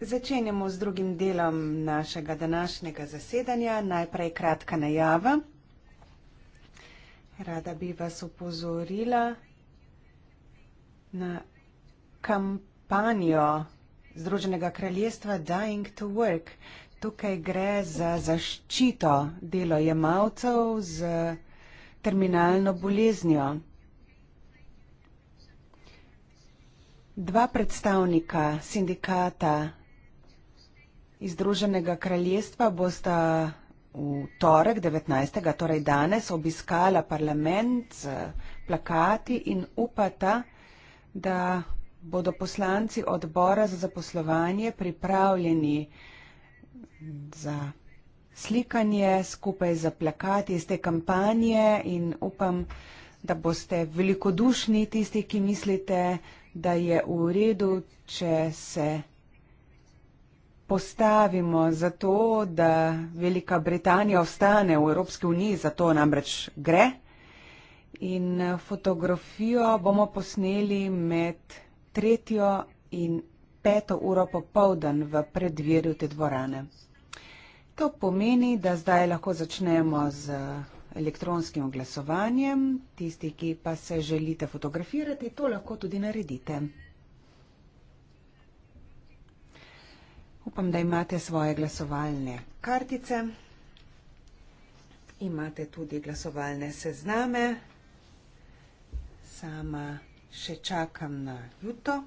Začenjamo s drugim delom našega današnjega zasedanja. Najprej kratka najava. Rada bi vas upozorila na kampanjo Združenega kraljestva Dying to Work, Tukaj gre za zaščito delojemalcev z terminalno boleznjo. Dva predstavnika sindikata Združenega kraljestva bosta v torek 19. torej danes obiskala parlament z plakati in upata, da bodo poslanci odbora za zaposlovanje pripravljeni za slikanje skupaj za plakati iz te kampanje in upam, da boste velikodušni tisti, ki mislite, da je v redu, če se postavimo za to, da Velika Britanija ostane v Evropski uniji, za to namreč gre. In fotografijo bomo posneli med tretjo in peto uro popovdan v predvirju te dvorane. To pomeni, da zdaj lahko začnemo z elektronskim oglasovanjem. Tisti, ki pa se želite fotografirati, to lahko tudi naredite. Upam, da imate svoje glasovalne kartice. Imate tudi glasovalne sezname. Sama še čakam na jutro.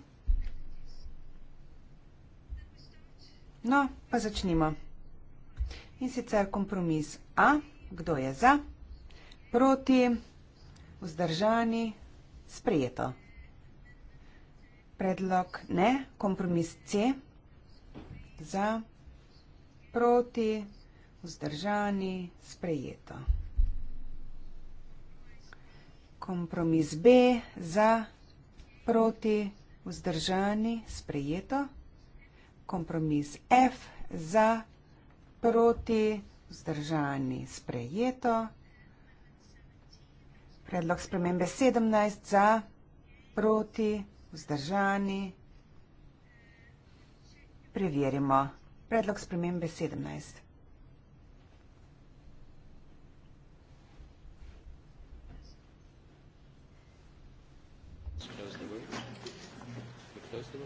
No, pa začnimo. In sicer kompromis A, kdo je za, proti, vzdržani, sprejeto. Predlog ne, kompromis C, za, proti, vzdržani, sprejeto. Kompromis B, za, proti, vzdržani, sprejeto kompromis F za, proti, vzdržani, sprejeto. Predlog spremembe 17 za, proti, vzdržani. Preverimo. Predlog spremembe 17.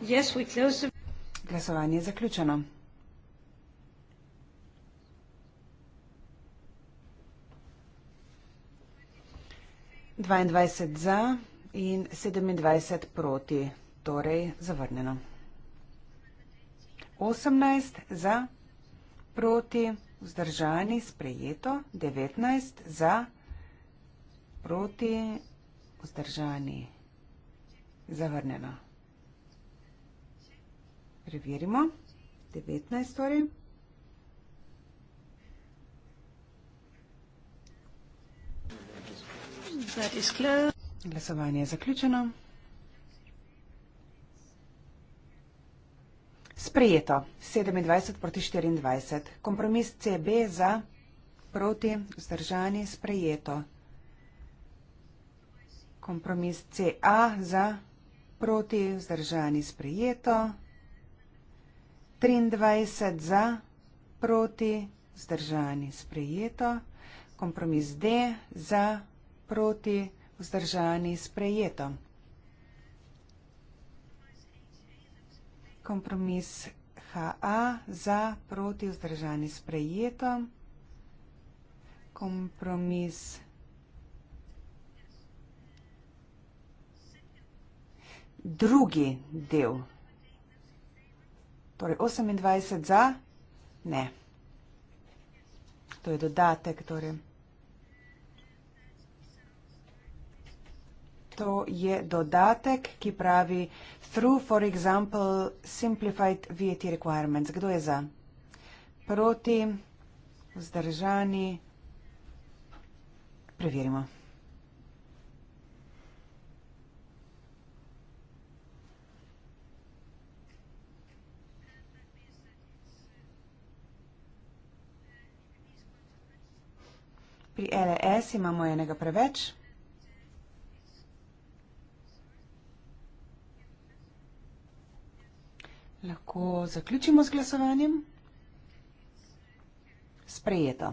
Yes, we close the Glasovanje je zaključeno. Dvaindvajset za in sedemindvajset proti, torej zavrnjeno. Osemnajst za, proti, vzdržani, sprejeto. Devetnajst za, proti, vzdržani, zavrnjeno. Preverimo. 19 torej. Glasovanje je zaključeno. Sprejeto. 27 proti 24. Kompromis CB za proti vzdržani sprejeto. Kompromis CA za proti vzdržani sprejeto. 23 za, proti, vzdržani, sprejeto. Kompromis D za, proti, vzdržani, sprejeto. Kompromis HA za, proti, vzdržani, sprejeto. Kompromis drugi del. Torej 28 za, ne. To je dodatek, torej. To je dodatek, ki pravi through, for example, simplified VAT e requirements. Kdo je za? Proti, vzdržani, preverimo. Preverimo. Pri LS e imamo enega preveč. Lahko zaključimo z glasovanjem. Sprejeto.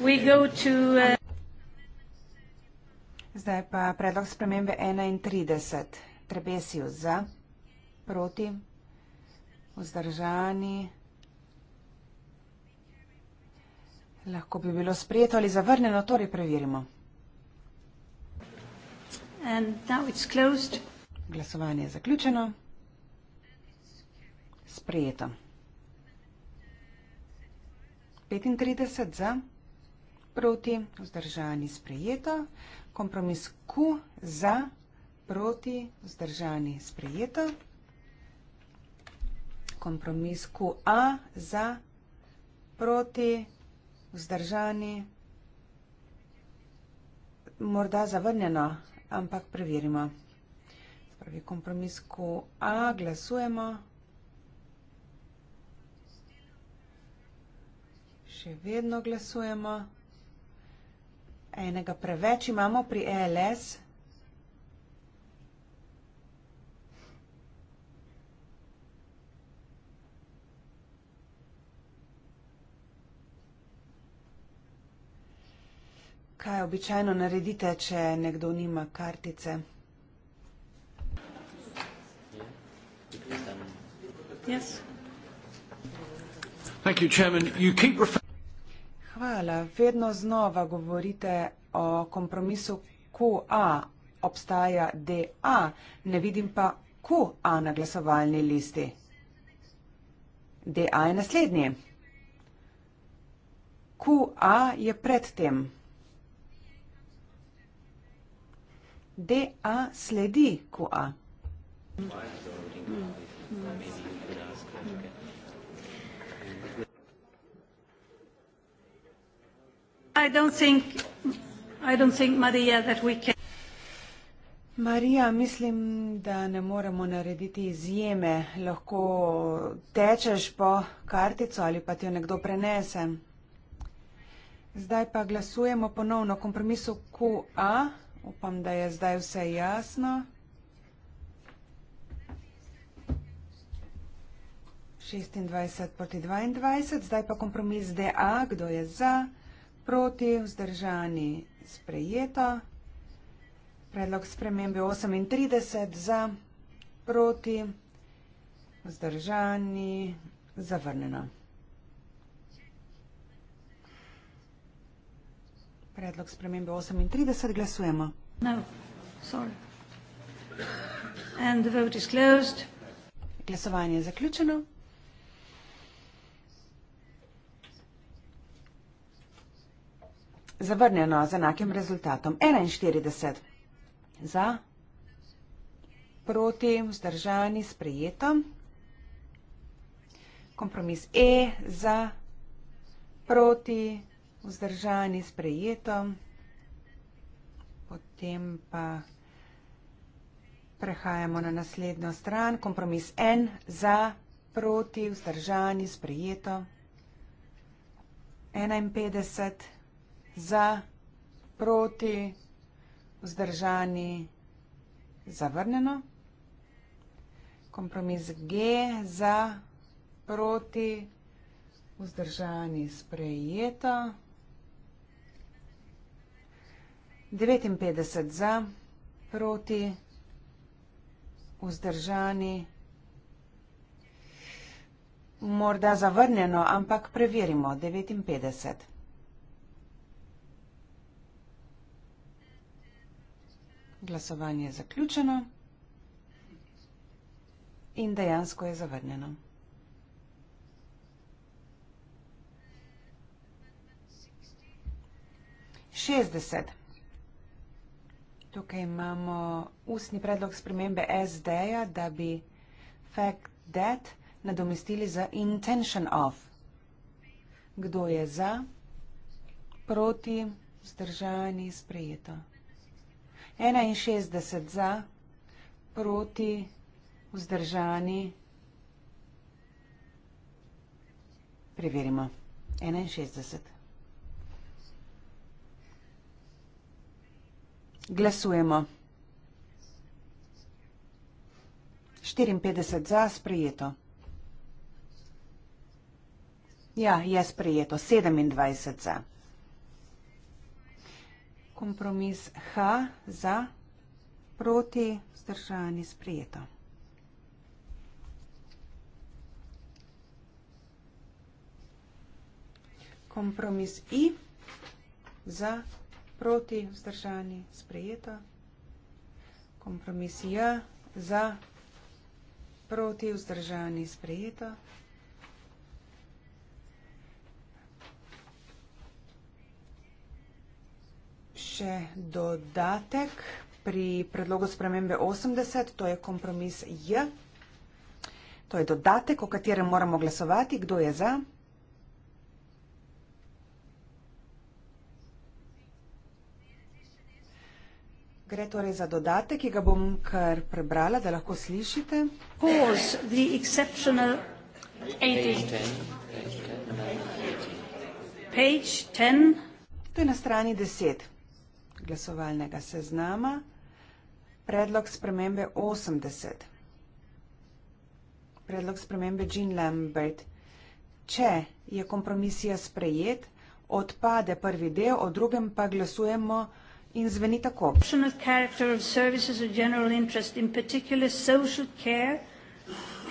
Uh, Zdaj pa predlog spremembe 31. Trebesijo za proti, vzdržani. Lahko bi bilo sprejeto ali zavrnjeno, torej preverimo. Glasovanje je zaključeno. Sprejeto. 35 za, proti, vzdržani, sprejeto. Kompromis Q za, proti, vzdržani, sprejeto kompromis QA za proti vzdržani morda zavrnjeno, ampak preverimo. Spravi kompromis QA, glasujemo. Še vedno glasujemo. Enega preveč imamo pri ELS. Vzdržani. Kaj običajno naredite, če nekdo nima kartice? Hvala. Vedno znova govorite o kompromisu QA. Obstaja DA, ne vidim pa QA na glasovalni listi. DA je naslednji. QA je pred tem. da sledi qa. I don't think, I don't think, Maria, Marija, mislim, da ne moremo narediti izjeme. Lahko tečeš po kartico ali pa ti jo nekdo prenese. Zdaj pa glasujemo ponovno kompromisu QA. Upam, da je zdaj vse jasno. Šestindvajset proti dvaindvajset, zdaj pa kompromis DA, kdo je za, proti, vzdržani, sprejeto. Predlog spremembe osemintrideset, za, proti, vzdržani, zavrnjeno. Predlog spremembe 38 glasujemo. No. Sorry. And the vote is closed. Glasovanje je zaključeno. Zavrnjeno z enakim rezultatom 41 za, proti, vzdržani, sprejeto. Kompromis E za, proti, vzdržani vzdržani, sprejeto. Potem pa prehajamo na naslednjo stran. Kompromis en, za, proti, vzdržani, sprejeto. 51, za, proti, vzdržani, zavrneno. Kompromis G, za, proti, vzdržani, sprejeto. 59 za, proti, vzdržani, morda zavrnjeno, ampak preverimo. 59. Glasovanje je zaključeno in dejansko je zavrnjeno. Šestdeset. Tukaj imamo ustni predlog spremembe SD-ja, da bi fact that nadomestili za intention of. Kdo je za, proti, vzdržani, sprejeto. 61 za, proti, vzdržani, preverimo. 61. Glasujemo. 54 za sprejeto. Ja, je sprejeto. 27 za. Kompromis H za, proti, zdržani sprejeto. Kompromis I za proti proti, vzdržani, sprejeta. Kompromis ja, za, proti, vzdržani, sprejeta. Še dodatek pri predlogu spremembe 80, to je kompromis J. To je dodatek, o katerem moramo glasovati, kdo je za. Gre torej za dodatek, ki ga bom kar prebrala, da lahko slišite. To je na strani 10 glasovalnega seznama. Predlog spremembe 80. Predlog spremembe Jean Lambert. Če je kompromisija sprejet, odpade prvi del, o drugem pa glasujemo in zveni tako.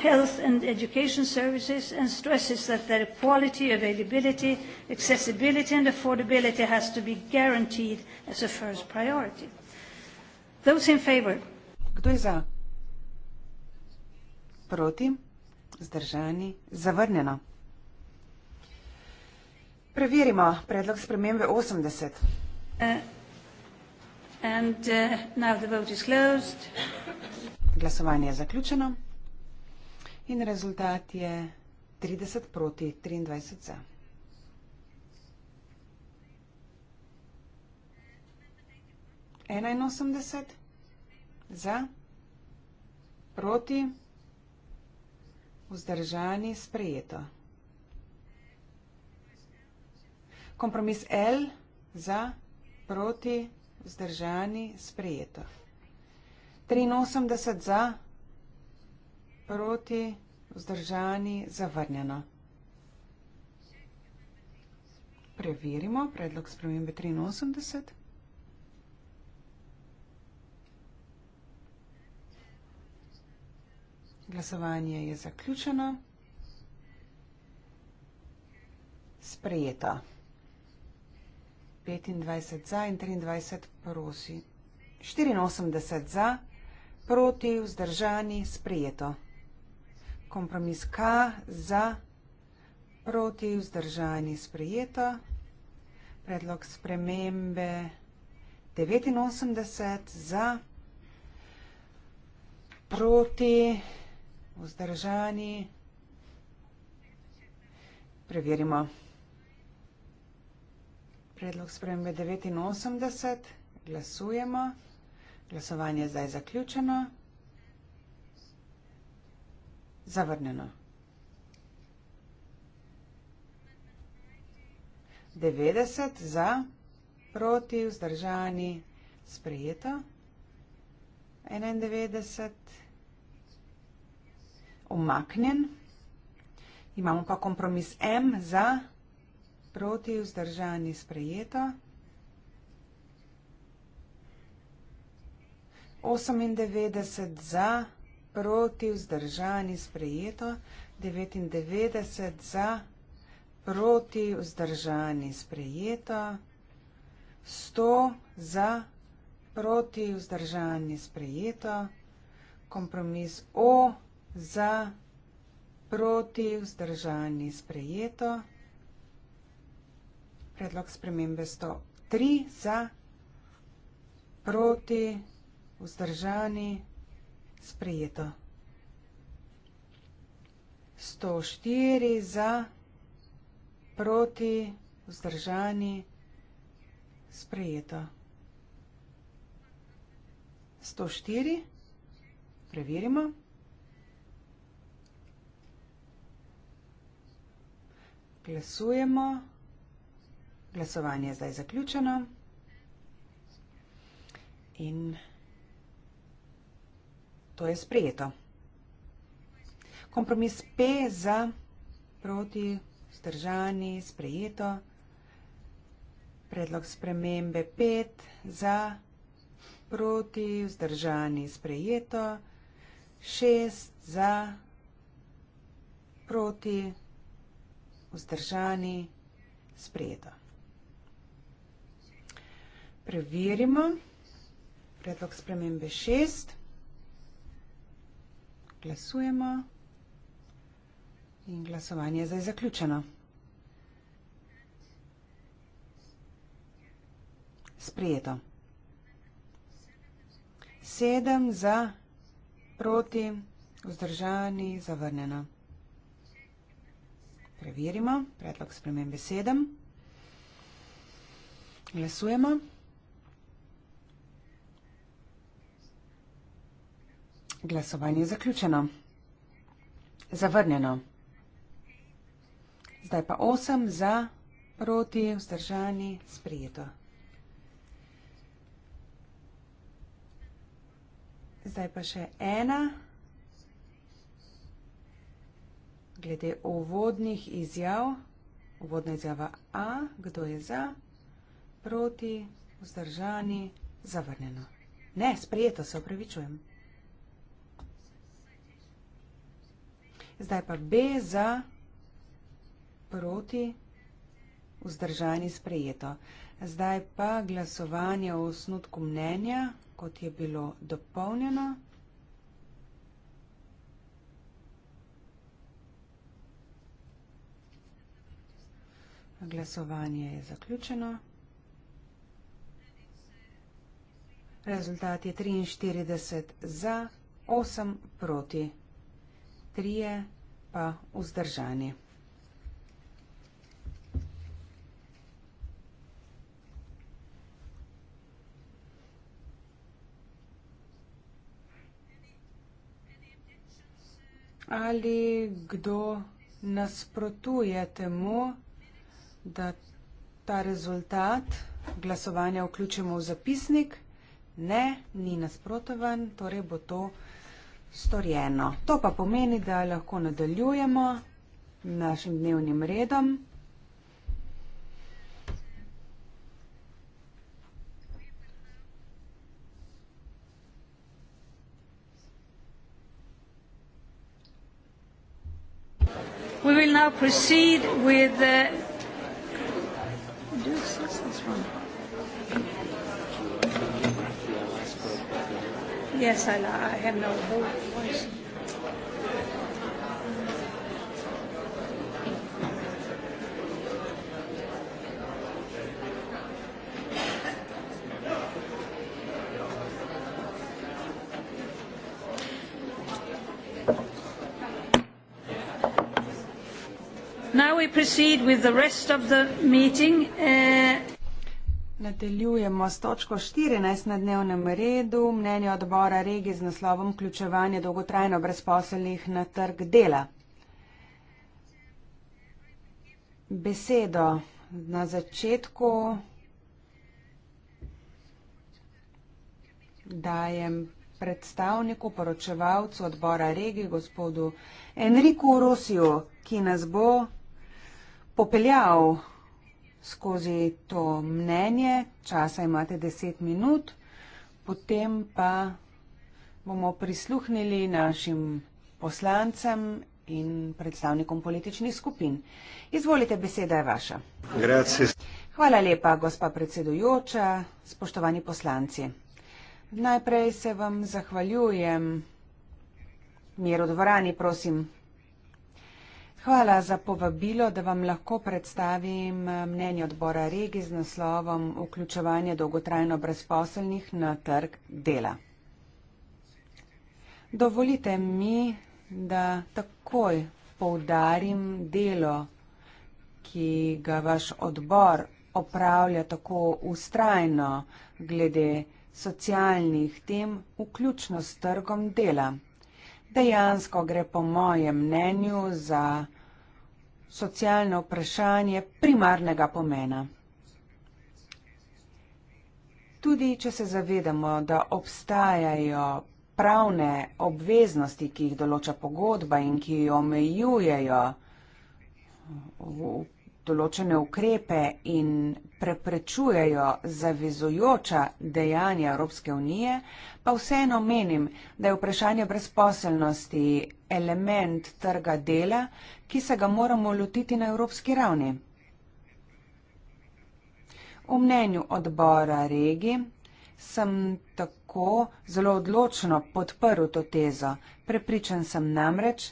Health and education services and stresses that their quality, availability, accessibility and affordability has to be guaranteed as a first priority. Those in favor? Kdo je za? Proti? Zdržani? Zavrnjeno? Preverimo predlog spremembe 80. Uh, eh, Uh, Glasovanje je zaključeno. In rezultat je 30 proti 23 za. Enainosemdeset za, proti, vzdržani, sprejeto. Kompromis L za, proti, vzdržani. Zdržani, sprejeto. 83 za, proti, vzdržani, zavrnjeno. Preverimo predlog spremembe 83. Glasovanje je zaključeno. Sprejeto. 25 za in 23 prosi. 84 za, proti, vzdržani, sprijeto. Kompromis K za, proti, vzdržani, sprijeto. Predlog spremembe 89 za, proti, vzdržani, preverimo. Predlog spremembe 89. Glasujemo. Glasovanje je zdaj zaključeno. Zavrnjeno. 90 za, proti, vzdržani, sprejeto. 91 umaknjen. Imamo pa kompromis M za. Proti vzdržani sprejeto. 98 za, proti vzdržani sprejeto. 99 za, proti vzdržani sprejeto. 100 za, proti vzdržani sprejeto. Kompromis O za, proti vzdržani sprejeto predlog spremembe 103 za, proti, vzdržani, sprejeto. 104 za, proti, vzdržani, sprejeto. 104, preverimo. Glasujemo. Glasovanje je zdaj zaključeno. In to je sprejeto. Kompromis P za proti vzdržani sprejeto. Predlog spremembe 5 za proti vzdržani sprejeto. 6 za proti vzdržani sprejeto preverimo. Predlog spremembe 6. Glasujemo. In glasovanje je zdaj zaključeno. Sprejeto. Sedem za, proti, vzdržani, zavrnjeno. Preverimo. Predlog spremembe 7. Glasujemo. Glasovanje je zaključeno. Zavrnjeno. Zdaj pa 8 za, proti, vzdržani, sprijeto. Zdaj pa še ena. Glede uvodnih izjav. Uvodna izjava A. Kdo je za, proti, vzdržani, zavrnjeno. Ne, sprijeto se upravičujem. Zdaj pa B za proti vzdržani sprejeto. Zdaj pa glasovanje o osnutku mnenja, kot je bilo dopolnjeno. Glasovanje je zaključeno. Rezultat je 43 za, 8 proti trije pa vzdržani. Ali kdo nasprotuje temu, da ta rezultat glasovanja vključimo v zapisnik? Ne, ni nasprotovan, torej bo to vzdržano storjeno. To pa pomeni, da lahko nadaljujemo našim dnevnim redom. We will now proceed with the. Do this, this one. Yes, I, I have no voice. Now we proceed with the rest of the meeting. Nadaljujemo s točko 14 na dnevnem redu, mnenje odbora regije z naslovom vključevanje dolgotrajno brezposelnih na trg dela. Besedo na začetku dajem predstavniku, poročevalcu odbora regije, gospodu Enriku Rosiju, ki nas bo popeljal skozi to mnenje, časa imate 10 minut, potem pa bomo prisluhnili našim poslancem in predstavnikom političnih skupin. Izvolite, beseda je vaša. Grazie. Hvala lepa, gospa predsedujoča, spoštovani poslanci. Najprej se vam zahvaljujem. Mir v dvorani, prosim. Hvala za povabilo, da vam lahko predstavim eh, mnenje odbora regi z naslovom Vključevanje dolgotrajno brezposelnih na trg dela. Dovolite mi, da takoj poudarim delo, ki ga vaš odbor opravlja tako ustrajno glede socialnih tem, vključno s trgom dela. Dejansko gre po mojem mnenju za socialno vprašanje primarnega pomena. Tudi, če se zavedamo, da obstajajo pravne obveznosti, ki jih določa pogodba in ki omejujejo določene ukrepe in preprečujejo zavezujoča dejanja Evropske unije, pa vseeno menim, da je vprašanje brezposelnosti element trga dela, ki se ga moramo lotiti na evropski ravni. V mnenju odbora regi sem tako zelo odločno podprl to tezo. Prepričan sem namreč,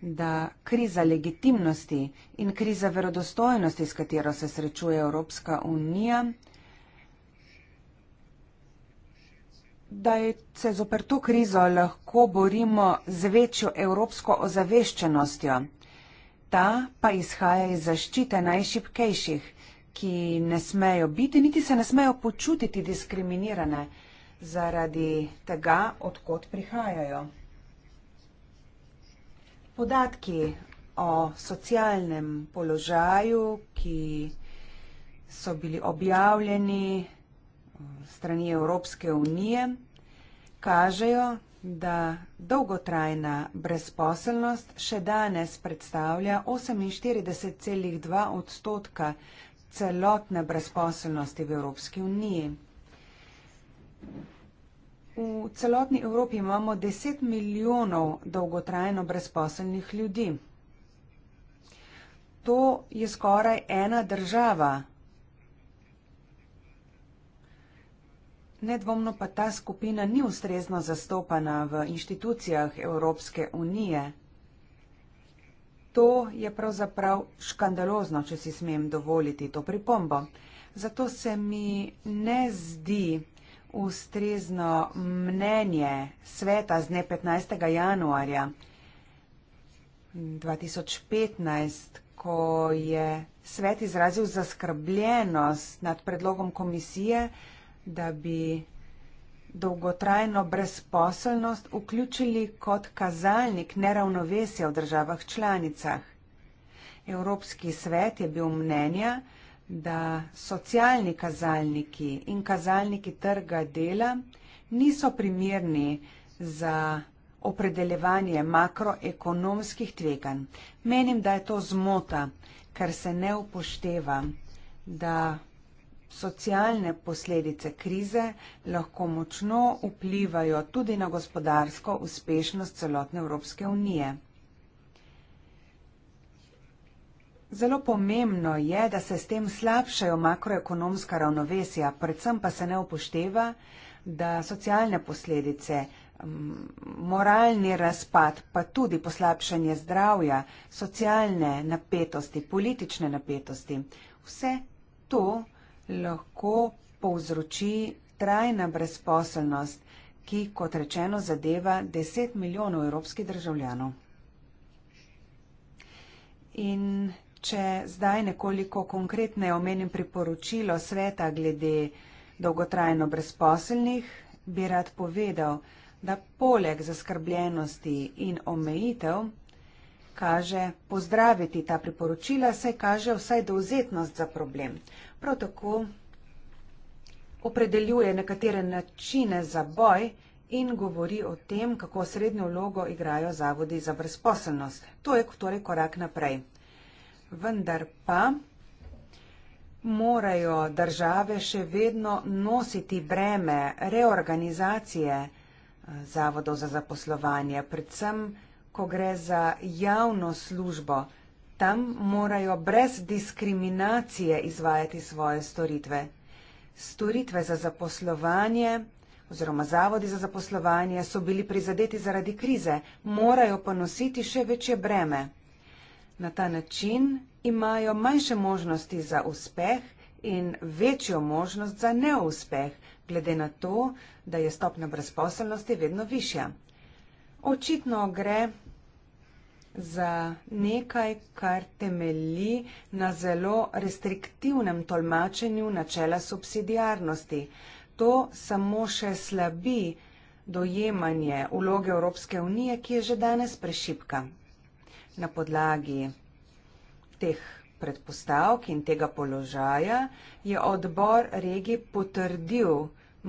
da kriza legitimnosti in kriza verodostojnosti, s katero se srečuje Evropska unija, da se zoper to krizo lahko borimo z večjo evropsko ozaveščenostjo. Ta pa izhaja iz zaščite najšipkejših, ki ne smejo biti, niti se ne smejo počutiti diskriminirane zaradi tega, odkot prihajajo. Podatki o socialnem položaju, ki so bili objavljeni strani Evropske unije, kažejo, da dolgotrajna brezposelnost še danes predstavlja 48,2 odstotka celotne brezposelnosti v Evropski uniji. V celotni Evropi imamo 10 milijonov dolgotrajno brezposelnih ljudi. To je skoraj ena država. Nedvomno pa ta skupina ni ustrezno zastopana v inštitucijah Evropske unije. To je pravzaprav škandalozno, če si smem dovoliti to pripombo. Zato se mi ne zdi ustrezno mnenje sveta z dne 15. januarja 2015, ko je svet izrazil zaskrbljenost nad predlogom komisije, da bi dolgotrajno brezposelnost vključili kot kazalnik neravnovesja v državah članicah. Evropski svet je bil mnenja, da socialni kazalniki in kazalniki trga dela niso primerni za opredeljevanje makroekonomskih tveganj. Menim, da je to zmota, ker se ne upošteva, da socialne posledice krize lahko močno vplivajo tudi na gospodarsko uspešnost celotne Evropske unije. Zelo pomembno je, da se s tem slabšajo makroekonomska ravnovesja, predvsem pa se ne upošteva, da socialne posledice, moralni razpad, pa tudi poslabšanje zdravja, socialne napetosti, politične napetosti, vse to lahko povzroči trajna brezposelnost, ki, kot rečeno, zadeva 10 milijonov evropskih državljanov. In Če zdaj nekoliko konkretneje omenim priporočilo sveta glede dolgotrajno brezposelnih, bi rad povedal, da poleg zaskrbljenosti in omejitev kaže pozdraviti ta priporočila, saj kaže vsaj dovzetnost za problem. Prav tako opredeljuje nekatere načine za boj in govori o tem, kako srednjo vlogo igrajo zavodi za brezposelnost. To je torej korak naprej vendar pa morajo države še vedno nositi breme reorganizacije eh, zavodov za zaposlovanje, predvsem, ko gre za javno službo. Tam morajo brez diskriminacije izvajati svoje storitve. Storitve za zaposlovanje oziroma zavodi za zaposlovanje so bili prizadeti zaradi krize, morajo ponositi še večje breme. Na ta način imajo manjše možnosti za uspeh in večjo možnost za neuspeh, glede na to, da je stopnja brezposelnosti vedno višja. Očitno gre za nekaj, kar temelji na zelo restriktivnem tolmačenju načela subsidijarnosti. To samo še slabi dojemanje vloge Evropske unije, ki je že danes prešipka na podlagi teh predpostavk in tega položaja je odbor regi potrdil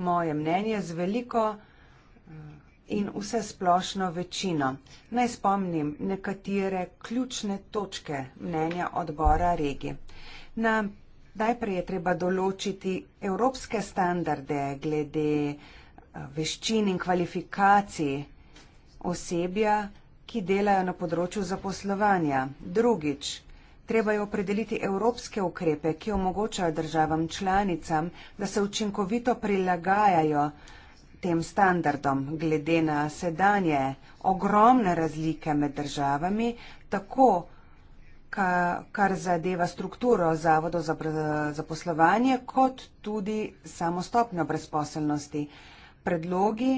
moje mnenje z veliko eh, in vse splošno večino. Naj spomnim nekatere ključne točke mnenja odbora regi. Na najprej je treba določiti evropske standarde glede eh, veščin in kvalifikacij osebja, ki delajo na področju zaposlovanja. Drugič, treba je opredeliti evropske ukrepe, ki omogočajo državam članicam, da se učinkovito prilagajajo tem standardom glede na sedanje ogromne razlike med državami, tako kar zadeva strukturo Zavodo za zaposlovanje, kot tudi samostopno brezposelnosti. Predlogi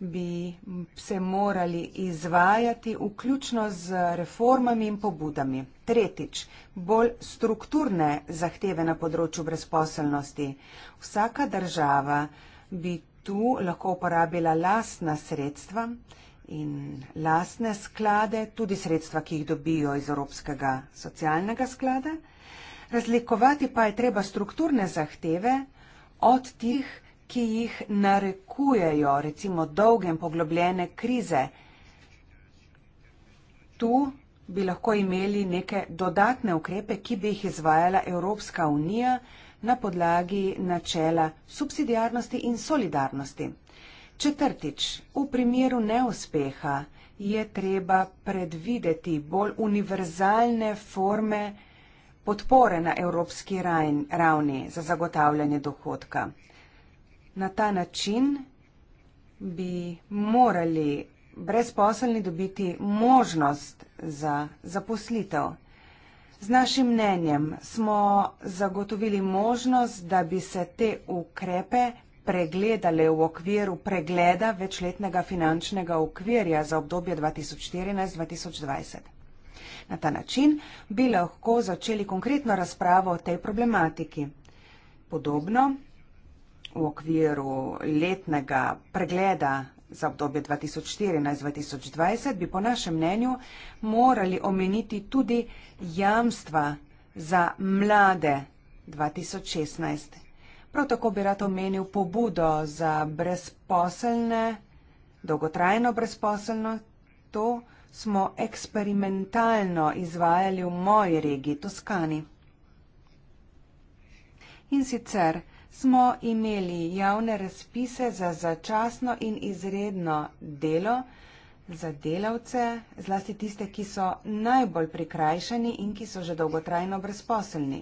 bi se morali izvajati, vključno z reformami in pobudami. Tretjič, bolj strukturne zahteve na področju brezposelnosti. Vsaka država bi tu lahko uporabila lastna sredstva in lastne sklade, tudi sredstva, ki jih dobijo iz Evropskega socialnega sklada. Razlikovati pa je treba strukturne zahteve od tih, ki jih narekujejo, recimo dolge in poglobljene krize. Tu bi lahko imeli neke dodatne ukrepe, ki bi jih izvajala Evropska unija na podlagi načela subsidijarnosti in solidarnosti. Četrtič, v primeru neuspeha je treba predvideti bolj univerzalne forme podpore na evropski ravni za zagotavljanje dohodka. Na ta način bi morali brezposelni dobiti možnost za zaposlitev. Z našim mnenjem smo zagotovili možnost, da bi se te ukrepe pregledale v okviru pregleda večletnega finančnega okvirja za obdobje 2014-2020. Na ta način bi lahko začeli konkretno razpravo o tej problematiki. Podobno v okviru letnega pregleda za obdobje 2014-2020 bi po našem mnenju morali omeniti tudi jamstva za mlade 2016. Prav tako bi rad omenil pobudo za brezposelne, dolgotrajno brezposelno. To smo eksperimentalno izvajali v moji regiji Toskani. In sicer smo imeli javne razpise za začasno in izredno delo za delavce, zlasti tiste, ki so najbolj prikrajšani in ki so že dolgotrajno brezposelni.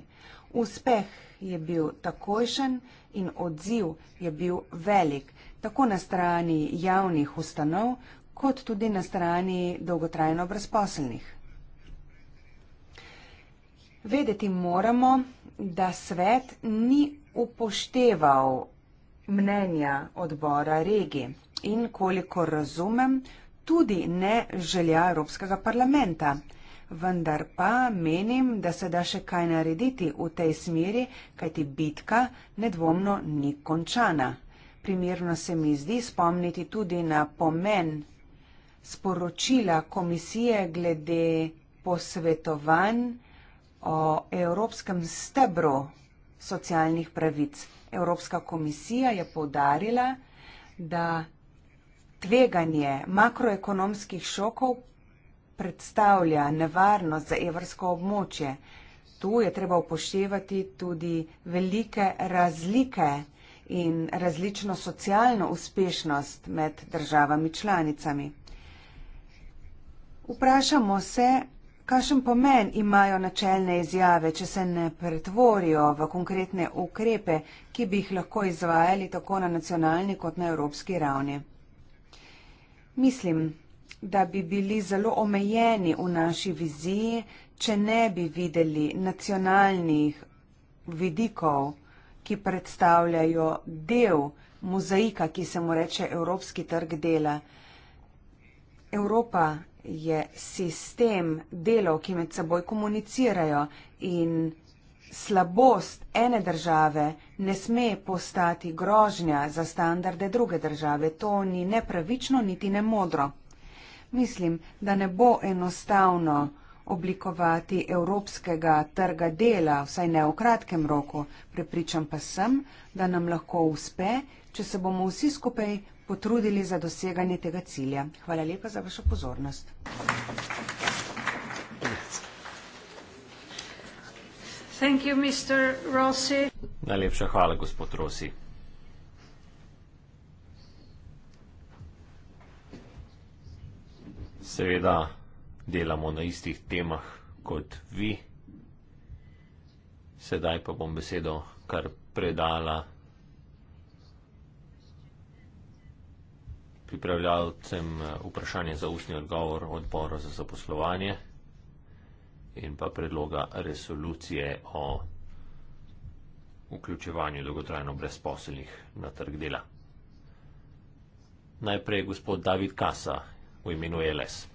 Uspeh je bil takojšen in odziv je bil velik, tako na strani javnih ustanov, kot tudi na strani dolgotrajno brezposelnih. Vedeti moramo, da svet ni upošteval mnenja odbora regi in, koliko razumem, tudi ne želja Evropskega parlamenta. Vendar pa menim, da se da še kaj narediti v tej smeri, kajti bitka nedvomno ni končana. Primerno se mi zdi spomniti tudi na pomen sporočila komisije glede posvetovanj o evropskem stebru socialnih pravic. Evropska komisija je povdarila, da tveganje makroekonomskih šokov predstavlja nevarnost za evrsko območje. Tu je treba upoštevati tudi velike razlike in različno socialno uspešnost med državami članicami. Vprašamo se, Kakšen pomen imajo načelne izjave, če se ne pretvorijo v konkretne ukrepe, ki bi jih lahko izvajali tako na nacionalni kot na evropski ravni? Mislim, da bi bili zelo omejeni v naši viziji, če ne bi videli nacionalnih vidikov, ki predstavljajo del mozaika, ki se mu reče evropski trg dela. Evropa je sistem delov, ki med seboj komunicirajo in slabost ene države ne sme postati grožnja za standarde druge države. To ni nepravično, niti ne modro. Mislim, da ne bo enostavno oblikovati evropskega trga dela, vsaj ne v kratkem roku. Prepričam pa sem, da nam lahko uspe, če se bomo vsi skupaj potrudili za doseganje tega cilja. Hvala lepa za vašo pozornost. You, Najlepša hvala, gospod Rosi. Seveda delamo na istih temah kot vi. Sedaj pa bom besedo kar predala. pripravljalcem eh, vprašanje za ustni odgovor odbora za zaposlovanje in pa predloga resolucije o vključevanju dolgotrajno brezposelnih na trg dela. Najprej gospod David Kasa v imenu e LS. E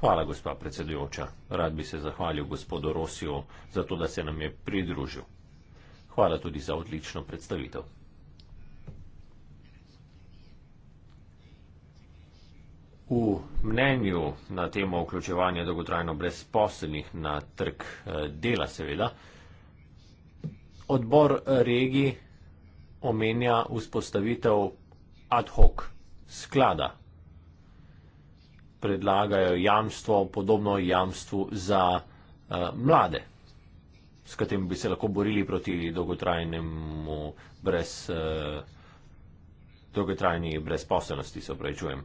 Hvala, gospa predsedujoča. Rad bi se zahvalil gospodu Rosiju za to, da se nam je pridružil. Hvala tudi za odlično predstavitev. V mnenju na temo vključevanja dolgotrajno brezposobnih na trg eh, dela, seveda, odbor regij omenja vzpostavitev ad hoc sklada. Predlagajo jamstvo, podobno jamstvu za uh, mlade, s katerim bi se lahko borili proti dolgotrajnemu brez, uh, dolgotrajni brezposobnosti, se upravičujem. Uh,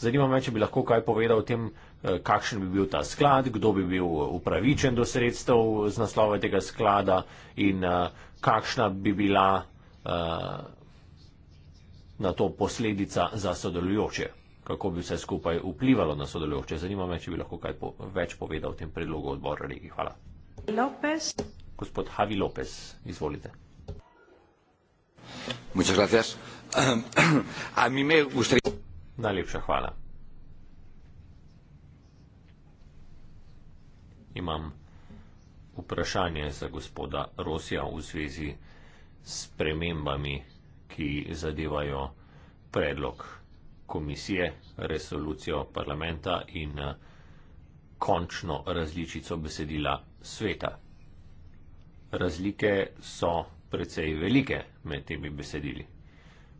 Zanima me, če bi lahko kaj povedal o tem, eh, kakšen bi bil ta sklad, kdo bi bil eh, upravičen do sredstev z naslova tega sklada in eh, kakšna bi bila na to posledica za sodelujoče, kako bi vse skupaj vplivalo na sodelujoče. Zanima me, če bi lahko kaj po, več povedal o tem predlogu odbora regi. Hvala. Lopez. Gospod Havi Lopez, izvolite. Muchas gracias. A mí me gustaría. Najlepša hvala. Imam vprašanje za gospoda Rosija v zvezi s premembami, ki zadevajo predlog komisije, resolucijo parlamenta in eh, končno različico besedila sveta. Razlike so precej velike med temi besedili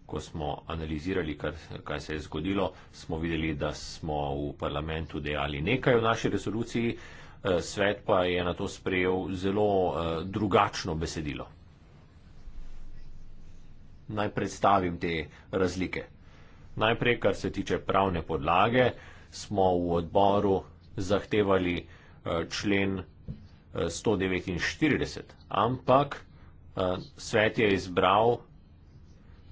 ko smo analizirali, kar, kaj se je zgodilo, smo videli, da smo v parlamentu dejali nekaj v naši resoluciji, eh, svet pa je na to sprejel zelo eh, drugačno besedilo. Naj predstavim te razlike. Najprej, kar se tiče pravne podlage, smo v odboru zahtevali eh, člen 149, ampak svet je izbral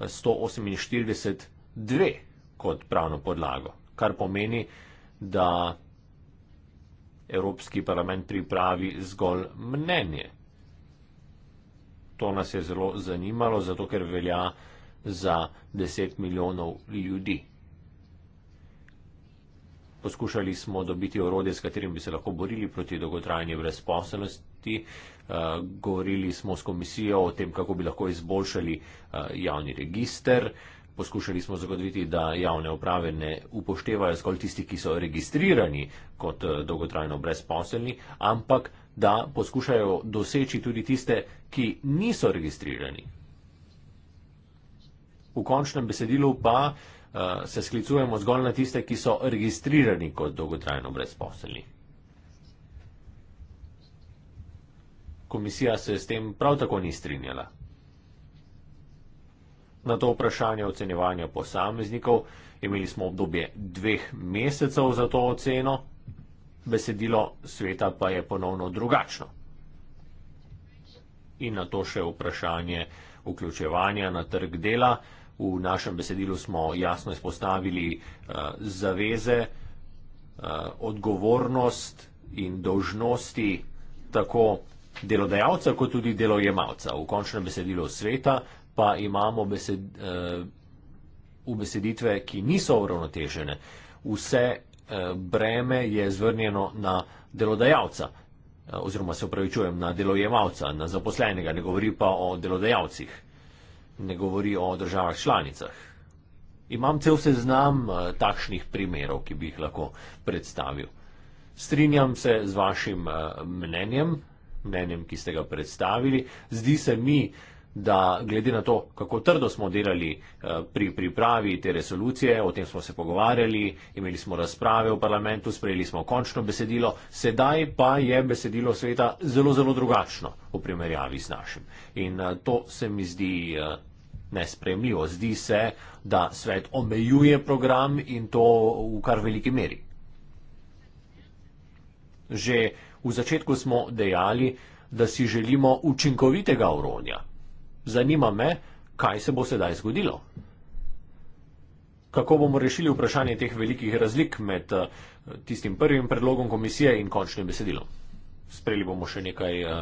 148.2 kot pravno podlago, kar pomeni, da Evropski parlament pripravi zgolj mnenje. To nas je zelo zanimalo, zato ker velja za 10 milijonov ljudi. Poskušali smo dobiti orode, s katerim bi se lahko borili proti dolgotrajni brezposelnosti, biti. Eh, govorili smo s komisijo o tem, kako bi lahko izboljšali eh, javni register. Poskušali smo zagotoviti, da javne uprave ne upoštevajo zgolj tisti, ki so registrirani kot eh, dolgotrajno brezposelni, ampak da poskušajo doseči tudi tiste, ki niso registrirani. V končnem besedilu pa uh, se sklicujemo zgolj na tiste, ki so registrirani kot dolgotrajno brezposelni. Komisija se s tem prav tako ni strinjala. Na to vprašanje ocenjevanja posameznikov imeli smo obdobje dveh mesecev za to oceno, besedilo sveta pa je ponovno drugačno. In na to še vprašanje vključevanja na trg dela. V našem besedilu smo jasno izpostavili uh, zaveze, uh, odgovornost in dožnosti tako delodajalca, kot tudi delojemalca. V končnem besedilu sveta pa imamo besed, eh, ubeseditve, ki niso uravnotežene. Vse eh, breme je zvrnjeno na delodajalca, eh, oziroma se upravičujem, na delojemalca, na zaposlenega, ne govori pa o delodajalcih, ne govori o državah članicah. Imam cel seznam eh, takšnih primerov, ki bi jih lahko predstavil. Strinjam se z vašim eh, mnenjem, mnenjem, ki ste ga predstavili. Zdi se mi, da glede na to, kako trdo smo delali eh, pri pripravi te resolucije, o tem smo se pogovarjali, imeli smo razprave v parlamentu, sprejeli smo končno besedilo, sedaj pa je besedilo sveta zelo, zelo drugačno v primerjavi z našim. In eh, to se mi zdi eh, nespremljivo. Zdi se, da svet omejuje program in to v kar veliki meri. Že V začetku smo dejali, da si želimo učinkovitega urodja. Zanima me, kaj se bo sedaj zgodilo. Kako bomo rešili vprašanje teh velikih razlik med eh, tistim prvim predlogom komisije in končnim besedilom? Sprejeli bomo še nekaj eh,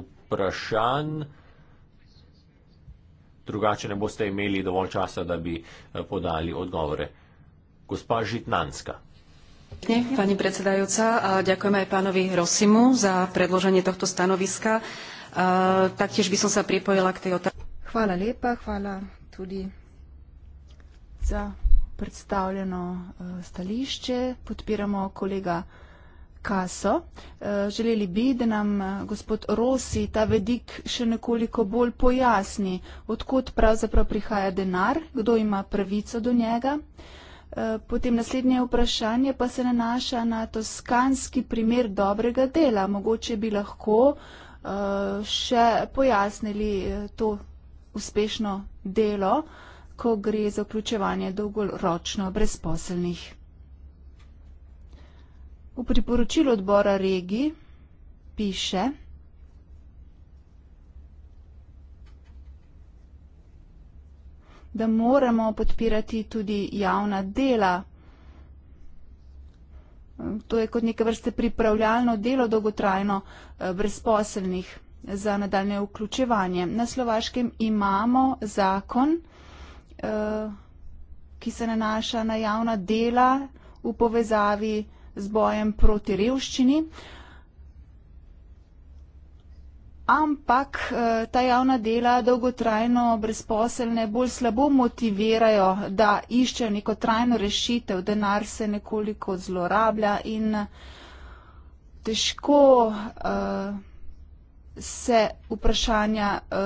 vprašanj. Drugače ne boste imeli dovolj časa, da bi eh, podali odgovore. Gospa Žitnanska. Pani predsedajúca, ďakujem aj pánovi Rosimu za predloženie tohto stanoviska. Taktiež by som sa pripojila k tej otázke. Hvala lepa, hvala tudi za predstavljeno e, stališče. Podpiramo kolega Kaso. E, želeli bi, da nam e, gospod Rosi ta vedik še nekoliko bolj pojasni, odkot pravzaprav prihaja denar, kdo ima pravico do njega. Eh, potem naslednje vprašanje pa se nanaša na toskanski primer dobrega dela. Mogoče bi lahko eh, še pojasnili eh, to uspešno delo, ko gre za vključevanje dolgoročno brezposelnih. V priporočilu odbora regi piše, da moramo podpirati tudi javna dela. To je kot neke vrste pripravljalno delo dolgotrajno eh, brezposelnih za nadaljne vključevanje. Na Slovaškem imamo zakon, eh, ki se nanaša na javna dela v povezavi z bojem proti revščini. Ampak eh, ta javna dela dolgotrajno brezposelne bolj slabo motivirajo, da iščejo neko trajno rešitev, denar se nekoliko zlorablja in težko. Uh, se vprašanja eh,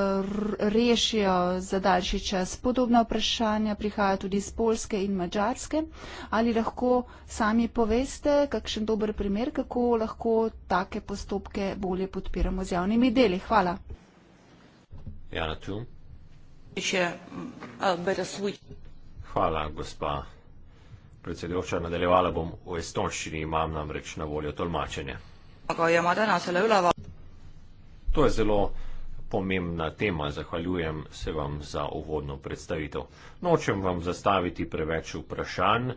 rešijo za daljši čas. Podobna vprašanja prihaja tudi iz Polske in Mačarske. Ali lahko sami poveste, kakšen dober primer, kako lahko take postopke bolje podpiramo z javnimi deli? Hvala. Jana Tu. Mm, Hvala, gospa predsedujoča. Nadaljevala bom v estonščini, imam namreč na voljo tolmačenje. To je zelo pomembna tema, zahvaljujem se vam za uvodno predstavitev. Nočem vam zastaviti preveč vprašanj,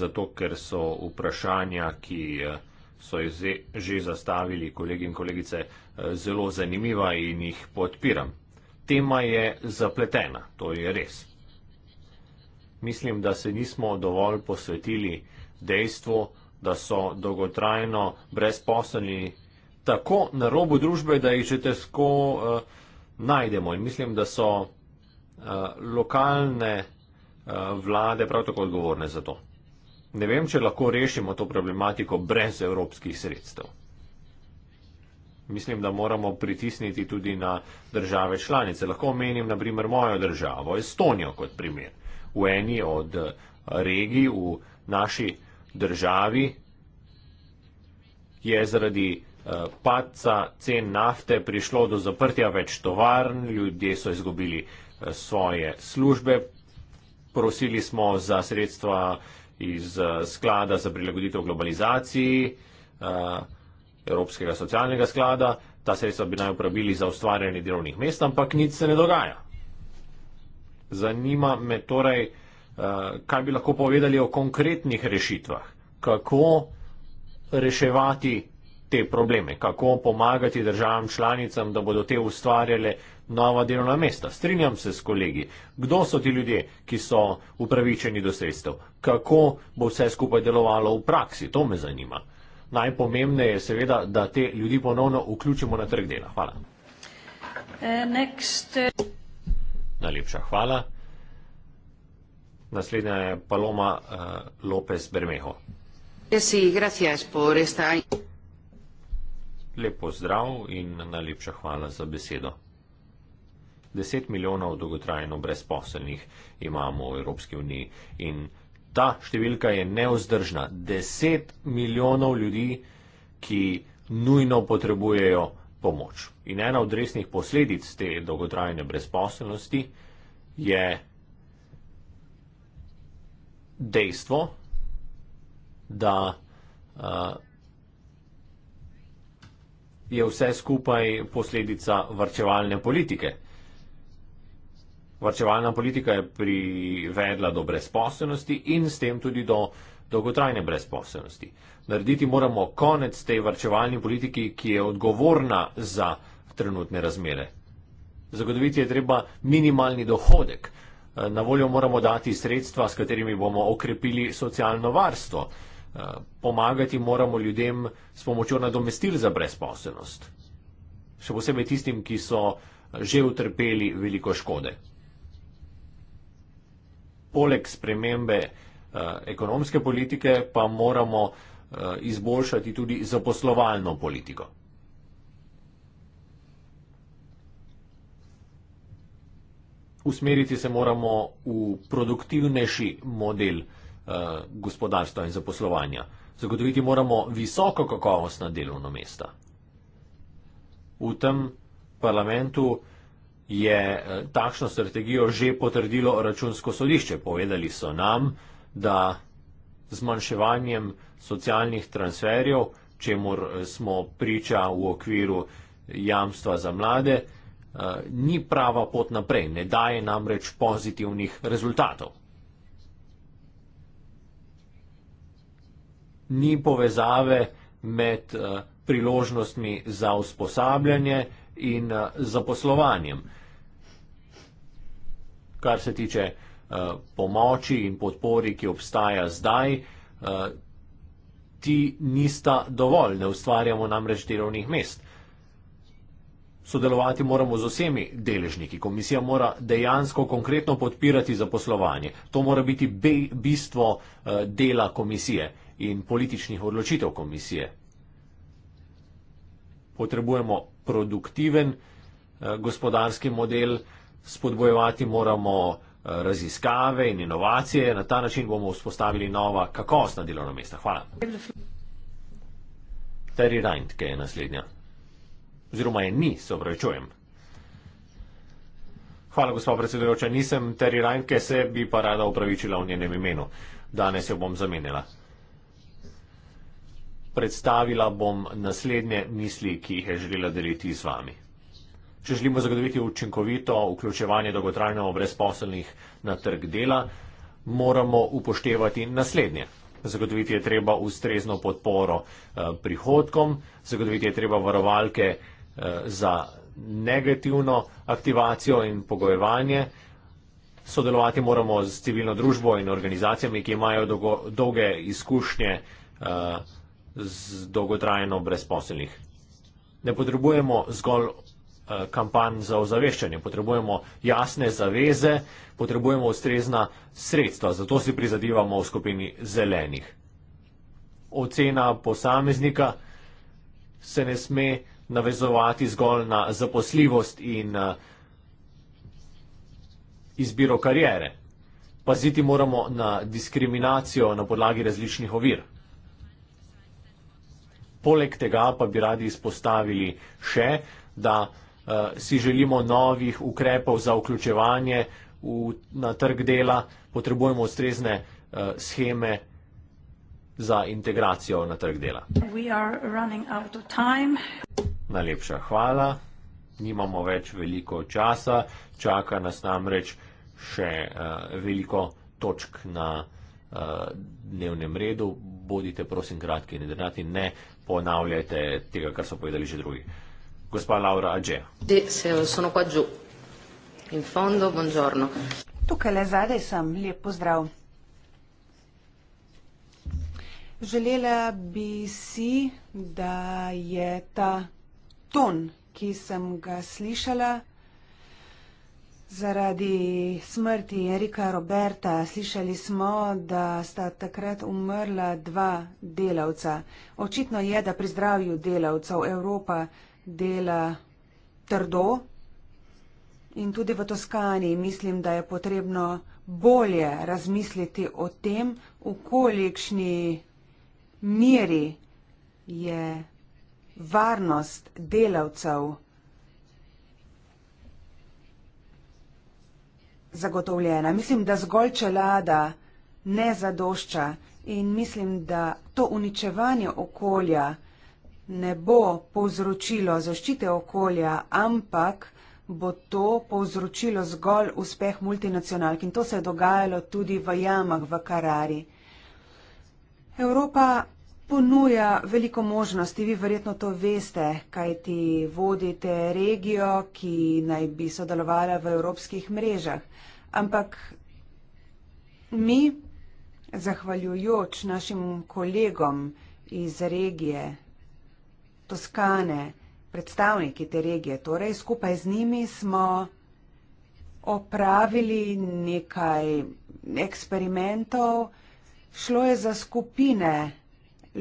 zato ker so vprašanja, ki eh, so jih že zastavili kolegi in kolegice, eh, zelo zanimiva in jih podpiram. Tema je zapletena, to je res. Mislim, da se nismo dovolj posvetili dejstvu, da so dolgotrajno brezposelni tako na robu družbe, da jih že težko uh, najdemo. In mislim, da so uh, lokalne uh, vlade prav tako odgovorne za to. Ne vem, če lahko rešimo to problematiko brez evropskih sredstev. Mislim, da moramo pritisniti tudi na države članice. Lahko omenim, naprimer, mojo državo, Estonijo kot primer. V eni od regij v naši državi je zaradi padca cen nafte prišlo do zaprtja več tovarn, ljudje so izgubili eh, svoje službe. Prosili smo za sredstva iz eh, sklada za prilagoditev globalizaciji eh, Evropskega socialnega sklada. Ta sredstva bi naj uporabili za ustvarjanje delovnih mest, ampak nič se ne dogaja. Zanima me torej, kaj bi lahko povedali o konkretnih rešitvah, kako reševati te probleme, kako pomagati državam članicam, da bodo te ustvarjale nova delovna mesta. Strinjam se s kolegi, kdo so ti ljudje, ki so upravičeni do sredstev, kako bo vse skupaj delovalo v praksi, to me zanima. Najpomembneje je seveda, da te ljudi ponovno vključimo na trg dela. Hvala. Eh, next. Eh. Najlepša hvala. Naslednja je Paloma uh, López Bermejo. Sí, gracias por esta lepo zdrav in najlepša hvala za besedo. 10 milijonov dolgotrajno brezposelnih imamo v Evropski uniji in ta številka je neozdržna. 10 milijonov ljudi, ki nujno potrebujejo pomoč. In ena od resnih posledic te dolgotrajne brezposelnosti je dejstvo, da uh, je vse skupaj posledica varčevalne politike. Varčevalna politika je privedla do brezposobnosti in s tem tudi do dolgotrajne brezposobnosti. Narediti moramo konec tej varčevalni politiki, ki je odgovorna za trenutne razmere. Zagotoviti je treba minimalni dohodek. Na voljo moramo dati sredstva, s katerimi bomo okrepili socialno varstvo. Eh, pomagati moramo ljudem s pomočjo nadomestil za brezposelnost. Še posebej tistim, ki so že utrpeli veliko škode. Poleg spremembe eh, ekonomske politike pa moramo eh, izboljšati tudi zaposlovalno politiko. Usmeriti se moramo v produktivnejši model eh, Eh, gospodarstva in zaposlovanja. Zagotoviti moramo visoko kakovostna delovna mesta. V tem parlamentu je eh, takšno strategijo že potrdilo računsko sodišče. Povedali so nam, da zmanjševanjem socialnih transferjev, čemu eh, smo priča v okviru jamstva za mlade, ni prava pot naprej, ne daje namreč pozitivnih rezultatov. ni povezave med eh, priložnostmi za usposabljanje in eh, zaposlovanjem. Kar se tiče eh, pomoči in podpori, ki obstaja zdaj, ti nista dovolj, ne ustvarjamo namreč delovnih mest. Sodelovati moramo z vsemi deležniki. Komisija mora dejansko konkretno podpirati zaposlovanje. To mora biti bistvo dela komisije in političnih odločitev komisije. Potrebujemo produktiven eh, gospodarski model, spodbojevati moramo eh, raziskave in inovacije, na ta način bomo vzpostavili nova kakovostna delovna mesta. Hvala. Terry Reint, ki je naslednja. Oziroma je ni, se obračujem. Hvala, gospa predsedujoča. Nisem Terry Reint, ki se bi pa rada upravičila v njenem imenu. Danes jo bom zamenjala predstavila bom naslednje misli, ki jih je želela deliti z vami. Če želimo zagotoviti učinkovito vključevanje dolgotrajno brezposelnih na trg dela, moramo upoštevati naslednje. Zagotoviti je treba ustrezno podporo eh, prihodkom, zagotoviti je treba varovalke eh, za negativno aktivacijo in pogojevanje. Sodelovati moramo z civilno družbo in organizacijami, ki imajo dolgo, dolge izkušnje. Uh, z dolgotrajno brezposelnih. Ne potrebujemo zgolj eh, kampanj za ozaveščanje, potrebujemo jasne zaveze, potrebujemo ustrezna sredstva, zato si prizadivamo v skupini zelenih. Ocena posameznika se ne sme navezovati zgolj na zaposljivost in eh, izbiro karijere. Paziti moramo na diskriminacijo na podlagi različnih ovir. Poleg tega pa bi radi izpostavili še, da eh, si želimo novih ukrepov za vključevanje v, na trg dela, potrebujemo ustrezne eh, scheme za integracijo na trg dela. Najlepša hvala. Nimamo več veliko časa, čaka nas namreč še uh, veliko točk na uh, dnevnem redu. Bodite prosim kratki in drnati. Ne, ponavljajte tega, kar so povedali že drugi. Gospa Laura Adže. Tukaj le zadaj sem, lep pozdrav. Želela bi si, da je ta ton, ki sem ga slišala, Zaradi smrti Erika Roberta slišali smo, da sta takrat umrla dva delavca. Očitno je, da pri zdravju delavcev Evropa dela trdo in tudi v Toskani mislim, da je potrebno bolje razmisliti o tem, v kolikšni meri je varnost delavcev. zagotovljena. Mislim, da zgolj čelada ne zadošča in mislim, da to uničevanje okolja ne bo povzročilo zaščite okolja, ampak bo to povzročilo zgolj uspeh multinacionalk in to se je dogajalo tudi v jamah v Karari. Evropa ponuja veliko možnosti, vi verjetno to veste, kaj ti vodite regijo, ki naj bi sodelovala v evropskih mrežah. Ampak mi, zahvaljujoč našim kolegom iz regije Toskane, predstavniki te regije, torej skupaj z njimi smo opravili nekaj eksperimentov, šlo je za skupine,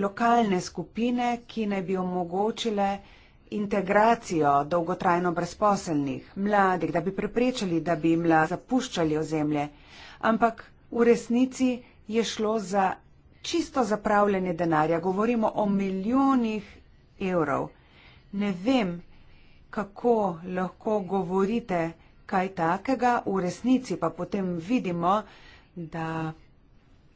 lokalne skupine, ki naj bi omogočile integracijo dolgotrajno brezposelnih mladih, da bi preprečili, da bi mla zapuščali ozemlje. Ampak v resnici je šlo za čisto zapravljanje denarja. Govorimo o milijonih evrov. Ne vem, kako lahko govorite kaj takega, v resnici pa potem vidimo, da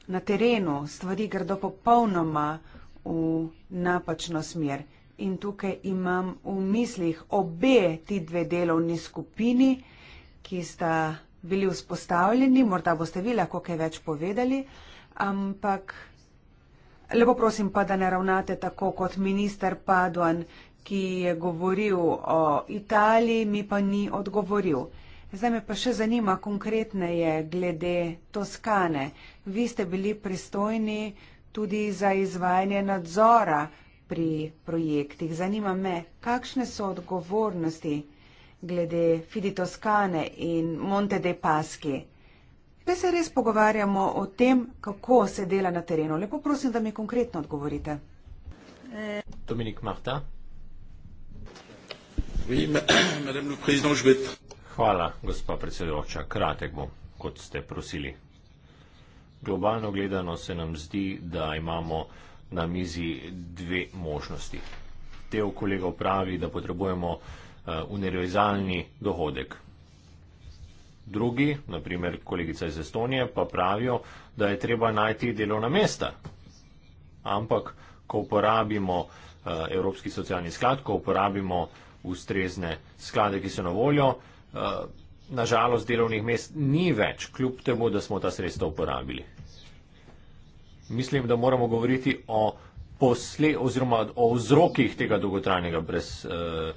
na terenu stvari gredo popolnoma v napačno smer. In tukaj imam v mislih obe ti dve delovni skupini, ki sta bili vzpostavljeni, morda boste vi lahko kaj več povedali, ampak lepo prosim pa, da ne ravnate tako kot minister Paduan, ki je govoril o Italiji, mi pa ni odgovoril. Zdaj me pa še zanima konkretneje glede Toskane. Vi ste bili pristojni tudi za izvajanje nadzora pri projektih. Zanima me, kakšne so odgovornosti glede Fidi Toskane in Monte de Paschi. Zdaj se res pogovarjamo o tem, kako se dela na terenu. Lepo prosim, da mi konkretno odgovorite. Eh. Dominik Marta. Oui, madame le président, je vais être Hvala, gospa predsedujoča. Kratek bom, kot ste prosili. Globalno gledano se nam zdi, da imamo na mizi dve možnosti. Teo kolega pravi, da potrebujemo uh, univerzalni dohodek. Drugi, naprimer kolegica iz Estonije, pa pravijo, da je treba najti delovna mesta. Ampak, ko uporabimo uh, Evropski socialni sklad, ko uporabimo ustrezne sklade, ki so na voljo, Eh, nažalost delovnih mest ni več, kljub temu, da smo ta sredstva uporabili. Mislim, da moramo govoriti o posle oziroma o vzrokih tega dolgotrajnega brez, eh,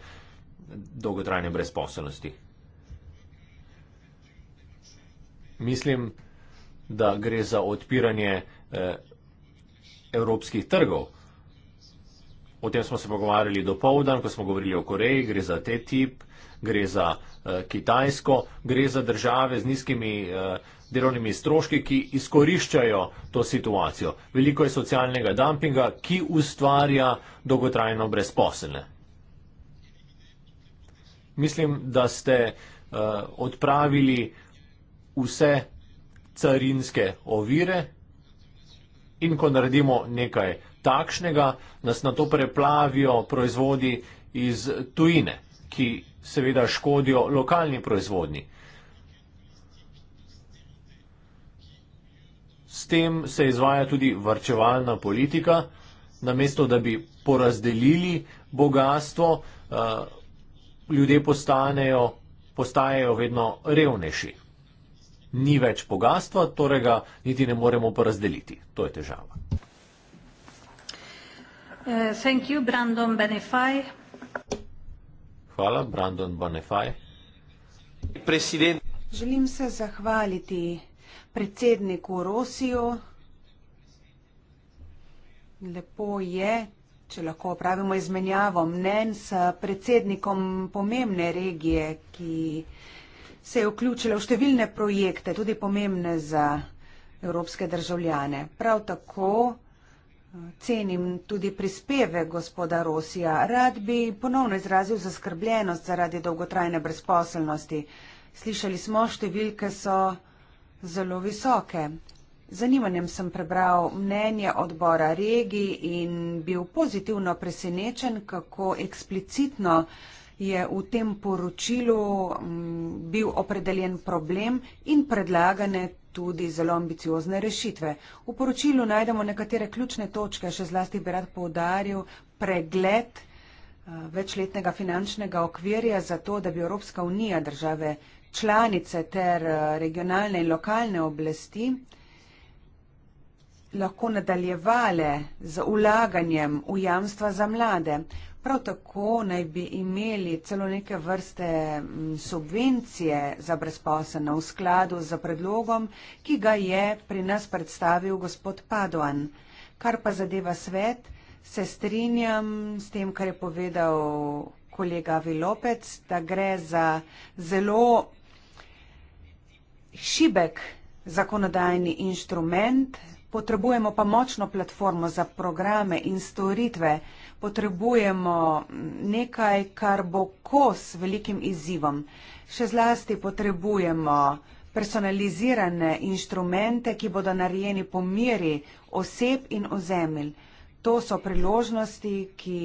dolgotrajne brezposobnosti. Mislim, da gre za odpiranje eh, evropskih trgov. O tem smo se pogovarjali do povdan, ko smo govorili o Koreji, gre za te tip eh, gre za uh, Kitajsko, gre za države z nizkimi uh, delovnimi stroški, ki izkoriščajo to situacijo. Veliko je socialnega dumpinga, ki ustvarja dolgotrajno brezposelne. Mislim, da ste uh, odpravili vse carinske ovire in ko naredimo nekaj takšnega, nas na to preplavijo proizvodi iz tujine, ki seveda škodijo lokalni proizvodnji. S tem se izvaja tudi varčevalna politika, namesto da bi porazdelili bogatstvo, eh, ljudje postanejo, postajajo vedno revnejši. Ni več bogatstva, torej ga niti ne moremo porazdeliti. To je težava. Uh, thank you, Brandon Benefaj. Hvala, Brandon Bonefaj. President. Želim se zahvaliti predsedniku Rosiju. Lepo je, če lahko opravimo izmenjavo mnen s predsednikom pomembne regije, ki se je vključila v številne projekte, tudi pomembne za evropske državljane. Prav tako Cenim tudi prispeve gospoda Rosija. Rad bi ponovno izrazil zaskrbljenost zaradi dolgotrajne brezposelnosti. Slišali smo, številke so zelo visoke. Zanimanjem sem prebral mnenje odbora regij in bil pozitivno presenečen, kako eksplicitno je v tem poročilu mm, bil opredeljen problem in predlagane tudi zelo ambiciozne rešitve. V poročilu najdemo nekatere ključne točke, še zlasti bi rad povdaril pregled eh, večletnega finančnega okvirja za to, da bi Evropska unija države članice ter eh, regionalne in lokalne oblasti lahko nadaljevale z ulaganjem v jamstva za mlade. Prav tako naj bi imeli celo neke vrste mm, subvencije za brezposelne v skladu z predlogom, ki ga je pri nas predstavil gospod Paduan. Kar pa zadeva svet, se strinjam s tem, kar je povedal kolega Vilopec, da gre za zelo šibek zakonodajni inštrument, potrebujemo pa močno platformo za programe in storitve, potrebujemo nekaj, kar bo kos velikim izzivom. Še zlasti potrebujemo personalizirane inštrumente, ki bodo narejeni po meri oseb in ozemelj. To so priložnosti, ki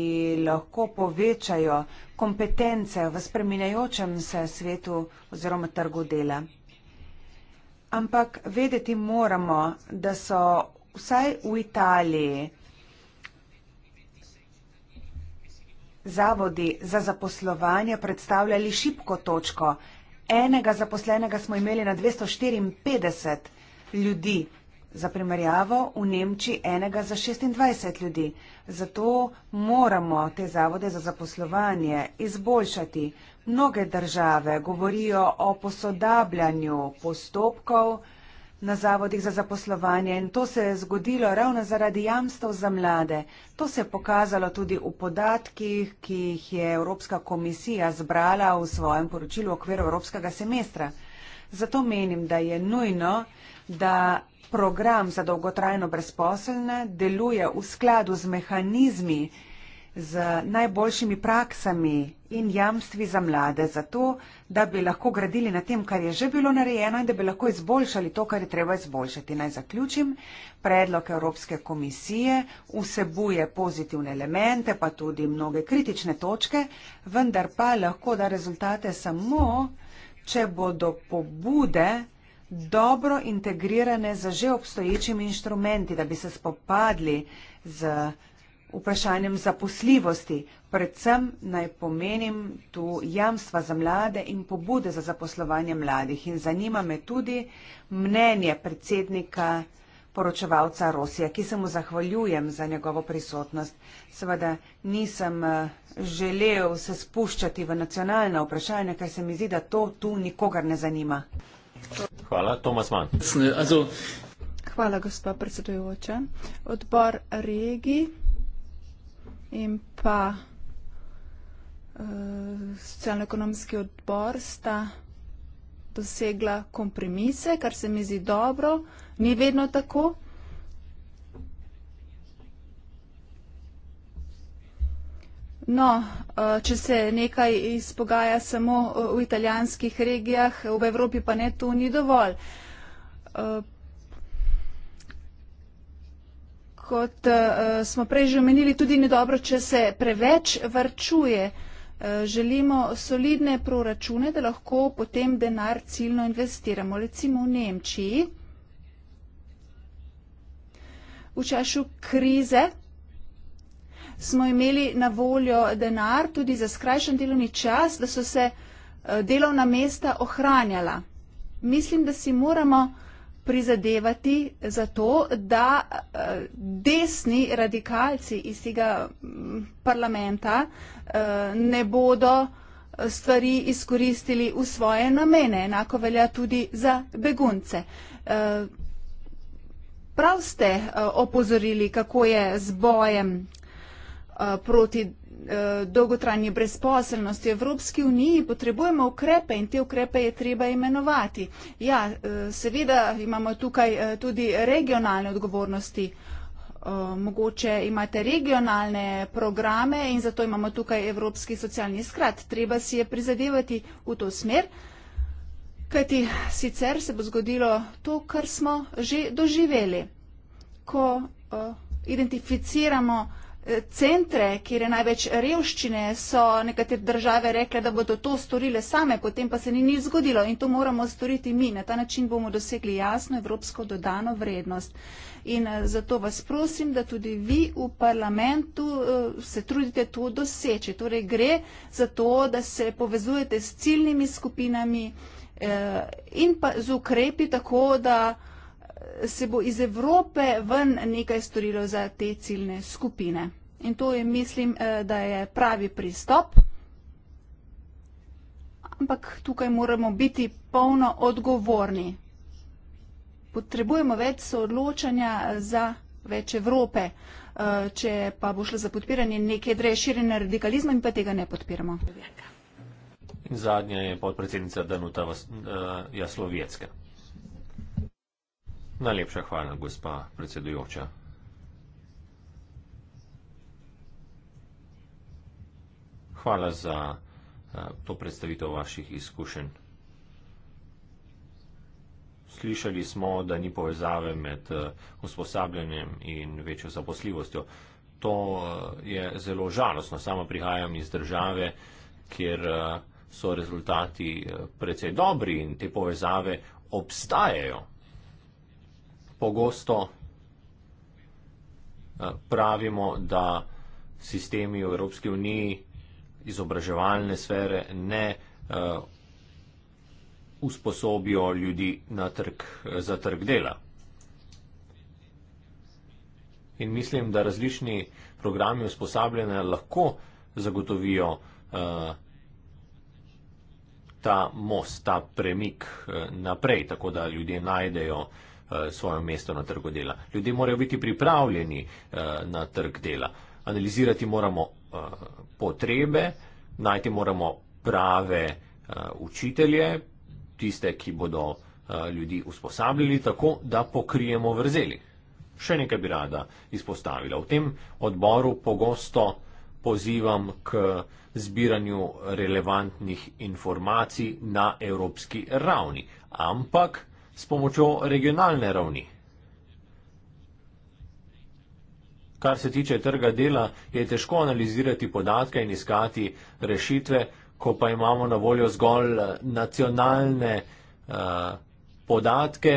lahko povečajo kompetence v spreminjajočem se svetu oziroma trgu dela. Ampak vedeti moramo, da so vsaj v Italiji zavodi za zaposlovanje predstavljali šipko točko. Enega zaposlenega smo imeli na 254 ljudi. Za primerjavo v Nemčiji enega za 26 ljudi. Zato moramo te zavode za zaposlovanje izboljšati. Mnoge države govorijo o posodabljanju postopkov, na zavodih za zaposlovanje in to se je zgodilo ravno zaradi jamstv za mlade. To se je pokazalo tudi v podatkih, ki jih je Evropska komisija zbrala v svojem poročilu v okviru Evropskega semestra. Zato menim, da je nujno, da program za dolgotrajno brezposelne deluje v skladu z mehanizmi, z najboljšimi praksami in jamstvi za mlade, zato da bi lahko gradili na tem, kar je že bilo narejeno in da bi lahko izboljšali to, kar je treba izboljšati. Naj zaključim, predlog Evropske komisije vsebuje pozitivne elemente, pa tudi mnoge kritične točke, vendar pa lahko da rezultate samo, če bodo pobude dobro integrirane z že obstoječimi inštrumenti, da bi se spopadli z vprašanjem zaposljivosti. Predvsem naj pomenim tu jamstva za mlade in pobude za zaposlovanje mladih. In zanima me tudi mnenje predsednika poročevalca Rosija, ki se mu zahvaljujem za njegovo prisotnost. Seveda nisem eh, želel se spuščati v nacionalna vprašanja, ker se mi zdi, da to tu nikogar ne zanima. Hvala, Tomas Mann. Hvala, gospa predsedujoča. Odbor regij in pa uh, socialno-ekonomski odbor sta dosegla kompromise, kar se mi zdi dobro, ni vedno tako. No, eh, če se nekaj izpogaja samo eh, v italijanskih regijah, v Evropi pa ne, to ni dovolj. kot uh, smo prej že omenili, tudi ni dobro, če se preveč varčuje. Eh, želimo solidne proračune, da lahko potem denar ciljno investiramo. Recimo v Nemčiji v času krize smo imeli na voljo denar tudi za skrajšan delovni čas, da so se eh, delovna mesta ohranjala. Mislim, da si moramo uh, prizadevati za to, da eh, desni radikalci iz tega mm, parlamenta eh, ne bodo stvari izkoristili v svoje namene. Enako velja tudi za begunce. Eh, prav ste opozorili, kako je z bojem proti Eh, dolgotrajni brezposelnosti. Evropski uniji potrebujemo ukrepe in te ukrepe je treba imenovati. Ja, eh, seveda imamo tukaj eh, tudi regionalne odgovornosti. Mogoče imate regionalne programe in zato imamo tukaj Evropski socialni skrat. Treba si je prizadevati v to smer, kajti sicer se bo zgodilo to, kar smo že doživeli, ko identificiramo centre, kjer je največ revščine, so nekatere države rekle, da bodo to storile same, potem pa se ni nič zgodilo in to moramo storiti mi. Na ta način bomo dosegli jasno evropsko dodano vrednost. In eh, zato vas prosim, da tudi vi v parlamentu eh, se trudite to doseči. Torej gre za to, da se povezujete s ciljnimi skupinami eh, in pa z ukrepi tako, da se bo iz Evrope ven nekaj storilo za te ciljne skupine. In to je, mislim, eh, da je pravi pristop. Ampak tukaj moramo biti polno odgovorni. Potrebujemo več soodločanja za več Evrope. Eh, če pa bo šlo za podpiranje neke dreje širjenja radikalizma, mi pa tega ne podpiramo. In zadnja je podpredsednica Danuta eh, Jaslovjecka. Najlepša hvala, gospa predsedujoča. Hvala za eh, to predstavitev vaših izkušenj. Slišali smo, da ni povezave med eh, usposabljanjem in večjo zaposljivostjo. To eh, je zelo žalostno. Sama prihajam iz države, kjer so rezultati precej dobri in te povezave obstajajo. Pogosto pravimo, da sistemi v Evropski uniji izobraževalne sfere ne uh, usposobijo ljudi trg, za trg dela. In mislim, da različni programi usposabljanja lahko zagotovijo uh, ta most, ta premik uh, naprej, tako da ljudje najdejo uh, svoje mesto na trgu dela. Ljudje morajo biti pripravljeni uh, na trg dela. Analizirati moramo uh, potrebe, najti moramo prave uh, učitelje, tiste, ki bodo uh, ljudi usposabljali tako, da pokrijemo vrzeli. Še nekaj bi rada izpostavila. V tem odboru pogosto pozivam k zbiranju relevantnih informacij na evropski ravni, ampak s pomočjo regionalne ravni. Kar se tiče trga dela, je težko analizirati podatke in iskati rešitve, ko pa imamo na voljo zgolj eh, nacionalne uh, podatke,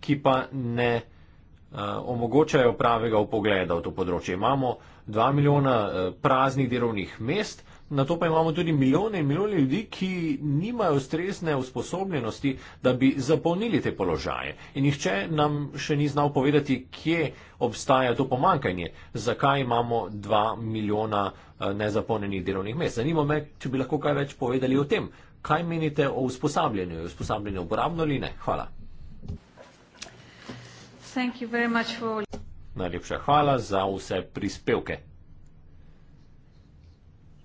ki pa ne uh, omogočajo pravega upogleda v to področje. Imamo dva milijona uh, praznih delovnih mest, na to pa imamo tudi milijone in milijone ljudi, ki nimajo ustrezne usposobljenosti, da bi zapolnili te položaje. In nihče nam še ni znal povedati, kje obstaja to pomankanje, zakaj imamo dva milijona eh, nezapolnjenih delovnih mest. Zanima me, če bi lahko kaj več povedali o tem. Kaj menite o usposabljanju? Je usposabljanje uporabno ali ne? Hvala. Najlepša hvala za vse prispevke.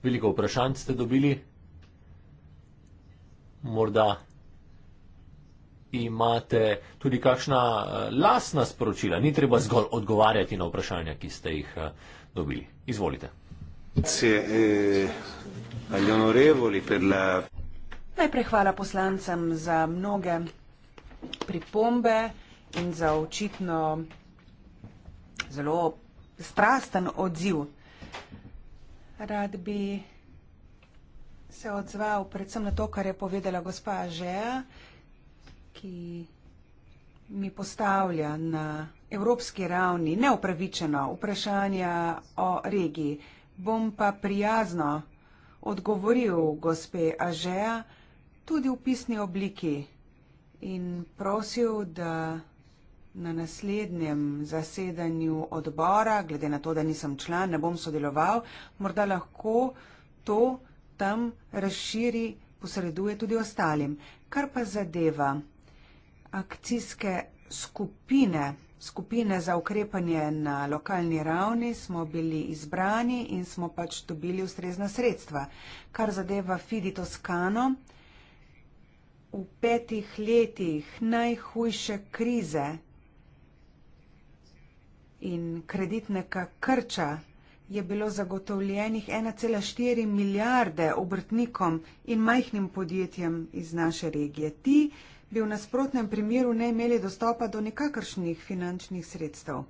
Veliko vprašanj ste dobili. Morda imate tudi kakšna eh, lasna sporočila. Ni treba zgolj odgovarjati na vprašanja, ki ste jih eh, dobili. Izvolite. Eh, Najprej hvala poslancem za mnoge pripombe in za očitno zelo strasten odziv Rad bi se odzval predvsem na to, kar je povedala gospa Žeja, ki mi postavlja na evropski ravni neopravičeno vprašanja o regiji. Bom pa prijazno odgovoril gospe Ažeja tudi v pisni obliki in prosil, da Na naslednjem zasedanju odbora, glede na to, da nisem član, ne bom sodeloval, morda lahko to tam razširi, posreduje tudi ostalim. Kar pa zadeva akcijske skupine, skupine za ukrepanje na lokalni ravni, smo bili izbrani in smo pač dobili ustrezna sredstva. Kar zadeva Fidi Toskano, v petih letih najhujše krize, in kreditnega krča je bilo zagotovljenih 1,4 milijarde obrtnikom in majhnim podjetjem iz naše regije. Ti bi v nasprotnem primeru ne imeli dostopa do nekakršnih finančnih sredstev.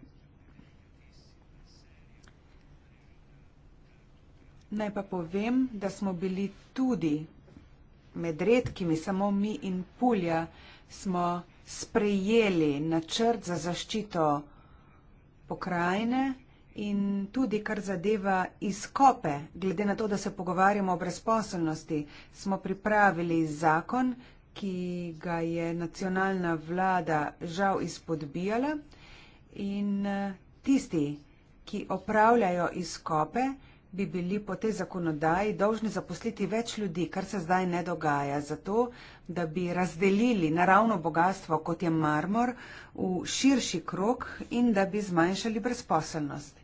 Naj pa povem, da smo bili tudi med redkimi, samo mi in Pulja smo sprejeli načrt za zaščito pokrajine in tudi kar zadeva izkope, glede na to, da se pogovarjamo o brezposelnosti, smo pripravili zakon, ki ga je nacionalna vlada žal izpodbijala in eh, tisti, ki opravljajo izkope, bi bili po tej zakonodaji dolžni zaposliti več ljudi, kar se zdaj ne dogaja, zato da bi razdelili naravno bogatstvo, kot je marmor, v širši krok in da bi zmanjšali brezposelnost.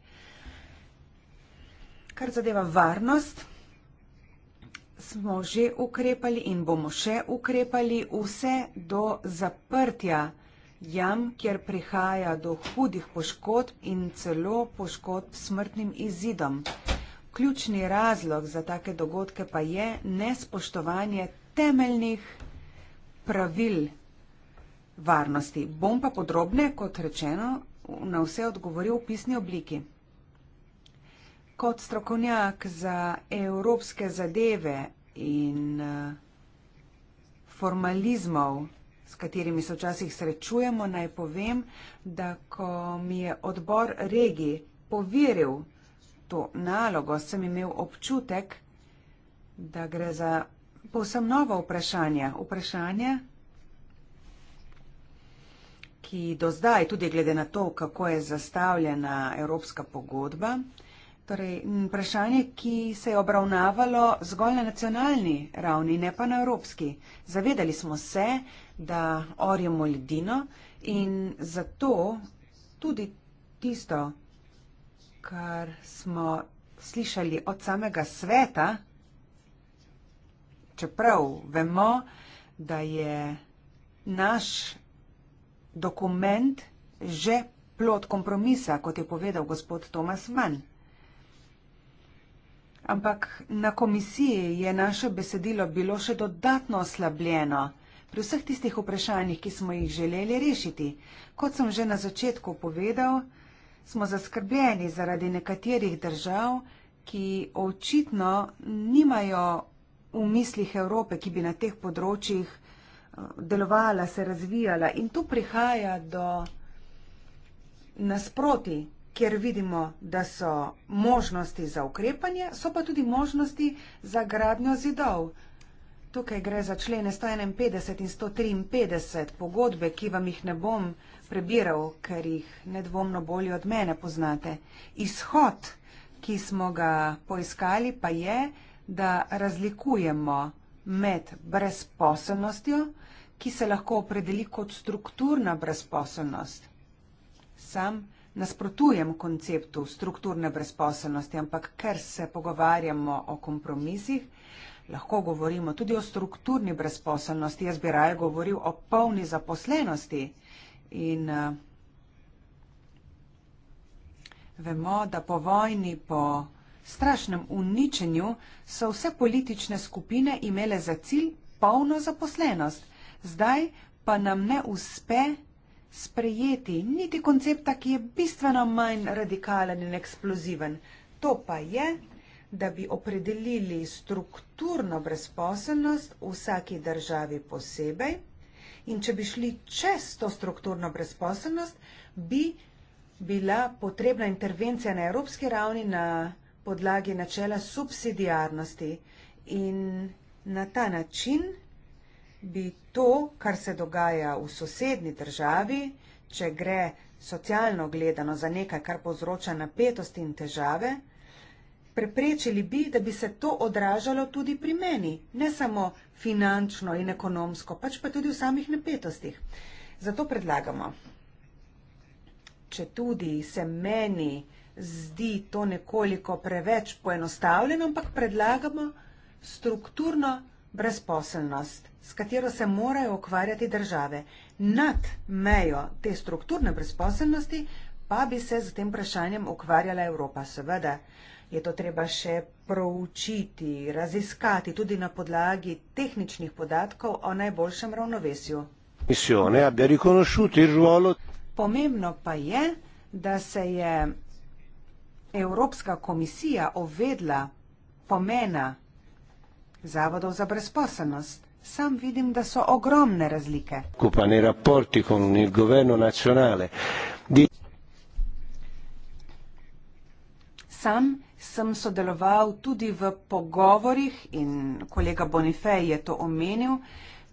Kar zadeva varnost, smo že ukrepali in bomo še ukrepali vse do zaprtja jam, kjer prihaja do hudih poškodb in celo poškodb s smrtnim izidom ključni razlog za take dogodke pa je nespoštovanje temeljnih pravil varnosti. Bom pa podrobne, kot rečeno, na vse odgovoril v pisni obliki. Kot strokovnjak za evropske zadeve in formalizmov, s katerimi se včasih srečujemo, naj povem, da ko mi je odbor regi poveril to nalogo, sem imel občutek, da gre za povsem novo vprašanje. Vprašanje, ki do zdaj, tudi glede na to, kako je zastavljena Evropska pogodba, torej vprašanje, ki se je obravnavalo zgolj na nacionalni ravni, ne pa na evropski. Zavedali smo se, da orjemo ljudino in zato tudi tisto, kar smo slišali od samega sveta, čeprav vemo, da je naš dokument že plot kompromisa, kot je povedal gospod Tomas Mann. Ampak na komisiji je naše besedilo bilo še dodatno oslabljeno pri vseh tistih vprašanjih, ki smo jih želeli rešiti. Kot sem že na začetku povedal, smo zaskrbljeni zaradi nekaterih držav, ki očitno nimajo v mislih Evrope, ki bi na teh področjih eh, delovala, se razvijala. In tu prihaja do nasproti, kjer vidimo, da so možnosti za ukrepanje, so pa tudi možnosti za gradnjo zidov. Tukaj gre za člene 151 in 153 pogodbe, ki vam jih ne bom prebiral, ker jih nedvomno bolje od mene poznate. Izhod, ki smo ga poiskali, pa je, da razlikujemo med brezposelnostjo, ki se lahko opredeli kot strukturna brezposelnost. Sam nasprotujem konceptu strukturne brezposelnosti, ampak ker se pogovarjamo o kompromisih, lahko govorimo tudi o strukturni brezposelnosti. Jaz bi raje govoril o polni zaposlenosti. In eh, vemo, da po vojni, po strašnem uničenju, so vse politične skupine imele za cilj polno zaposlenost. Zdaj pa nam ne uspe sprejeti niti koncepta, ki je bistveno manj radikalen in eksploziven. To pa je, da bi opredelili strukturno brezposelnost v vsaki državi posebej. In če bi šli čez to strukturno brezposobnost, bi bila potrebna intervencija na evropski ravni na podlagi načela subsidijarnosti. In na ta način bi to, kar se dogaja v sosednji državi, če gre socialno gledano za nekaj, kar povzroča napetosti in težave, Preprečili bi, da bi se to odražalo tudi pri meni, ne samo finančno in ekonomsko, pač pa tudi v samih napetostih. Zato predlagamo, če tudi se meni zdi to nekoliko preveč poenostavljeno, ampak predlagamo strukturno brezposelnost, s katero se morajo ukvarjati države. Nad mejo te strukturne brezposelnosti pa bi se z tem vprašanjem ukvarjala Evropa, seveda je to treba še proučiti, raziskati tudi na podlagi tehničnih podatkov o najboljšem ravnovesju. Pomembno pa je, da se je Evropska komisija ovedla pomena zavodov za brezposelnost. Sam vidim, da so ogromne razlike. Sam sem sodeloval tudi v pogovorih in kolega Bonifej je to omenil,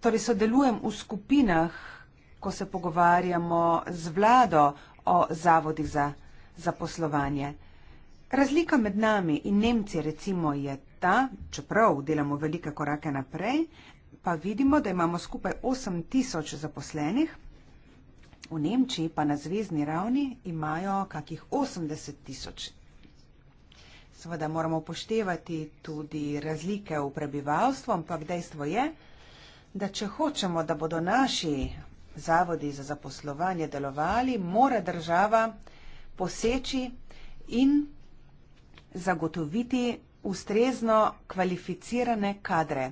torej sodelujem v skupinah, ko se pogovarjamo z vlado o zavodih za zaposlovanje. Razlika med nami in Nemci recimo je ta, čeprav delamo velike korake naprej, pa vidimo, da imamo skupaj 8 tisoč zaposlenih, v Nemčiji pa na zvezdni ravni imajo kakih 80 tisoč Seveda moramo poštevati tudi razlike v prebivalstvu, ampak dejstvo je, da če hočemo, da bodo naši zavodi za zaposlovanje delovali, mora država poseči in zagotoviti ustrezno kvalificirane kadre.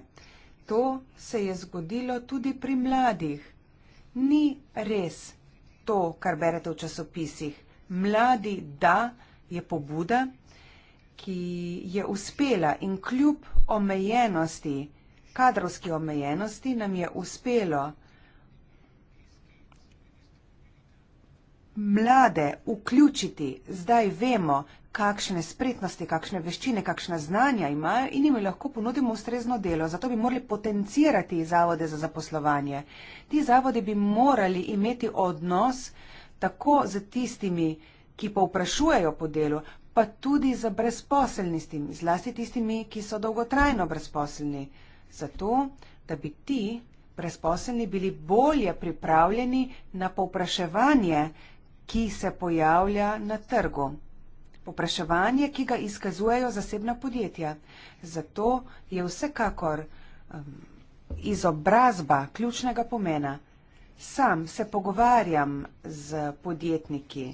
To se je zgodilo tudi pri mladih. Ni res to, kar berete v časopisih. Mladi da je pobuda, ki je uspela in kljub omejenosti, kadrovski omejenosti, nam je uspelo mlade vključiti. Zdaj vemo, kakšne spretnosti, kakšne veščine, kakšna znanja imajo in jim lahko ponudimo ustrezno delo. Zato bi morali potencirati zavode za zaposlovanje. Ti zavode bi morali imeti odnos tako z tistimi, ki pa vprašujejo po delu, pa tudi za brezposelnosti, zlasti tistimi, ki so dolgotrajno brezposelni, zato da bi ti brezposelni bili bolje pripravljeni na povpraševanje, ki se pojavlja na trgu. Popraševanje, ki ga izkazujejo zasebna podjetja. Zato je vsekakor um, izobrazba ključnega pomena. Sam se pogovarjam z podjetniki,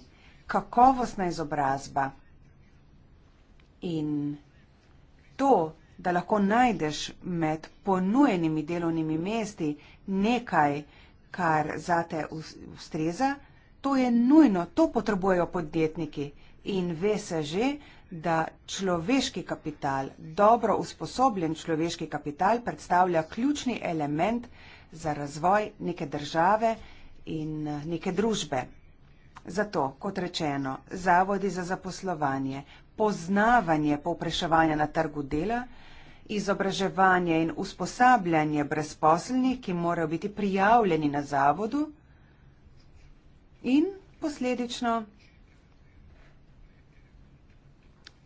kakovostna izobrazba, In to, da lahko najdeš med ponujenimi delovnimi mesti nekaj, kar za te ustreza, to je nujno, to potrebujejo podjetniki. In ve se že, da človeški kapital, dobro usposobljen človeški kapital predstavlja ključni element za razvoj neke države in neke družbe. Zato, kot rečeno, zavodi za zaposlovanje, poznavanje povpraševanja na trgu dela, izobraževanje in usposabljanje brezposelnih, ki morajo biti prijavljeni na zavodu in posledično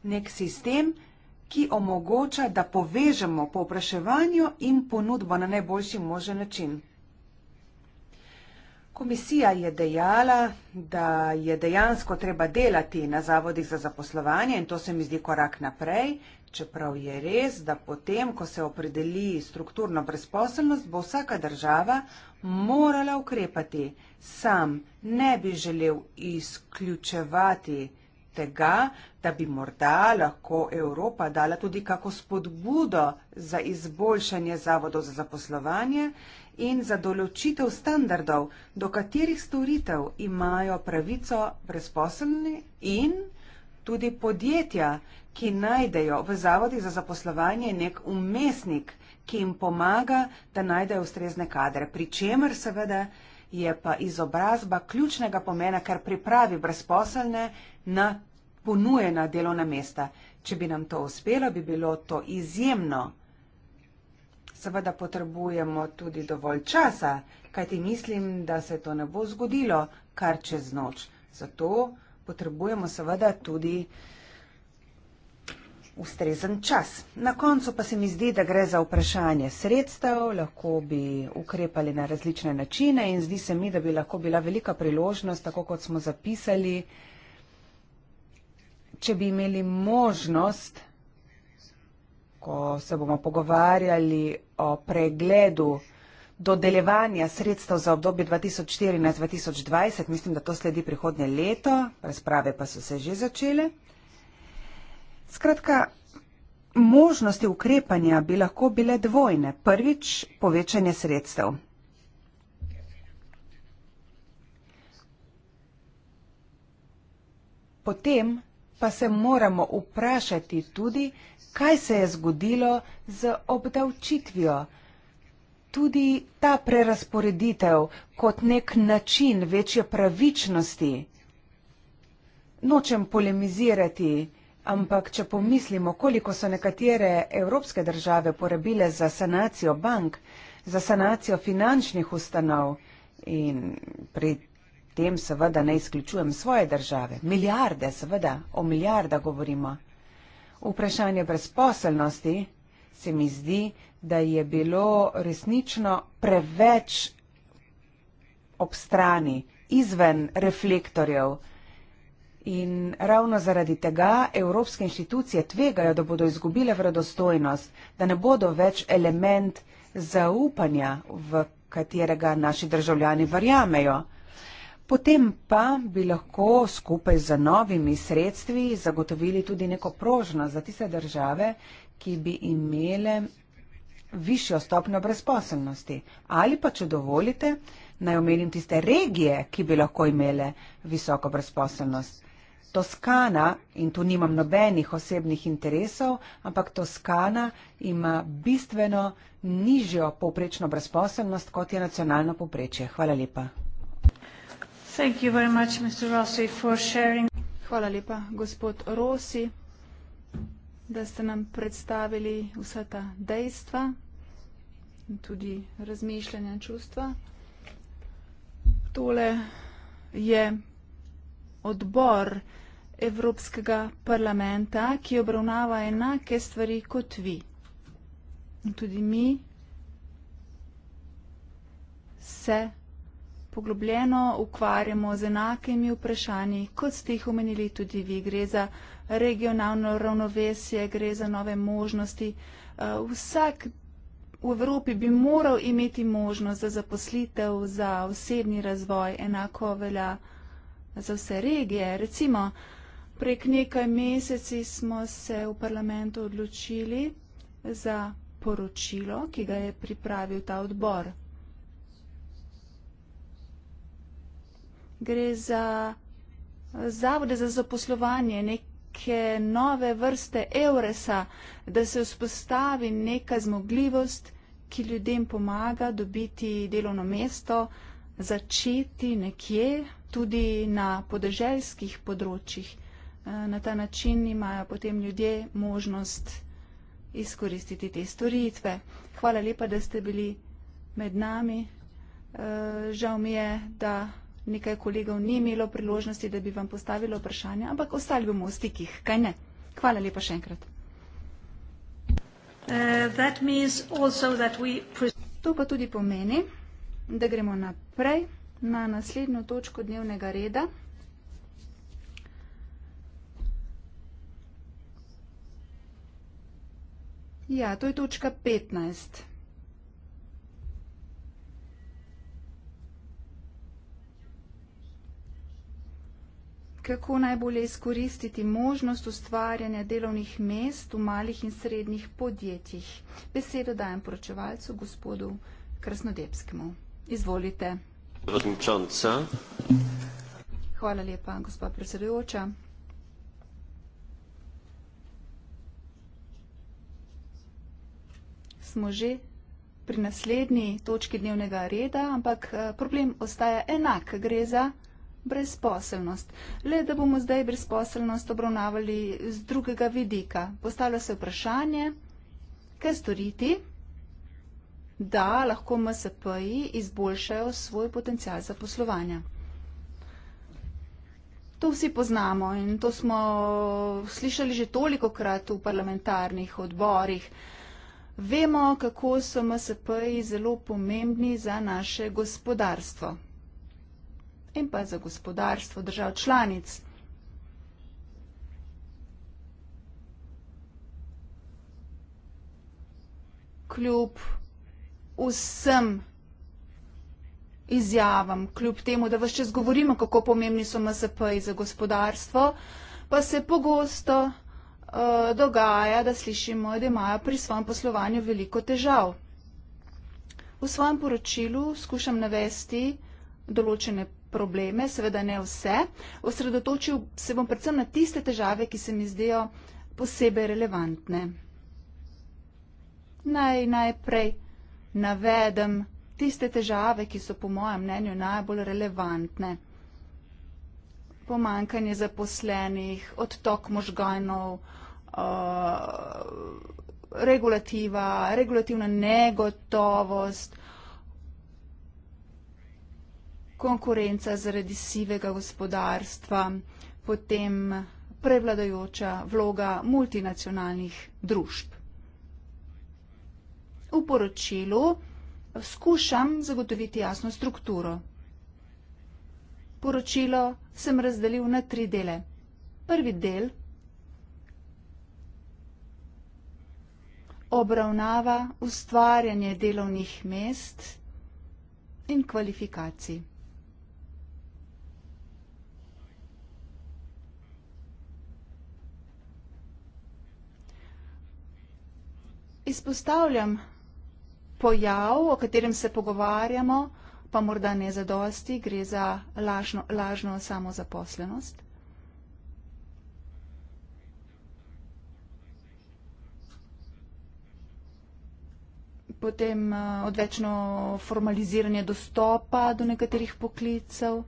nek sistem, ki omogoča, da povežemo povpraševanju in ponudbo na najboljši možen način. Komisija je dejala, da je dejansko treba delati na zavodih za zaposlovanje in to se mi zdi korak naprej, čeprav je res, da potem, ko se opredeli strukturno brezposelnost, bo vsaka država morala ukrepati. Sam ne bi želel izključevati tega, da bi morda lahko Evropa dala tudi kako spodbudo za izboljšanje zavodov za zaposlovanje in za določitev standardov, do katerih storitev imajo pravico brezposelni in tudi podjetja, ki najdejo v zavodi za zaposlovanje nek umestnik, ki jim pomaga, da najdejo ustrezne kadre. Pričemer seveda je pa izobrazba ključnega pomena, ker pripravi brezposelne na ponujena delovna mesta. Če bi nam to uspelo, bi bilo to izjemno Seveda potrebujemo tudi dovolj časa, kajti mislim, da se to ne bo zgodilo kar čez noč. Zato potrebujemo seveda tudi ustrezen čas. Na koncu pa se mi zdi, da gre za vprašanje sredstev, lahko bi ukrepali na različne načine in zdi se mi, da bi lahko bila velika priložnost, tako kot smo zapisali, če bi imeli možnost ko se bomo pogovarjali o pregledu dodeljevanja sredstev za obdobje 2014-2020. Mislim, da to sledi prihodnje leto, razprave pa so se že začele. Skratka, možnosti ukrepanja bi lahko bile dvojne. Prvič, povečanje sredstev. Potem pa se moramo vprašati tudi, kaj se je zgodilo z obdavčitvijo. Tudi ta prerasporeditev kot nek način večje pravičnosti. Nočem polemizirati, ampak če pomislimo, koliko so nekatere evropske države porabile za sanacijo bank, za sanacijo finančnih ustanov in pri tem seveda ne izključujem svoje države. Milijarde, seveda, o milijardah govorimo. Vprašanje brezposelnosti se mi zdi, da je bilo resnično preveč ob strani, izven reflektorjev. In ravno zaradi tega evropske inštitucije tvegajo, da bodo izgubile vredostojnost, da ne bodo več element zaupanja, v katerega naši državljani verjamejo. Potem pa bi lahko skupaj z novimi sredstvi zagotovili tudi neko prožno za tiste države, ki bi imele višjo stopnjo brezposelnosti. Ali pa, če dovolite, naj omenim tiste regije, ki bi lahko imele visoko brezposelnost. Toskana, in tu nimam nobenih osebnih interesov, ampak Toskana ima bistveno nižjo povprečno brezposelnost, kot je nacionalno povprečje. Hvala lepa. Thank you very much, Mr. Rossi, for sharing. Hvala lepa, gospod Rossi, da ste nam predstavili vsa ta dejstva in tudi razmišljanja čustva. Tole je odbor Evropskega parlamenta, ki obravnava enake stvari kot vi. In tudi mi se poglobljeno ukvarjamo z enakimi vprašanji, kot ste jih omenili tudi vi. Gre za regionalno ravnovesje, gre za nove možnosti. Eh, vsak v Evropi bi moral imeti možnost za zaposlitev, za osebni razvoj, enako velja za vse regije. Recimo, prek nekaj meseci smo se v parlamentu odločili za poročilo, ki ga je pripravil ta odbor. gre za zavode za zaposlovanje, neke nove vrste Euresa, da se vzpostavi neka zmogljivost, ki ljudem pomaga dobiti delovno mesto, začeti nekje, tudi na podeželskih področjih. Eh, na ta način imajo potem ljudje možnost izkoristiti te storitve. Hvala lepa, da ste bili med nami. Eh, žal mi je, da nekaj kolegov ni imelo priložnosti, da bi vam postavilo vprašanje, ampak ostali bomo v stikih, kaj ne? Hvala lepa še enkrat. Uh, to pa tudi pomeni, da gremo naprej na naslednjo točko dnevnega reda. Ja, to je točka petnajst. kako najbolje izkoristiti možnost ustvarjanja delovnih mest v malih in srednjih podjetjih. Besedo dajem poročevalcu gospodu Krasnodebskemu. Izvolite. Vrnčanca. Hvala lepa, gospa predsedujoča. Smo že pri naslednji točki dnevnega reda, ampak eh, problem ostaja enak. Gre za brezposelnost. Le da bomo zdaj brezposelnost obravnavali z drugega vidika. Postavlja se vprašanje, kaj storiti, da lahko MSP-ji izboljšajo svoj potencial za poslovanje. To vsi poznamo in to smo slišali že toliko krat v parlamentarnih odborih. Vemo, kako so MSP-ji zelo pomembni za naše gospodarstvo in pa za gospodarstvo držav članic. Kljub vsem izjavam, kljub temu, da vse čas govorimo, kako pomembni so MSP-ji za gospodarstvo, pa se pogosto uh, dogaja, da slišimo, da imajo pri svojem poslovanju veliko težav. V svojem poročilu skušam navesti določene probleme, seveda ne vse. Osredotočil se bom predvsem na tiste težave, ki se mi zdijo posebej relevantne. Naj najprej navedem tiste težave, ki so po mojem mnenju najbolj relevantne. Pomankanje zaposlenih, odtok možganov, uh, regulativa, regulativna negotovost, uh, konkurenca zaradi sivega gospodarstva, potem prevladajoča vloga multinacionalnih družb. V poročilu skušam zagotoviti jasno strukturo. Poročilo sem razdelil na tri dele. Prvi del obravnava ustvarjanje delovnih mest in kvalifikacij. izpostavljam pojav, o katerem se pogovarjamo, pa morda ne za dosti, gre za lažno, lažno samozaposlenost. Potem eh, odvečno formaliziranje dostopa do nekaterih poklicev,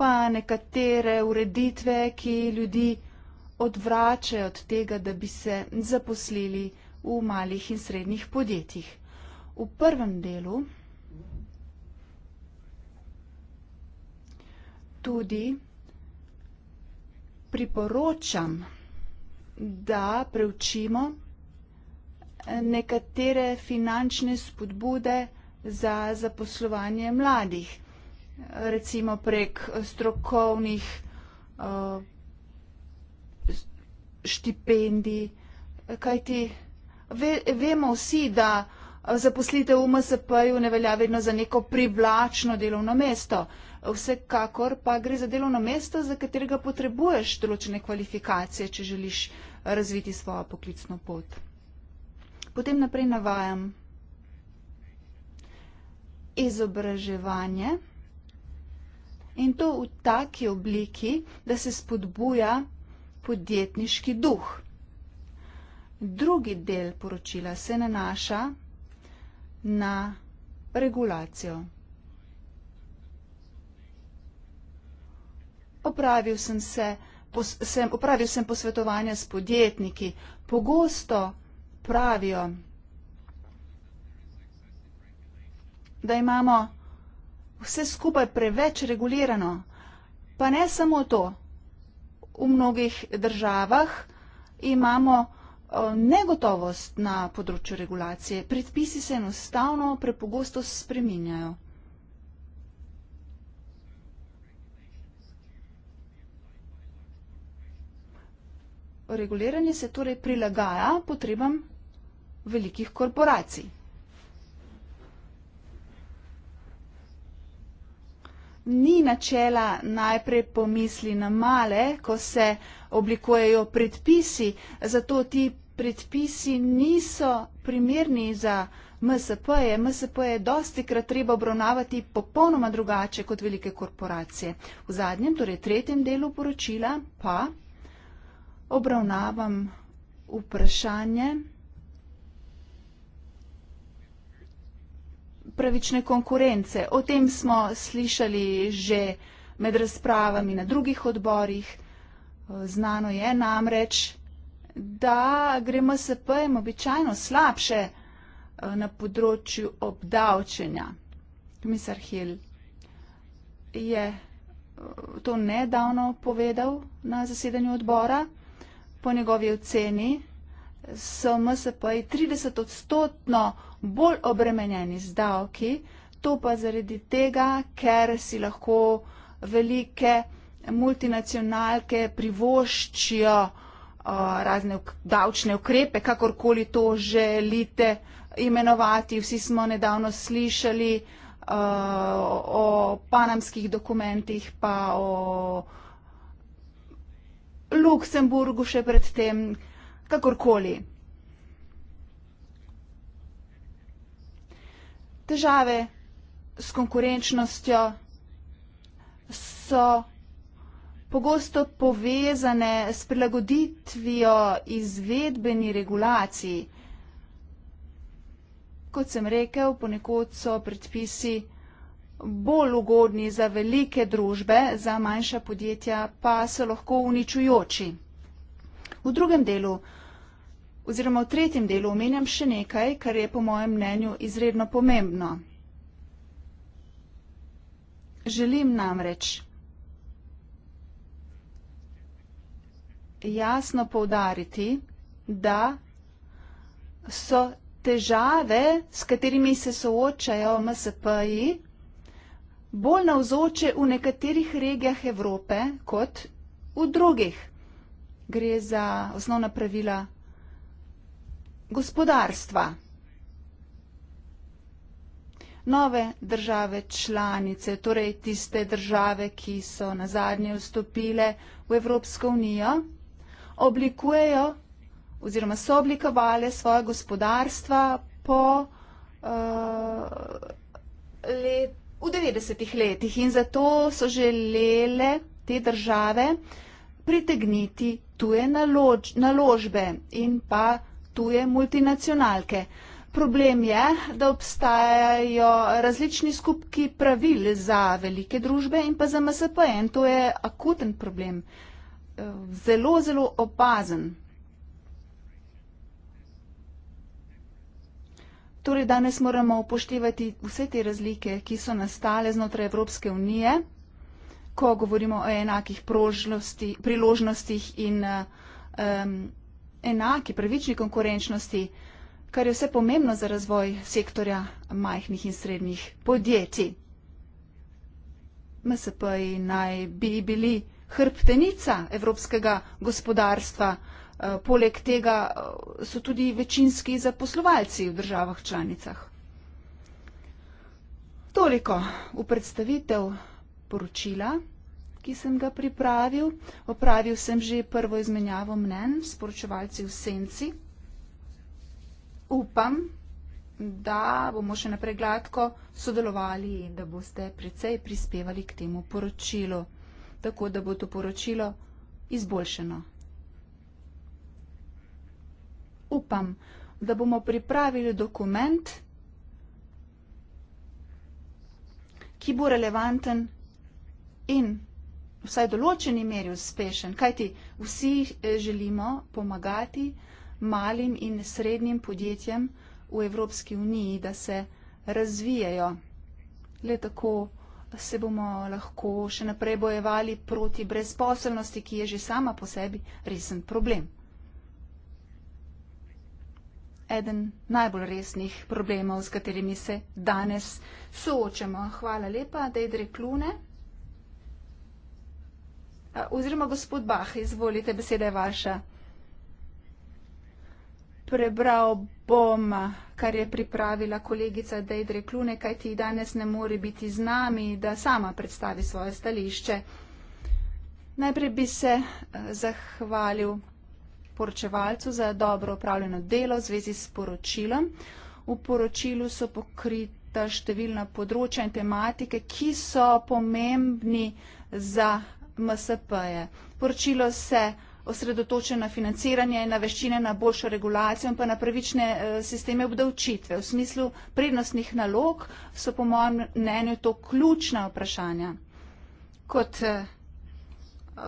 pa nekatere ureditve, ki ljudi odvračajo od tega, da bi se zaposlili v malih in srednjih podjetjih. V prvem delu tudi priporočam, da preučimo nekatere finančne spodbude za zaposlovanje mladih, recimo prek strokovnih uh, štipendij, kajti ve, vemo vsi, da zaposlitev v MSP-ju ne velja vedno za neko privlačno delovno mesto. Vsekakor pa gre za delovno mesto, za katerega potrebuješ določene kvalifikacije, če želiš razviti svojo poklicno pot. Potem naprej navajam izobraževanje in to v taki obliki, da se spodbuja podjetniški duh. Drugi del poročila se nanaša na regulacijo. Opravil sem, se, pos, sem, opravil sem posvetovanja s podjetniki. Pogosto pravijo, da imamo vse skupaj preveč regulirano. Pa ne samo to, v mnogih državah imamo eh, negotovost na področju regulacije. Predpisi se enostavno prepogosto spreminjajo. Reguliranje se torej prilagaja potrebam velikih korporacij. ni načela najprej pomisli na male, ko se oblikujejo predpisi, zato ti predpisi niso primerni za MSP. -je. MSP je dosti krat treba obravnavati popolnoma drugače kot velike korporacije. V zadnjem, torej tretjem delu poročila pa obravnavam vprašanje. pravične konkurence. O tem smo slišali že med razpravami na drugih odborih. Znano je namreč, da gremo se pojem običajno slabše eh, na področju obdavčenja. Komisar Hill je eh, to nedavno povedal na zasedanju odbora. Po njegovi oceni so MSP-ji 30-odstotno bolj obremenjeni z davki, to pa zaradi tega, ker si lahko velike multinacionalke privoščijo razne davčne ukrepe, kakorkoli to želite imenovati. Vsi smo nedavno slišali o panamskih dokumentih, pa o Luksemburgu še predtem, kakorkoli. težave s konkurenčnostjo so pogosto povezane s prilagoditvijo izvedbeni regulaciji. Kot sem rekel, ponekod so predpisi bolj ugodni za velike družbe, za manjša podjetja pa so lahko uničujoči. V drugem delu oziroma v tretjem delu omenjam še nekaj, kar je po mojem mnenju izredno pomembno. Želim namreč jasno povdariti, da so težave, s katerimi se soočajo MSP-ji, bolj navzoče v nekaterih regijah Evrope kot v drugih. Gre za osnovna pravila gospodarstva. Nove države članice, torej tiste države, ki so na zadnje vstopile v Evropsko unijo, oblikujejo oziroma so oblikovale svoje gospodarstva po uh, let, v 90-ih letih in zato so želele te države pritegniti tuje nalož, naložbe in pa tuje multinacionalke. Problem je, da obstajajo različni skupki pravil za velike družbe in pa za MSP in to je akuten problem, zelo, zelo opazen. Torej, danes moramo upoštevati vse te razlike, ki so nastale znotraj Evropske unije, ko govorimo o enakih priložnostih in um, enaki, pravični konkurenčnosti, kar je vse pomembno za razvoj sektorja majhnih in srednjih podjetij. MSP naj bi bili hrbtenica evropskega gospodarstva, eh, poleg tega eh, so tudi večinski zaposlovalci v državah članicah. Toliko v predstavitev poročila ki sem ga pripravil. Opravil sem že prvo izmenjavo mnen s poročevalci v senci. Upam, da bomo še naprej gladko sodelovali in da boste precej prispevali k temu poročilu, tako da bo to poročilo izboljšeno. Upam, da bomo pripravili dokument, ki bo relevanten in vsaj določeni meri uspešen, kajti vsi eh, želimo pomagati malim in srednjim podjetjem v Evropski uniji, da se razvijajo. Le tako se bomo lahko še naprej bojevali proti brezposelnosti, ki je že sama po sebi resen problem. Eden najbolj resnih problemov, s katerimi se danes soočamo. Hvala lepa, Dejdre Klune. Eh, oziroma, gospod Bah, izvolite, beseda je vaša. Prebral bom, kar je pripravila kolegica Dejdre Klune, kaj ti danes ne more biti z nami, da sama predstavi svoje stališče. Najprej bi se eh, zahvalil poročevalcu za dobro upravljeno delo v zvezi s poročilom. V poročilu so pokrita številna področja in tematike, ki so pomembni za MSP-je. Poročilo se osredotoča na financiranje in na veščine, na boljšo regulacijo in pa na pravične eh, sisteme obdavčitve. V smislu prednostnih nalog so po mojem mnenju to ključna vprašanja. Kot eh,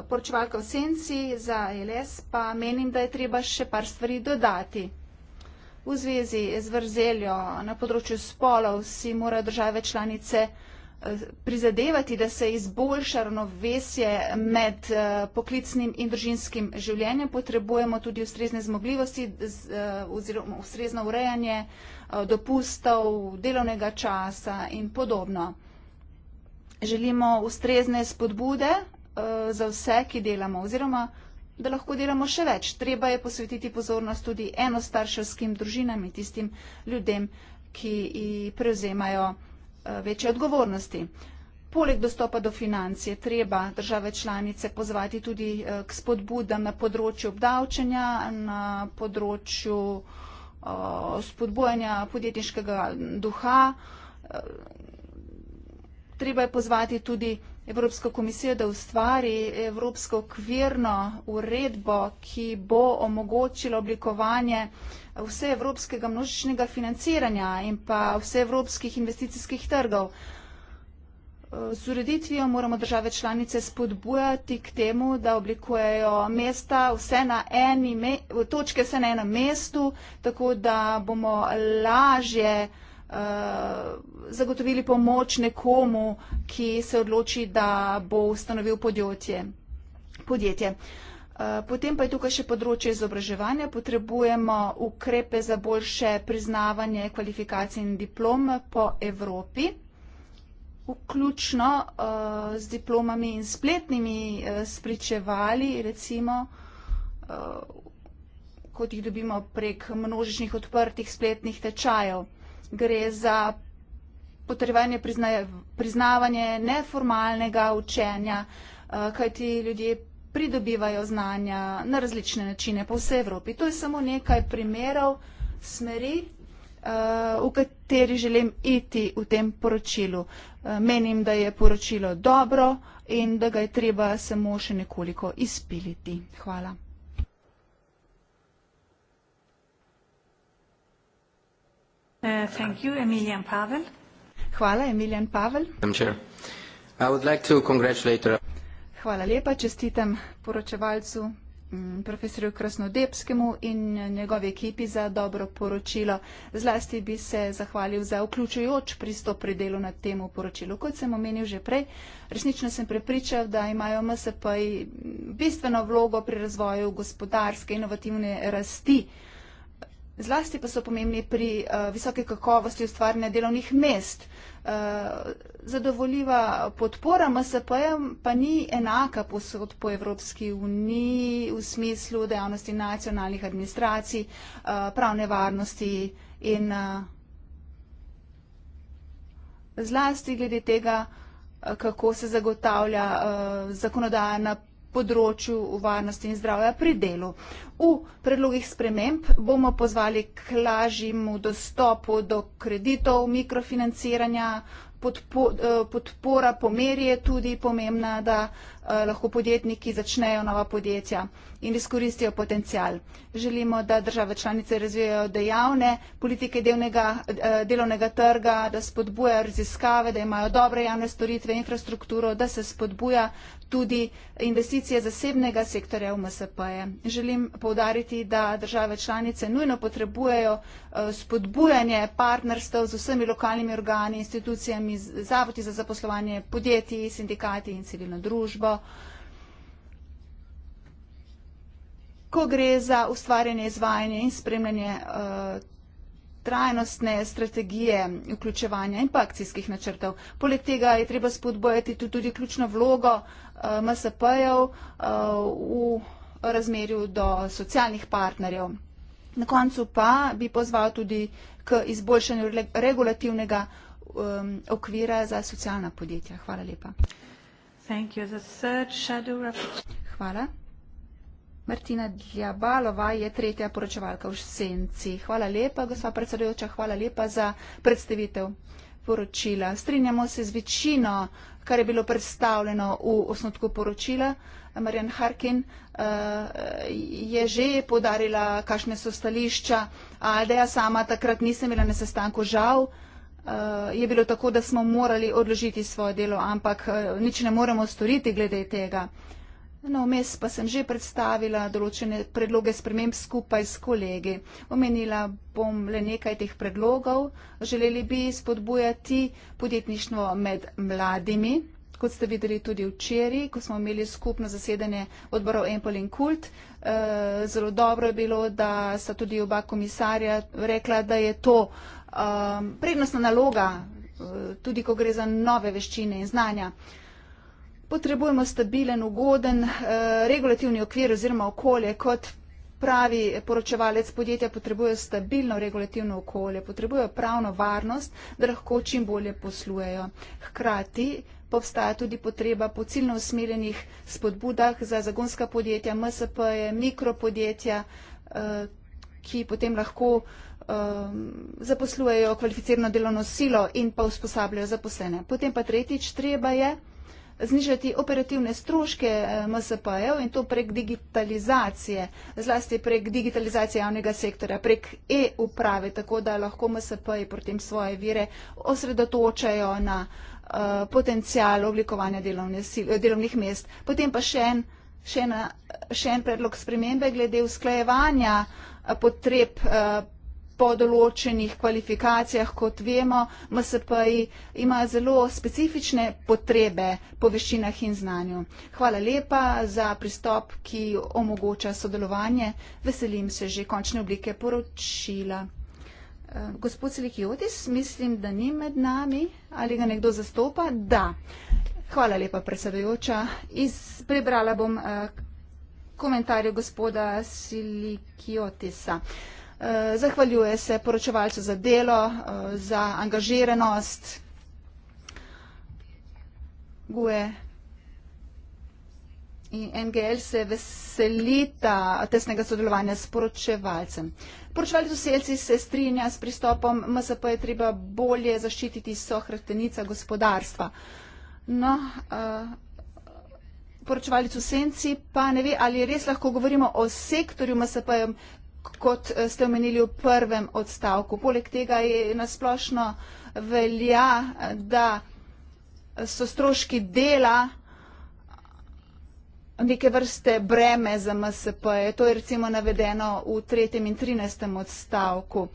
poročevalka v senci za ELS pa menim, da je treba še par stvari dodati. V zvezi z vrzeljo na področju spolov si morajo države članice vrzeljati prizadevati, da se izboljša ravnovesje med eh, poklicnim in družinskim življenjem, potrebujemo tudi ustrezne zmogljivosti eh, oziroma ustrezno urejanje eh, dopustov, delovnega časa in podobno. Želimo ustrezne spodbude za vse, ki delamo oziroma da lahko delamo še več. Treba je posvetiti pozornost tudi enostarševskim družinam in tistim ljudem, ki prevzemajo Eh, večje odgovornosti. Poleg dostopa do financ je treba države članice pozvati tudi eh, k spodbudam na področju obdavčenja, na področju eh, spodbojanja podjetniškega duha. Treba je pozvati tudi Evropska komisija, da ustvari Evropsko okvirno uredbo, ki bo omogočila oblikovanje vse evropskega množičnega financiranja in pa vse evropskih investicijskih trgov. Z ureditvijo moramo države članice spodbujati k temu, da oblikujejo mesta vse na eni, me, točke vse na enem mestu, tako da bomo lažje Eh, zagotovili pomoč nekomu, ki se odloči, da bo ustanovil podjetje. podjetje. Eh, potem pa je tukaj še področje izobraževanja. Potrebujemo ukrepe za boljše priznavanje kvalifikacij in diplom po Evropi, vključno eh, z diplomami in spletnimi spričevali, recimo, kot jih dobimo prek množičnih odprtih spletnih tečajev gre za potrebovanje priznavanja neformalnega učenja, eh, kajti ljudje pridobivajo znanja na različne načine po vsej Evropi. To je samo nekaj primerov smeri, eh, v kateri želim iti v tem poročilu. Eh, menim, da je poročilo dobro in da ga je treba samo še nekoliko izpiliti. Hvala. Uh, Hvala. Emilijan Pavel. Hvala lepa. Čestitam poročevalcu mm, profesorju Krasnodebskemu in njegovi ekipi za dobro poročilo. Zlasti bi se zahvalil za vključujoč pristop pri delu na temu poročilu. Kot sem omenil že prej, resnično sem prepričal, da imajo MSP bistveno vlogo pri razvoju gospodarske inovativne rasti. Zlasti pa so pomembni pri uh, visoki kakovosti ustvarjanja delovnih mest. Uh, zadovoljiva podpora MSP-jem pa ni enaka posod po Evropski uniji v smislu dejavnosti nacionalnih administracij, uh, pravne varnosti in uh, zlasti glede tega, uh, kako se zagotavlja uh, zakonodajna področju varnosti in zdravja pri delu. V predlogih sprememb bomo pozvali k lažjemu dostopu do kreditov, mikrofinanciranja, podpo, eh, podpora po meri je tudi pomembna, da Eh, lahko podjetniki začnejo nova podjetja in izkoristijo potencial. Želimo, da države članice razvijajo dejavne politike delnega, eh, delovnega trga, da spodbuja raziskave, da imajo dobre javne storitve, infrastrukturo, da se spodbuja tudi investicije zasebnega sektorja v MSP-je. Želim povdariti, da države članice nujno potrebujejo eh, spodbujanje partnerstv z vsemi lokalnimi organi, institucijami, zavodi za zaposlovanje, podjetji, sindikati in civilno družbo ko gre za ustvarjanje, izvajanje in spremljanje eh, trajnostne strategije vključevanja in pa akcijskih načrtev. Poleg tega je treba spodbojati tudi ključno vlogo eh, MSP-jev eh, v razmerju do socialnih partnerjev. Na koncu pa bi pozval tudi k izboljšanju regulativnega okvira za socialna podjetja. Hvala lepa. Thank you. The third shadow rapporteur. Hvala. Martina Djabalova je tretja poročevalka v senci. Hvala lepa, gospa predsedujoča, hvala lepa za predstavitev poročila. Strinjamo se z večino, kar je bilo predstavljeno v osnotku poročila. Marjan Harkin uh, je že podarila, kakšne so stališča. Aldeja sama takrat nisem bila na sestanku žal. Uh, Eh, je bilo tako, da smo morali odložiti svoje delo, ampak eh, nič ne moremo storiti glede tega. No, vmes pa sem že predstavila določene predloge sprememb skupaj s kolegi. Omenila bom le nekaj teh predlogov. Želeli bi spodbujati podjetništvo med mladimi, kot ste videli tudi včeraj, ko smo imeli skupno zasedanje odborov Empol in Kult. Eh, zelo dobro je bilo, da sta tudi oba komisarja rekla, da je to um, prednostna naloga, uh, tudi ko gre za nove veščine in znanja. Potrebujemo stabilen, ugoden uh, regulativni okvir oziroma okolje, kot pravi poročevalec podjetja, potrebujejo stabilno regulativno okolje, potrebujejo pravno varnost, da lahko čim bolje poslujejo. Hkrati pa obstaja tudi potreba po ciljno usmerjenih spodbudah za zagonska podjetja, MSP-je, mikropodjetja, uh, ki potem lahko uh, um, zaposlujejo kvalificirano delovno silo in pa usposabljajo zaposlene. Potem pa tretjič, treba je znižati operativne stroške eh, MSP-jev in to prek digitalizacije, zlasti prek digitalizacije javnega sektorja, prek e-uprave, tako da lahko MSP-ji potem svoje vire osredotočajo na uh, eh, potencijal oblikovanja delovne, delovnih mest. Potem pa še en, še, na, še en predlog spremembe glede usklajevanja eh, potreb. Uh, po določenih kvalifikacijah, kot vemo, MSP-ji imajo zelo specifične potrebe po veščinah in znanju. Hvala lepa za pristop, ki omogoča sodelovanje. Veselim se že končne oblike poročila. Eh, gospod Selikiotis, mislim, da ni med nami. Ali ga nekdo zastopa? Da. Hvala lepa, predsedujoča. Prebrala bom eh, komentarje gospoda Silikiotisa. Uh, Eh, zahvaljuje se poročevalcu za delo, eh, za angažiranost. Guje. In NGL se veselita tesnega sodelovanja s poročevalcem. Poročevalci doseljci se strinja s pristopom MSP je treba bolje zaščititi sohrtenica gospodarstva. No, uh, eh, poročevalci v senci pa ne ve, ali res lahko govorimo o sektorju MSP-ju, kot eh, ste omenili v prvem odstavku. Poleg tega je nasplošno velja, da so stroški dela neke vrste breme za MSP. To je recimo navedeno v tretjem in trinestem odstavku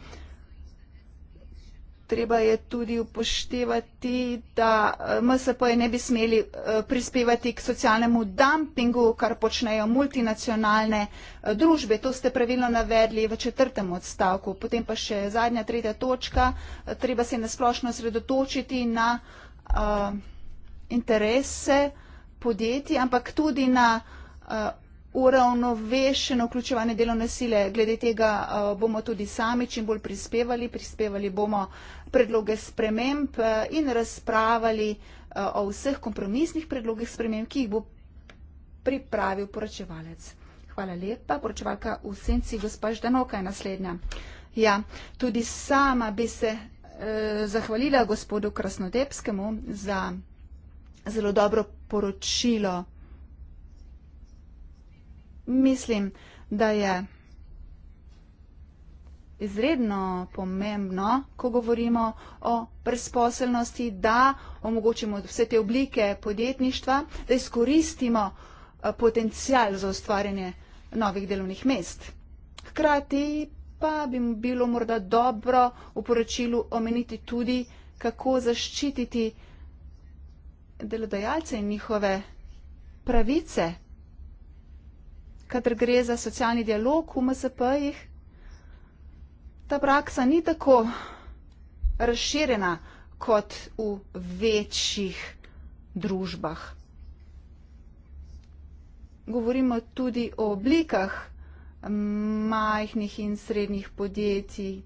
treba je tudi upoštevati, da eh, MSP-je ne bi smeli eh, prispevati k socialnemu dumpingu, kar počnejo multinacionalne eh, družbe. To ste pravilno navedli v četrtem odstavku. Potem pa še zadnja, tretja točka. Treba se nasplošno sredotočiti na uh, interese podjetij, ampak tudi na uh, uravnovešeno vključevanje delovne sile. Glede tega uh, bomo tudi sami čim bolj prispevali. Prispevali bomo uh, predloge sprememb eh, in razpravali eh, o vseh kompromisnih predlogih sprememb, ki jih bo pripravil poročevalec. Hvala lepa. Poročevalka v senci, gospa Ždanoka je naslednja. Ja, tudi sama bi se e, zahvalila gospodu Krasnodepskemu za zelo dobro poročilo. Mislim, da je izredno pomembno, ko govorimo o brezposelnosti, da omogočimo vse te oblike podjetništva, da izkoristimo eh, potencial za ustvarjanje novih delovnih mest. Hkrati pa bi bilo morda dobro v poročilu omeniti tudi, kako zaščititi delodajalce in njihove pravice, kadar gre za socialni dialog v MSP-jih, ta praksa ni tako razširjena kot v večjih družbah. Govorimo tudi o oblikah majhnih in srednjih podjetij.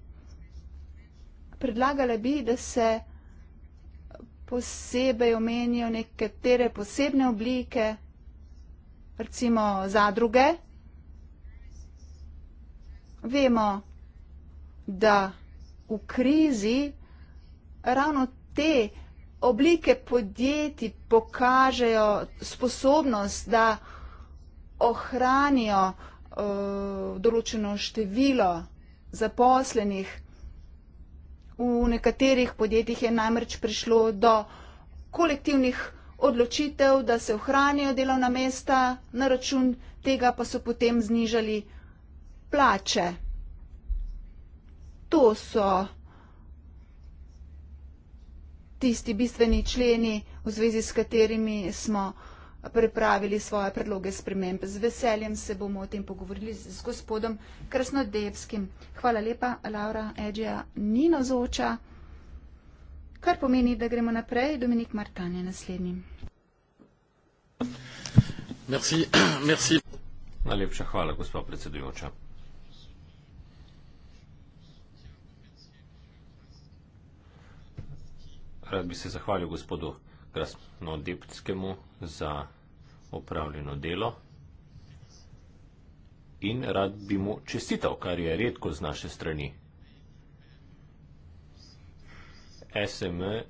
Predlagala bi, da se posebej omenijo nekatere posebne oblike, recimo zadruge. Vemo, da v krizi ravno te oblike podjetij pokažejo sposobnost, da ohranijo uh, določeno število zaposlenih. V nekaterih podjetjih je namreč prišlo do kolektivnih odločitev, da se ohranijo delovna mesta, na račun tega pa so potem znižali plače to so tisti bistveni členi, v zvezi s katerimi smo pripravili svoje predloge sprememb. Z veseljem se bomo o tem pogovorili z gospodom Krasnodevskim. Hvala lepa, Laura Edžija ni nazoča, kar pomeni, da gremo naprej. Dominik Martan je naslednji. Merci, merci. Najlepša hvala, gospod predsedujoča. rad bi se zahvalil gospodu Krasnodepskemu za opravljeno delo in rad bi mu čestital, kar je redko z naše strani. SM eh,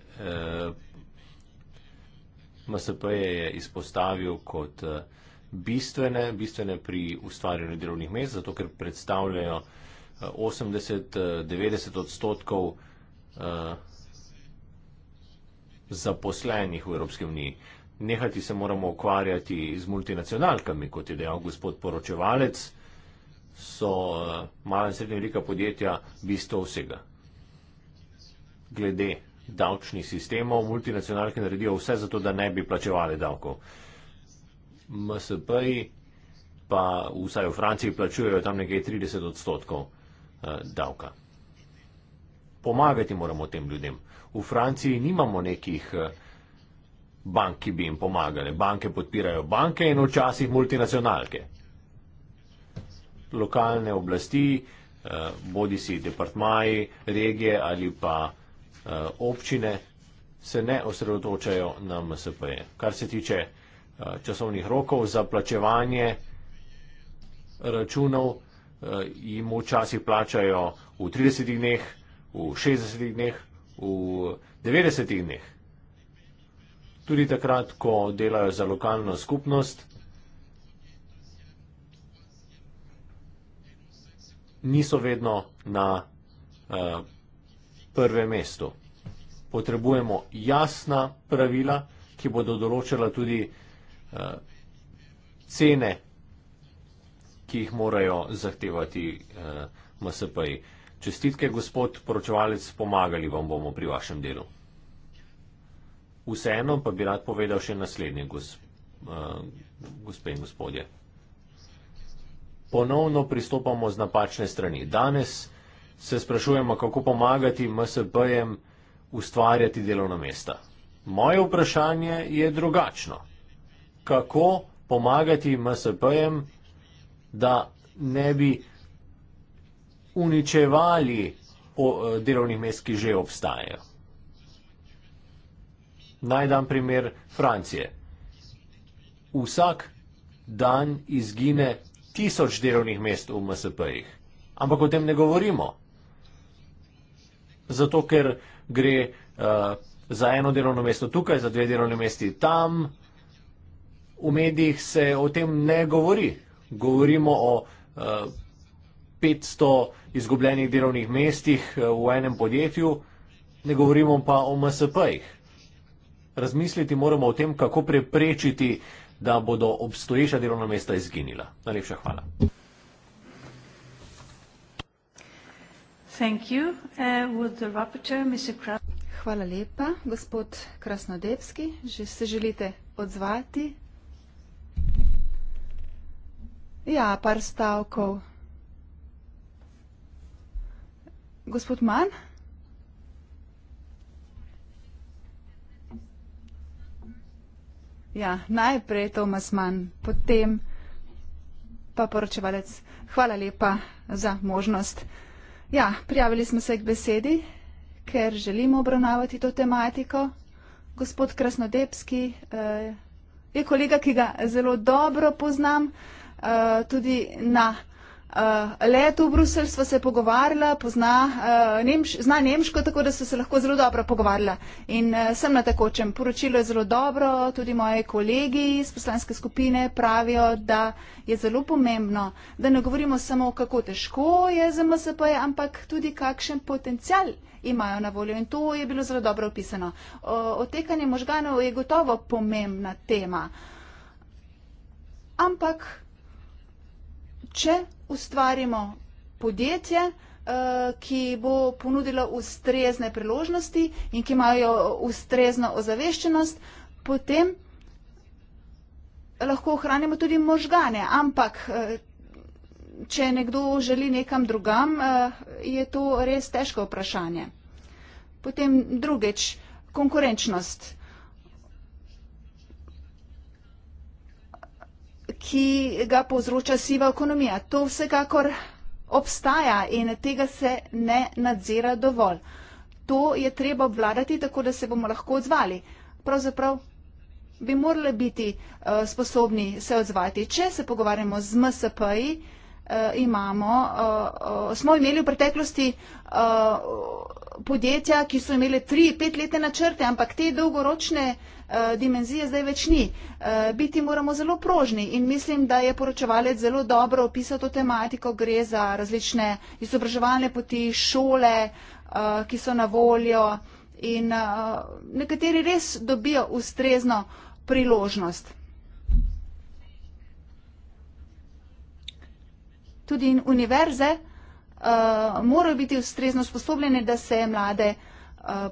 MSP je izpostavil kot eh, bistvene, bistvene pri ustvarjanju delovnih mest, zato ker predstavljajo 80-90 eh, eh, odstotkov eh, zaposlenih v Evropski uniji. Nehati se moramo ukvarjati z multinacionalkami, kot je dejal gospod poročevalec, so eh, mala in srednja velika podjetja bistvo vsega. Glede davčnih sistemov, multinacionalke naredijo vse zato, da ne bi plačevali davkov. MSP-ji pa vsaj v Franciji plačujejo tam nekaj 30 odstotkov eh, davka. Pomagati moramo tem ljudem v Franciji nimamo nekih eh, bank, ki bi jim pomagale. Banke podpirajo banke in včasih multinacionalke. Lokalne oblasti, eh, bodi si departmaji, regije ali pa eh, občine, se ne osredotočajo na MSP-je. Kar se tiče časovnih rokov za plačevanje računov, jim včasih plačajo v 30 dneh, v 60 dneh, v 90-ih dneh. Tudi takrat, ko delajo za lokalno skupnost, niso vedno na uh, prvem mestu. Potrebujemo jasna pravila, ki bodo določila tudi uh, cene, ki jih morajo zahtevati uh, eh, MSP-ji. Uh, Čestitke, gospod poročevalec, pomagali vam bomo pri vašem delu. Vseeno pa bi rad povedal še naslednje, gos, uh, gospe in gospodje. Ponovno pristopamo z napačne strani. Danes se sprašujemo, kako pomagati MSP-jem ustvarjati delovna mesta. Moje vprašanje je drugačno. Kako pomagati MSP-jem, da ne bi uničevali e, delovnih mest, ki že obstajajo. Naj dam primer Francije. Vsak dan izgine tisoč delovnih mest v MSP-jih. Ampak o tem ne govorimo. Zato, ker gre uh, za eno delovno mesto tukaj, za dve delovne mesti tam, v medijih se o tem ne govori. Govorimo o uh, e, 500 izgubljenih delovnih mestih eh, v enem podjetju, ne govorimo pa o MSP-jih. Razmisliti moramo o tem, kako preprečiti, da bodo obstoječa delovna mesta izginila. Najlepša hvala. Uh, hvala lepa, gospod Krasnodevski. Že se želite odzvati? Ja, par stavkov. Hvala. Gospod Man? Ja, najprej Tomas Man, potem pa poročevalec. Hvala lepa za možnost. Ja, prijavili smo se k besedi, ker želimo obravnavati to tematiko. Gospod Krasnodebski eh, je kolega, ki ga zelo dobro poznam, eh, tudi na. Eh, leto v Bruselj sva se pogovarjala, pozna, uh, nemš, zna nemško, tako da sva se lahko zelo dobro pogovarjala. In uh, sem na takočem. Poročilo je zelo dobro, tudi moji kolegi iz poslanske skupine pravijo, da je zelo pomembno, da ne govorimo samo, kako težko je za MSP, ampak tudi kakšen potencial imajo na voljo. In to je bilo zelo dobro opisano. Uh, otekanje možganov je gotovo pomembna tema. Ampak če ustvarimo podjetje, eh, ki bo ponudilo ustrezne priložnosti in ki imajo ustrezno ozaveščenost, potem lahko ohranimo tudi možgane. Ampak, eh, če nekdo želi nekam drugam, eh, je to res težko vprašanje. Potem drugič, konkurenčnost. ki ga povzroča siva ekonomija. To vsekakor obstaja in tega se ne nadzira dovolj. To je treba obvladati, tako da se bomo lahko odzvali. Pravzaprav bi morali biti uh, sposobni se odzvati. Če se pogovarjamo z MSP-ji, uh, eh, uh, eh, uh, smo imeli v preteklosti uh, podjetja, ki so imele tri, petletne načrte, ampak te dolgoročne eh, dimenzije zdaj več ni. Eh, biti moramo zelo prožni in mislim, da je poročevalec zelo dobro opisal to tematiko, gre za različne izobraževalne poti, šole, eh, ki so na voljo in nekateri res dobijo ustrezno priložnost. Tudi univerze. Eh, morajo biti ustrezno sposobljene, da se mlade eh,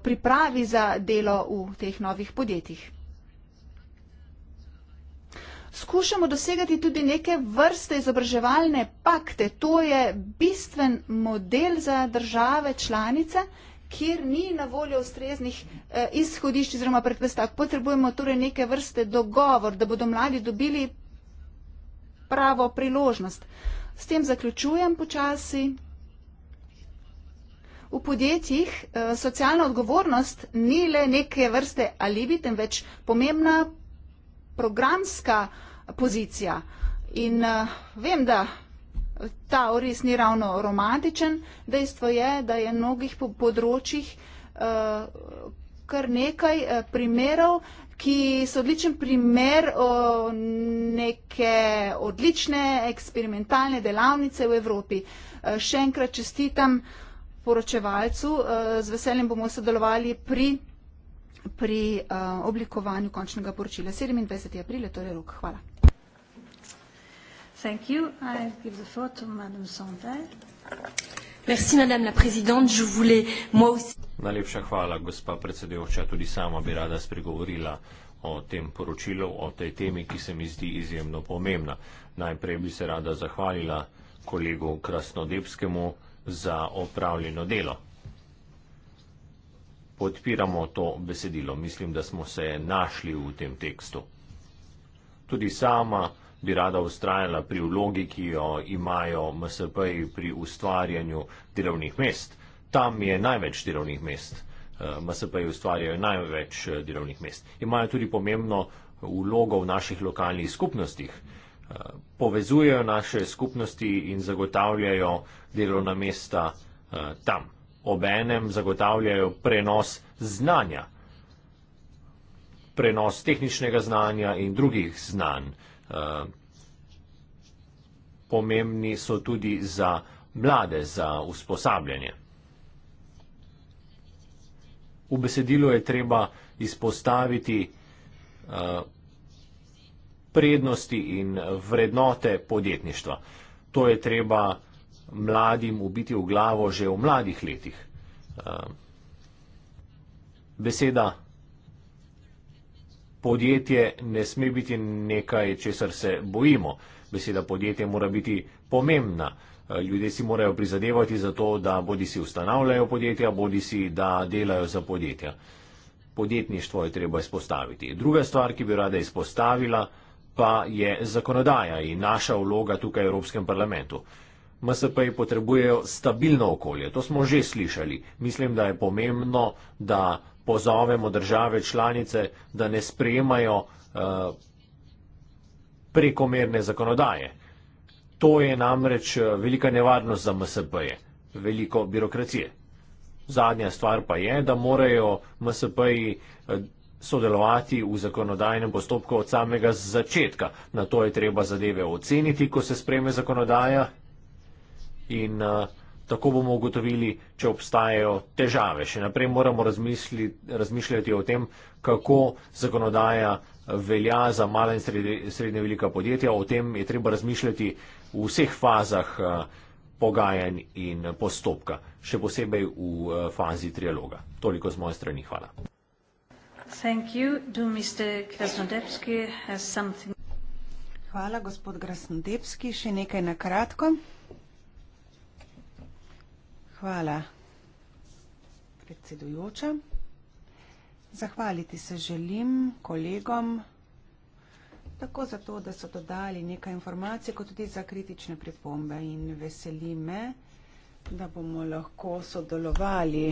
pripravi za delo v teh novih podjetjih. Skušamo dosegati tudi neke vrste izobraževalne pakte. To je bistven model za države članice, kjer ni na voljo ustreznih eh, izhodišč oziroma predpostavk. Potrebujemo torej neke vrste dogovor, da bodo mladi dobili pravo priložnost. S tem zaključujem počasi. V podjetjih eh, socialna odgovornost ni le neke vrste alibi, temveč pomembna programska pozicija. In eh, vem, da ta oris ni ravno romantičen, dejstvo je, da je v mnogih področjih eh, kar nekaj primerov, ki so odličen primer o neke odlične eksperimentalne delavnice v Evropi. Še enkrat čestitam poročevalcu. Eh, z veseljem bomo sodelovali pri, pri eh, oblikovanju končnega poročila. 27. april je torej rok. Hvala. Thank you. I give the floor to Madame Sondel. Merci, Madame la Présidente. Je voulais moi aussi... Najlepša hvala, gospa predsedujoča. Tudi sama bi rada spregovorila o tem poročilu, o tej temi, ki se mi zdi izjemno pomembna. Najprej bi se rada zahvalila kolegu Krasnodebskemu, za opravljeno delo. Podpiramo to besedilo, mislim, da smo se našli v tem tekstu. Tudi sama bi rada ustrajala pri vlogi, ki jo imajo MSP-ji pri ustvarjanju delovnih mest. Tam je največ delovnih mest. Eh, MSP-ji ustvarjajo največ eh, delovnih mest. Imajo tudi pomembno vlogo v naših lokalnih skupnostih povezujejo naše skupnosti in zagotavljajo delovna mesta eh, tam. Obenem zagotavljajo prenos znanja, prenos tehničnega znanja in drugih znanj. Eh, pomembni so tudi za mlade, za usposabljanje. V besedilu je treba izpostaviti uh, prednosti in vrednote podjetništva. To je treba mladim ubiti v glavo že v mladih letih. Ehm, beseda podjetje ne sme biti nekaj, česar se bojimo. Beseda podjetje mora biti pomembna. E, ljudje si morajo prizadevati za to, da bodi si ustanavljajo podjetja, bodi si, da delajo za podjetja. Podjetništvo je treba izpostaviti. Druga stvar, ki bi rada izpostavila, pa je zakonodaja in naša vloga tukaj v Evropskem parlamentu. MSP-ji potrebujejo stabilno okolje, to smo že slišali. Mislim, da je pomembno, da pozovemo države članice, da ne sprejemajo uh, prekomerne zakonodaje. To je namreč eh, velika nevarnost za MSP-je, veliko birokracije. Zadnja stvar pa je, da morajo MSP-ji. Uh, eh, sodelovati v zakonodajnem postopku od samega začetka. Na to je treba zadeve oceniti, ko se spreme zakonodaja in uh, tako bomo ugotovili, če obstajajo težave. Še naprej moramo razmisli, razmišljati o tem, kako zakonodaja eh, velja za male in srednje, srednje velika podjetja. O tem je treba razmišljati v vseh fazah uh, pogajanj in postopka, še posebej v uh, fazi trialoga. Toliko z moje strani. Hvala. Thank you. Do Mr. Krasnodebski has something? Hvala, gospod Krasnodebski. Še nekaj na kratko. Hvala, predsedujoča. Zahvaliti se želim kolegom tako za to, da so dodali nekaj informacij, kot tudi za kritične pripombe in veseli me, da bomo lahko sodelovali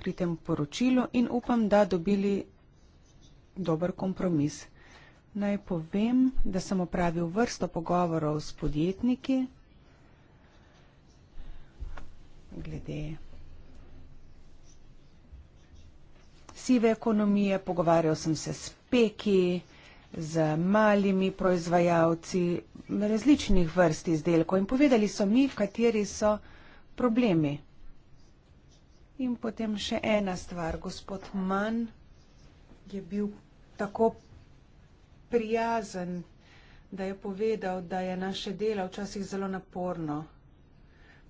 pri tem poročilu in upam, da dobili dober kompromis. Naj povem, da sem opravil vrsto pogovorov s podjetniki glede sive ekonomije, pogovarjal sem se s peki, z malimi proizvajalci različnih vrst izdelkov in povedali so mi, kateri so problemi. In potem še ena stvar. Gospod Mann je bil tako prijazen, da je povedal, da je naše delo včasih zelo naporno.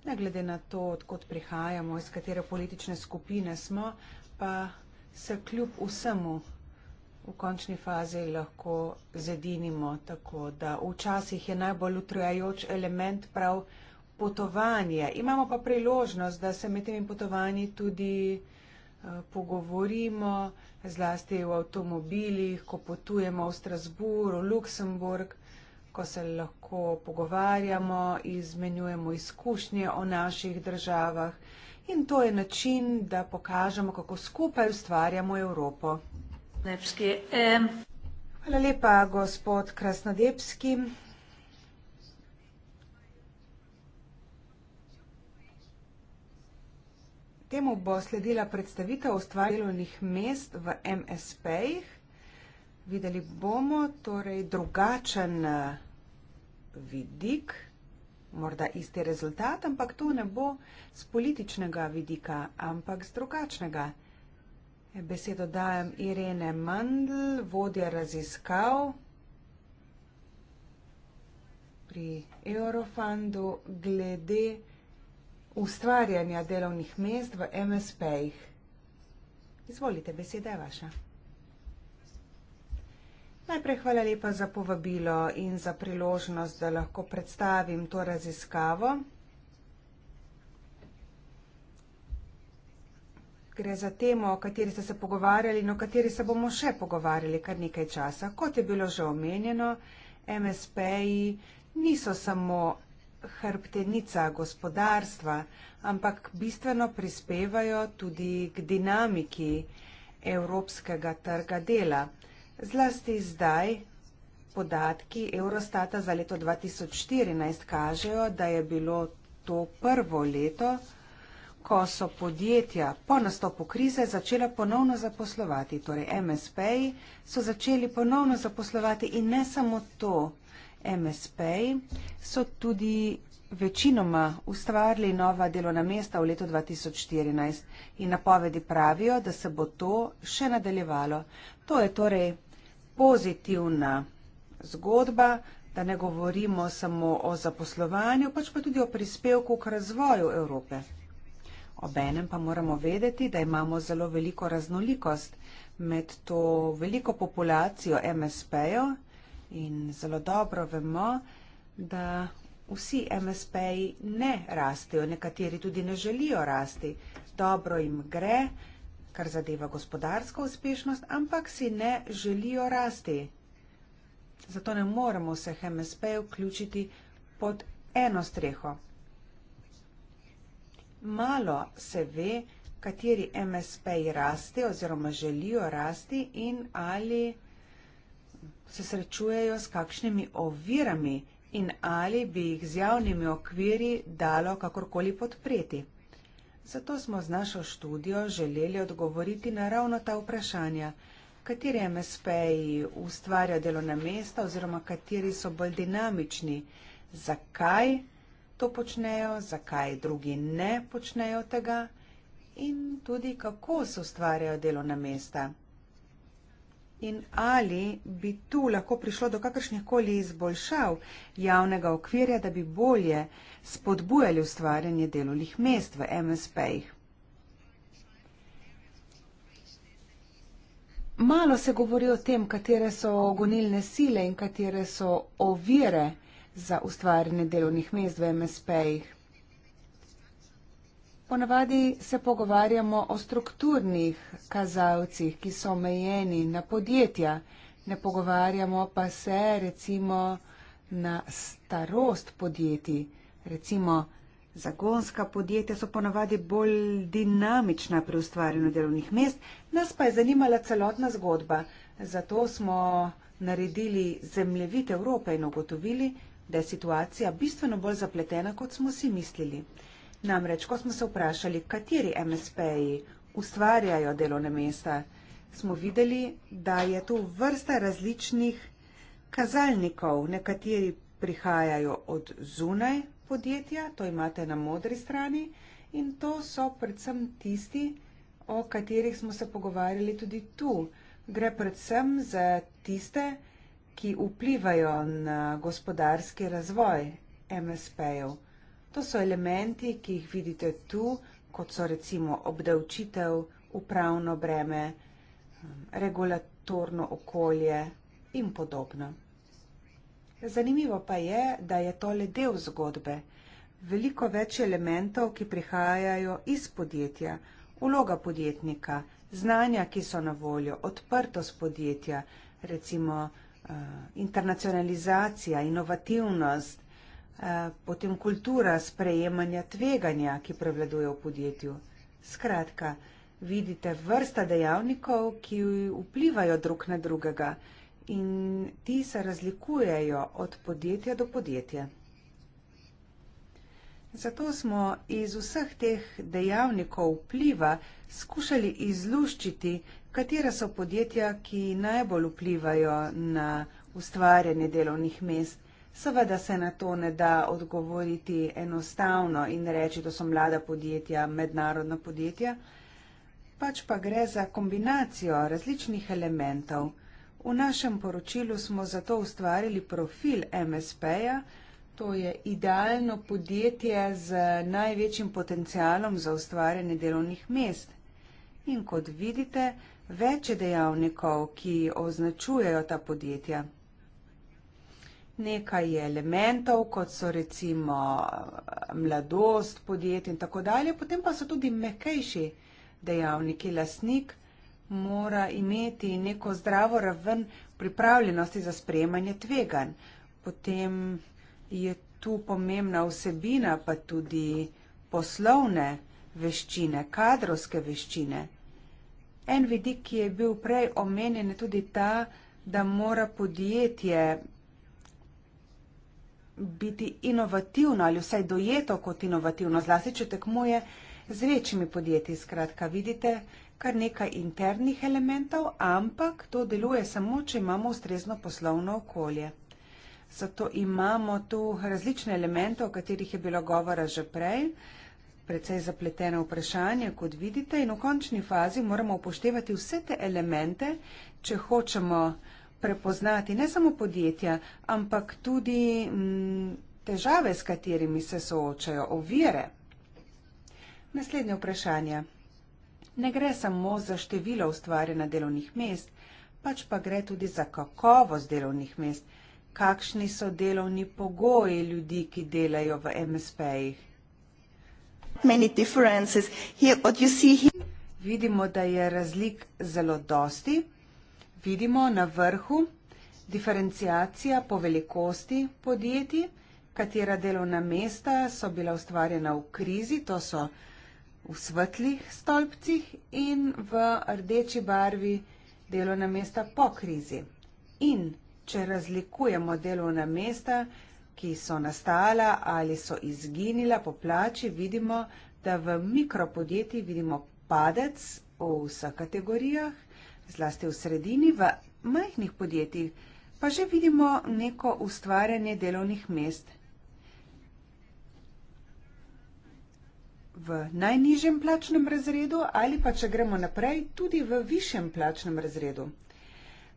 Ne glede na to, odkot prihajamo, iz katere politične skupine smo, pa se kljub vsemu v končni fazi lahko zedinimo. Tako da včasih je najbolj utrujajoč element prav potovanje. Imamo pa priložnost, da se med temi potovanji tudi eh, pogovorimo, zlasti v avtomobilih, ko potujemo v Strasburg, v Luksemburg, ko se lahko pogovarjamo, izmenjujemo izkušnje o naših državah in to je način, da pokažemo, kako skupaj ustvarjamo Evropo. Eh, Hvala lepa, gospod Krasnodebski. Temu bo sledila predstavitev ustvarjalnih mest v MSP-jih. Videli bomo torej drugačen eh, vidik, morda isti rezultat, ampak to ne bo z političnega vidika, ampak z drugačnega. Besedo dajem Irene Mandl, vodja raziskav pri Eurofundu glede vsega ustvarjanja delovnih mest v MSP-jih. Izvolite, beseda je vaša. Najprej hvala lepa za povabilo in za priložnost, da lahko predstavim to raziskavo. Gre za temo, o kateri ste se pogovarjali in o kateri se bomo še pogovarjali kar nekaj časa. Kot je bilo že omenjeno, MSP-ji niso samo hrbtenica gospodarstva, ampak bistveno prispevajo tudi k dinamiki evropskega trga dela. Zlasti zdaj podatki Eurostata za leto 2014 kažejo, da je bilo to prvo leto, ko so podjetja po nastopu krize začela ponovno zaposlovati. Torej MSP-ji so začeli ponovno zaposlovati in ne samo to, MSP-ji so tudi večinoma ustvarili nova delovna mesta v letu 2014 in napovedi pravijo, da se bo to še nadaljevalo. To je torej pozitivna zgodba, da ne govorimo samo o zaposlovanju, pač pa tudi o prispevku k razvoju Evrope. Obenem pa moramo vedeti, da imamo zelo veliko raznolikost med to veliko populacijo MSP-jo, In zelo dobro vemo, da vsi MSP-ji ne rastejo, nekateri tudi ne želijo rasti. Dobro jim gre, kar zadeva gospodarsko uspešnost, ampak si ne želijo rasti. Zato ne moremo vseh MSP-jev vključiti pod eno streho. Malo se ve, kateri MSP-ji rastejo oziroma želijo rasti in ali se srečujejo s kakšnimi ovirami in ali bi jih z javnimi okviri dalo kakorkoli podpreti. Zato smo z našo študijo želeli odgovoriti na ravno ta vprašanja, kateri MSP-ji ustvarja delovna mesta oziroma kateri so bolj dinamični, zakaj to počnejo, zakaj drugi ne počnejo tega in tudi kako se ustvarjajo delovna mesta in ali bi tu lahko prišlo do kakršnih koli izboljšav javnega okvirja, da bi bolje spodbujali ustvarjanje delovnih mest v MSP-jih. Malo se govori o tem, katere so gonilne sile in katere so ovire za ustvarjanje delovnih mest v MSP-jih. Ponavadi se pogovarjamo o strukturnih kazalcih, ki so omejeni na podjetja, ne pogovarjamo pa se recimo na starost podjetij. Recimo zagonska podjetja so ponavadi bolj dinamična pri ustvarjanju delovnih mest, nas pa je zanimala celotna zgodba. Zato smo naredili zemljevite Evrope in ugotovili, da je situacija bistveno bolj zapletena, kot smo si mislili. Namreč, ko smo se vprašali, kateri MSP-ji ustvarjajo delovne mesta, smo videli, da je tu vrsta različnih kazalnikov. Nekateri prihajajo od zunaj podjetja, to imate na modri strani, in to so predvsem tisti, o katerih smo se pogovarjali tudi tu. Gre predvsem za tiste, ki vplivajo na gospodarski razvoj MSP-jev. To so elementi, ki jih vidite tu, kot so recimo obdavčitev, upravno breme, regulatorno okolje in podobno. Zanimivo pa je, da je tole del zgodbe. Veliko več elementov, ki prihajajo iz podjetja, uloga podjetnika, znanja, ki so na voljo, odprtost podjetja, recimo eh, internacionalizacija, inovativnost, Eh, potem kultura sprejemanja tveganja, ki prevladuje v podjetju. Skratka, vidite vrsta dejavnikov, ki vplivajo drug na drugega in ti se razlikujejo od podjetja do podjetja. Zato smo iz vseh teh dejavnikov vpliva skušali izluščiti, katera so podjetja, ki najbolj vplivajo na ustvarjanje delovnih mest. Seveda se na to ne da odgovoriti enostavno in reči, da so mlada podjetja mednarodna podjetja, pač pa gre za kombinacijo različnih elementov. V našem poročilu smo zato ustvarili profil MSP-ja, to je idealno podjetje z največjim potencialom za ustvarjanje delovnih mest. In kot vidite, več je dejavnikov, ki označujejo ta podjetja nekaj elementov, kot so recimo eh, mladost, podjetje in tako dalje, potem pa so tudi mekejši dejavniki. Lasnik mora imeti neko zdravo raven pripravljenosti za sprejemanje tveganj. Potem je tu pomembna vsebina, pa tudi poslovne veščine, kadrovske veščine. En vidik, ki je bil prej omenjen, je tudi ta, da mora podjetje biti inovativno ali vsaj dojeto kot inovativno, zlasti če tekmuje z večjimi podjetji. Skratka, vidite kar nekaj internih elementov, ampak to deluje samo, če imamo ustrezno poslovno okolje. Zato imamo tu različne elemente, o katerih je bilo govora že prej, precej zapletene vprašanje, kot vidite, in v končni fazi moramo upoštevati vse te elemente, če hočemo prepoznati ne samo podjetja, ampak tudi m, mm, težave, s katerimi se soočajo, ovire. Naslednje vprašanje. Ne gre samo za število ustvarjena delovnih mest, pač pa gre tudi za kakovost delovnih mest. Kakšni so delovni pogoji ljudi, ki delajo v MSP-jih? Vidimo, da je razlik zelo dosti vidimo na vrhu diferencijacija po velikosti podjetij, katera delovna mesta so bila ustvarjena v krizi, to so v svetlih stolpcih in v rdeči barvi delovna mesta po krizi. In če razlikujemo delovna mesta, ki so nastala ali so izginila po plači, vidimo, da v mikropodjetji vidimo padec v vseh kategorijah, zlasti v sredini, v majhnih podjetjih, pa že vidimo neko ustvarjanje delovnih mest. V najnižjem plačnem razredu ali pa, če gremo naprej, tudi v višjem plačnem razredu.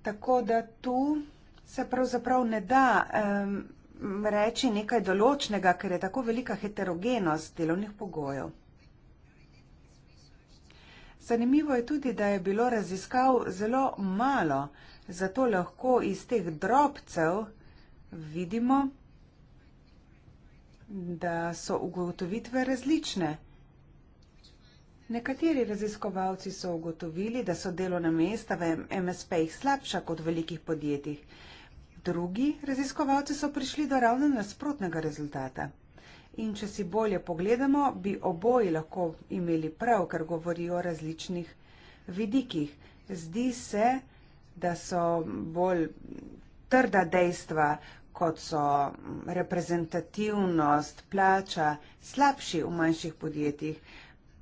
Tako da tu se pravzaprav ne da um, reči nekaj določnega, ker je tako velika heterogenost delovnih pogojev. Zanimivo je tudi, da je bilo raziskav zelo malo, zato lahko iz teh drobcev vidimo, da so ugotovitve različne. Nekateri raziskovalci so ugotovili, da so delovna mesta v MSP-jih slabša kot v velikih podjetjih. Drugi raziskovalci so prišli do ravno nasprotnega rezultata. In če si bolje pogledamo, bi oboji lahko imeli prav, ker govorijo o različnih vidikih. Zdi se, da so bolj trda dejstva, kot so reprezentativnost, plača, slabši v manjših podjetjih.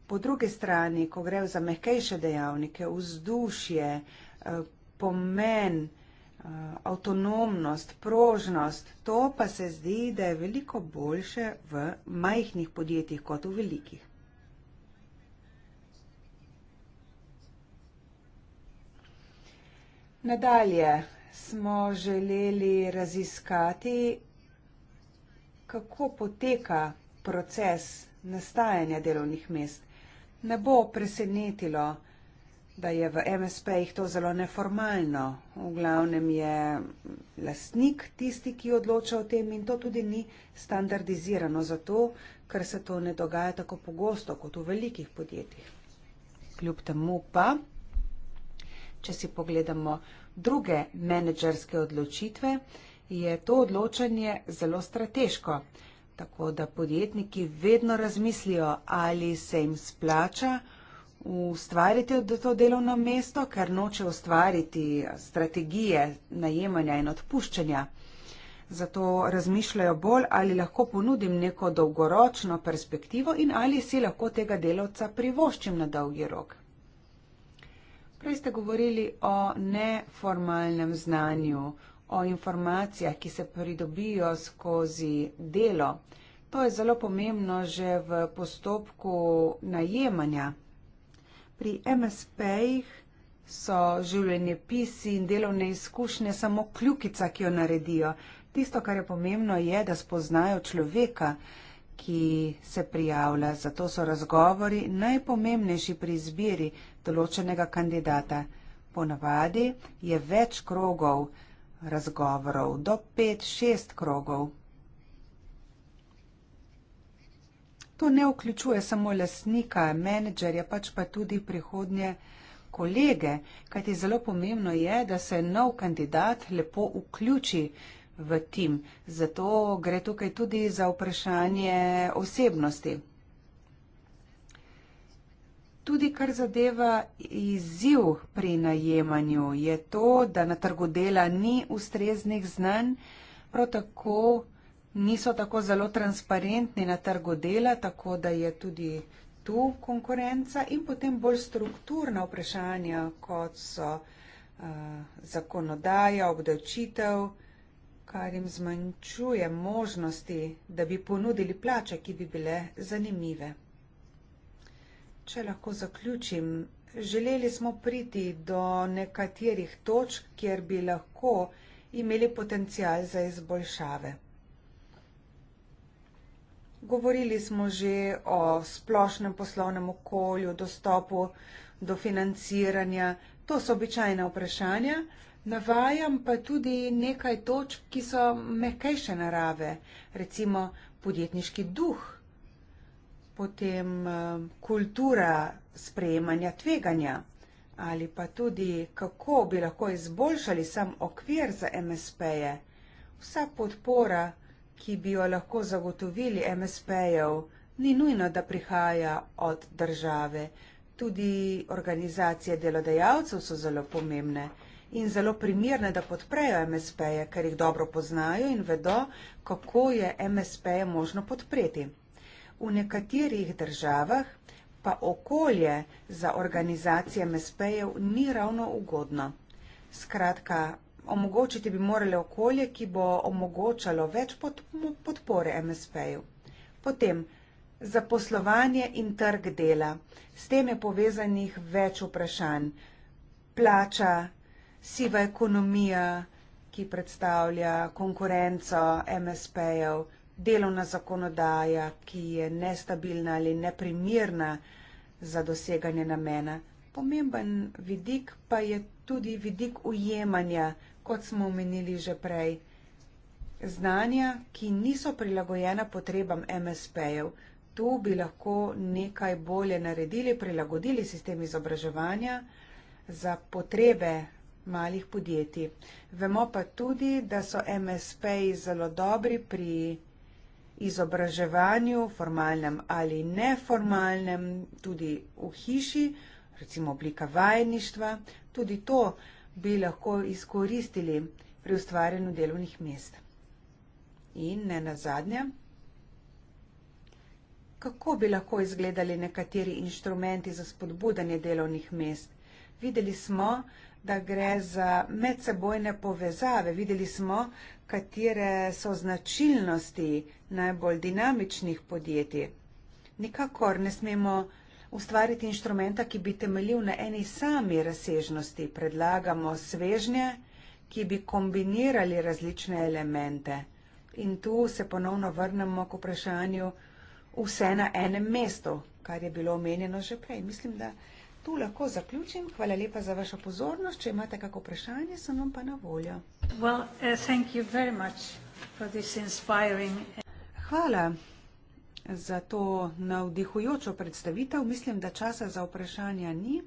Po drugi strani, ko grejo za mehkejše dejavnike, vzdušje, eh, pomen, Eh, avtonomnost, prožnost, to pa se zdi, da je veliko boljše v majhnih podjetjih kot v velikih. Nadalje smo želeli raziskati, kako poteka proces nastajanja delovnih mest. Ne bo presenetilo, da je da je v MSP-jih to zelo neformalno. V glavnem je lasnik tisti, ki odloča o tem in to tudi ni standardizirano zato, ker se to ne dogaja tako pogosto kot v velikih podjetjih. Kljub temu pa, če si pogledamo druge menedžerske odločitve, je to odločanje zelo strateško. Tako da podjetniki vedno razmislijo, ali se jim splača ustvarjati to delovno mesto, ker noče ustvariti strategije najemanja in odpuščanja. Zato razmišljajo bolj, ali lahko ponudim neko dolgoročno perspektivo in ali si lahko tega delavca privoščim na dolgi rok. Prej ste govorili o neformalnem znanju, o informacijah, ki se pridobijo skozi delo. To je zelo pomembno že v postopku najemanja pri MSP-jih so življenje pisi in delovne izkušnje samo kljukica, ki jo naredijo. Tisto, kar je pomembno, je, da spoznajo človeka, ki se prijavlja. Zato so razgovori najpomembnejši pri izbiri določenega kandidata. Ponavadi je več krogov razgovorov, do pet, šest krogov. To ne vključuje samo lastnika, menedžerja, pač pa tudi prihodnje kolege, kajti zelo pomembno je, da se nov kandidat lepo vključi v tim. Zato gre tukaj tudi za vprašanje osebnosti. Tudi kar zadeva izziv pri najemanju je to, da na trgu dela ni ustreznih znanj, prav tako niso tako zelo transparentni na trgu dela, tako da je tudi tu konkurenca in potem bolj strukturna vprašanja, kot so uh, zakonodaja, obdavčitev, kar jim zmanjčuje možnosti, da bi ponudili plače, ki bi bile zanimive. Če lahko zaključim, želeli smo priti do nekaterih točk, kjer bi lahko imeli potencial za izboljšave. Govorili smo že o splošnem poslovnem okolju, dostopu do financiranja. To so običajna vprašanja. Navajam pa tudi nekaj točk, ki so mekejše narave, recimo podjetniški duh, potem eh, kultura sprejemanja tveganja ali pa tudi kako bi lahko izboljšali sam okvir za MSP-je. Vsa podpora ki bi jo lahko zagotovili MSP-jev, ni nujno, da prihaja od države. Tudi organizacije delodajalcev so zelo pomembne in zelo primirne, da podprejo MSP-je, ker jih dobro poznajo in vedo, kako je MSP-je možno podpreti. V nekaterih državah pa okolje za organizacije MSP-jev ni ravno ugodno. Skratka, omogočiti bi morali okolje, ki bo omogočalo več pod, podpore MSP-ju. Potem zaposlovanje in trg dela. S tem je povezanih več vprašanj. Plača, siva ekonomija, ki predstavlja konkurenco MSP-jev, delovna zakonodaja, ki je nestabilna ali neprimirna za doseganje namena. Pomemben vidik pa je tudi vidik ujemanja kot smo omenili že prej, znanja, ki niso prilagojena potrebam MSP-jev. Tu bi lahko nekaj bolje naredili, prilagodili sistem izobraževanja za potrebe malih podjetij. Vemo pa tudi, da so MSP-ji zelo dobri pri izobraževanju, formalnem ali neformalnem, tudi v hiši, recimo oblika vajeništva, tudi to bi lahko izkoristili pri ustvarjanju delovnih mest. In ne na zadnje, kako bi lahko izgledali nekateri inštrumenti za spodbudanje delovnih mest? Videli smo, da gre za medsebojne povezave, videli smo, katere so značilnosti najbolj dinamičnih podjetij. Nikakor ne smemo ustvariti inštrumenta, ki bi temeljil na eni sami razsežnosti. Predlagamo svežnje, ki bi kombinirali različne elemente. In tu se ponovno vrnemo k vprašanju vse na enem mestu, kar je bilo omenjeno že prej. Mislim, da tu lahko zaključim. Hvala lepa za vašo pozornost. Če imate kako vprašanje, sem vam pa na voljo. Well, uh, Hvala za to navdihujočo predstavitev. Mislim, da časa za vprašanja ni.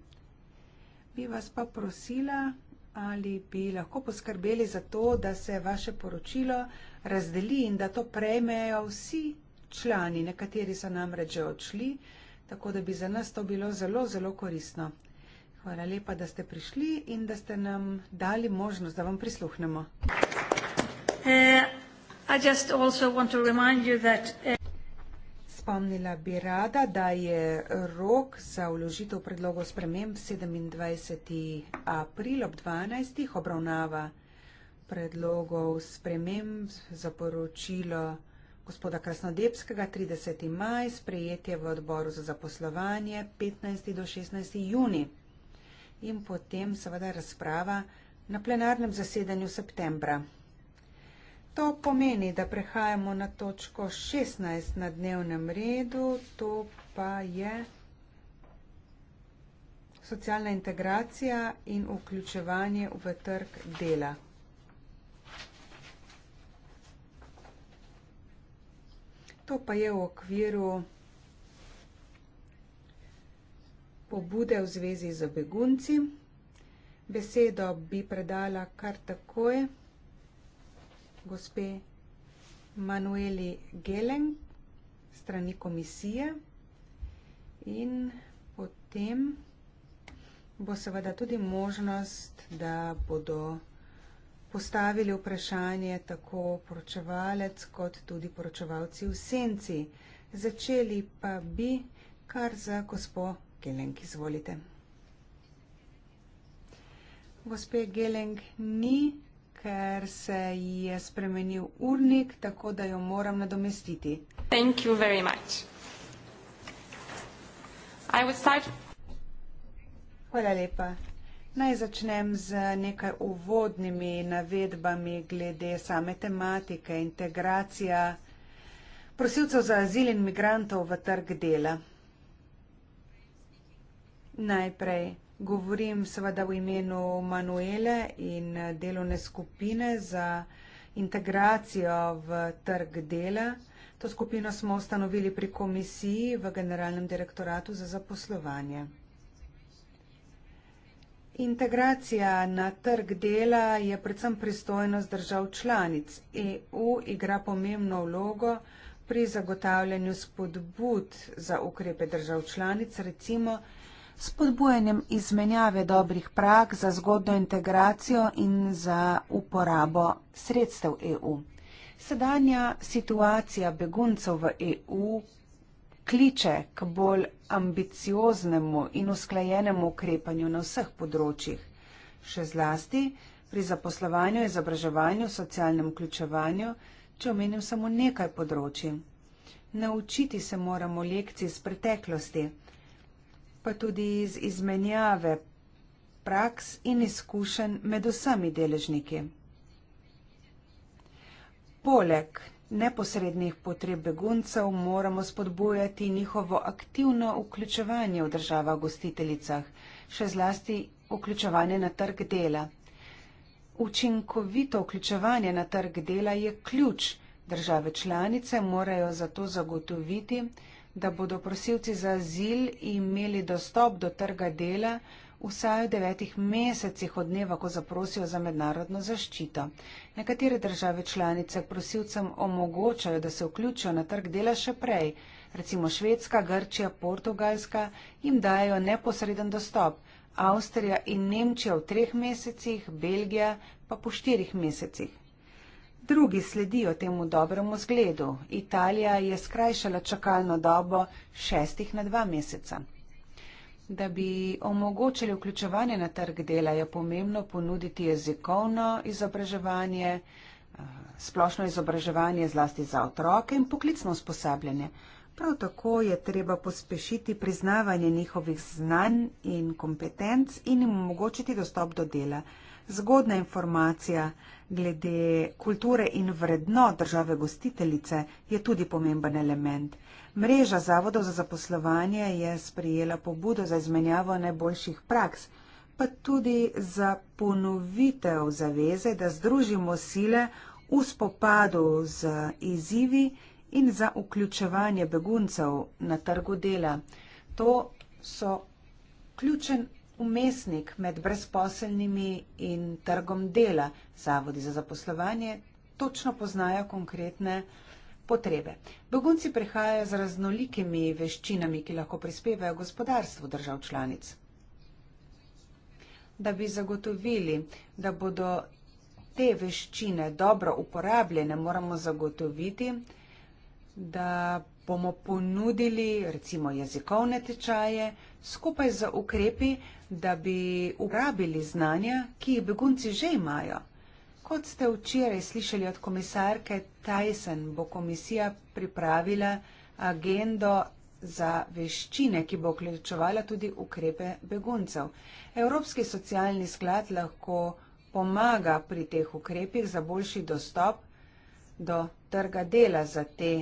Bi vas pa prosila, ali bi lahko poskrbeli za to, da se vaše poročilo razdeli in da to prejmejo vsi člani. Nekateri so nam reče odšli, tako da bi za nas to bilo zelo, zelo koristno. Hvala lepa, da ste prišli in da ste nam dali možnost, da vam prisluhnemo. Uh, I just also want to remind you that uh spomnila bi rada, da je rok za uložitev predlogov sprememb 27. april ob 12. obravnava predlogov sprememb za poročilo gospoda Krasnodebskega 30. maj, sprejetje v odboru za zaposlovanje 15. do 16. juni in potem seveda razprava na plenarnem zasedanju septembra. To pomeni, da prehajamo na točko 16 na dnevnem redu, to pa je socialna integracija in vključevanje v trg dela. To pa je v okviru pobude v zvezi z begunci. Besedo bi predala kar takoj gospe Manueli Geleng strani komisije in potem bo seveda tudi možnost, da bodo postavili vprašanje tako poročevalec kot tudi poročevalci v senci. Začeli pa bi kar za gospo Geleng, izvolite. Gospe Geleng ni ker se ji je spremenil urnik, tako da jo moram nadomestiti. Thank you very much. I would start... Hvala lepa. Naj začnem z nekaj uvodnimi navedbami glede same tematike integracija prosilcev za azil in migrantov v trg dela. Najprej. Govorim seveda v imenu Manuele in eh, delovne skupine za integracijo v trg dela. To skupino smo ustanovili pri komisiji v Generalnem direktoratu za zaposlovanje. Integracija na trg dela je predvsem pristojnost držav članic. EU igra pomembno vlogo pri zagotavljanju spodbud za ukrepe držav članic, recimo, spodbujanjem izmenjave dobrih prak za zgodno integracijo in za uporabo sredstev EU. Sedanja situacija beguncev v EU kliče k bolj ambicioznemu in usklajenemu ukrepanju na vseh področjih, še zlasti pri zaposlovanju, izobraževanju, socialnem vključevanju, če omenim samo nekaj področji. Naučiti se moramo lekcij iz preteklosti pa tudi iz izmenjave praks in izkušenj med vsemi deležniki. Poleg neposrednih potreb beguncev moramo spodbujati njihovo aktivno vključevanje v država gostiteljicah, še zlasti vključevanje na trg dela. Učinkovito vključevanje na trg dela je ključ. Države članice morajo zato zagotoviti, da da bodo prosilci za azil imeli dostop do trga dela vsaj v devetih mesecih od dneva, ko zaprosijo za mednarodno zaščito. Nekatere države članice prosilcem omogočajo, da se vključijo na trg dela še prej. Recimo Švedska, Grčija, Portugalska jim dajo neposreden dostop. Avstrija in Nemčija v treh mesecih, Belgija pa po štirih mesecih drugi sledijo temu dobremu zgledu. Italija je skrajšala čakalno dobo šestih na dva meseca. Da bi omogočili vključevanje na trg dela, je pomembno ponuditi jezikovno izobraževanje, eh, splošno izobraževanje zlasti za otroke in poklicno usposabljanje. Prav tako je treba pospešiti priznavanje njihovih znanj in kompetenc in jim omogočiti dostop do dela. Zgodna informacija glede kulture in vredno države gostiteljice je tudi pomemben element. Mreža zavodov za zaposlovanje je sprijela pobudo za izmenjavo najboljših praks, pa tudi za ponovitev zaveze, da združimo sile v spopadu z izzivi in za vključevanje beguncev na trgu dela. To so ključen umestnik med brezposelnimi in trgom dela. Zavodi za zaposlovanje točno poznajo konkretne potrebe. Begunci prihajajo z raznolikimi veščinami, ki lahko prispevajo gospodarstvu držav članic. Da bi zagotovili, da bodo te veščine dobro uporabljene, moramo zagotoviti, da bomo ponudili recimo jezikovne tečaje skupaj z ukrepi, da bi uporabili znanja, ki jih begunci že imajo. Kot ste včeraj slišali od komisarke Tyson, bo komisija pripravila agendo za veščine, ki bo vključevala tudi ukrepe beguncev. Evropski socialni sklad lahko pomaga pri teh ukrepih za boljši dostop do trga dela za te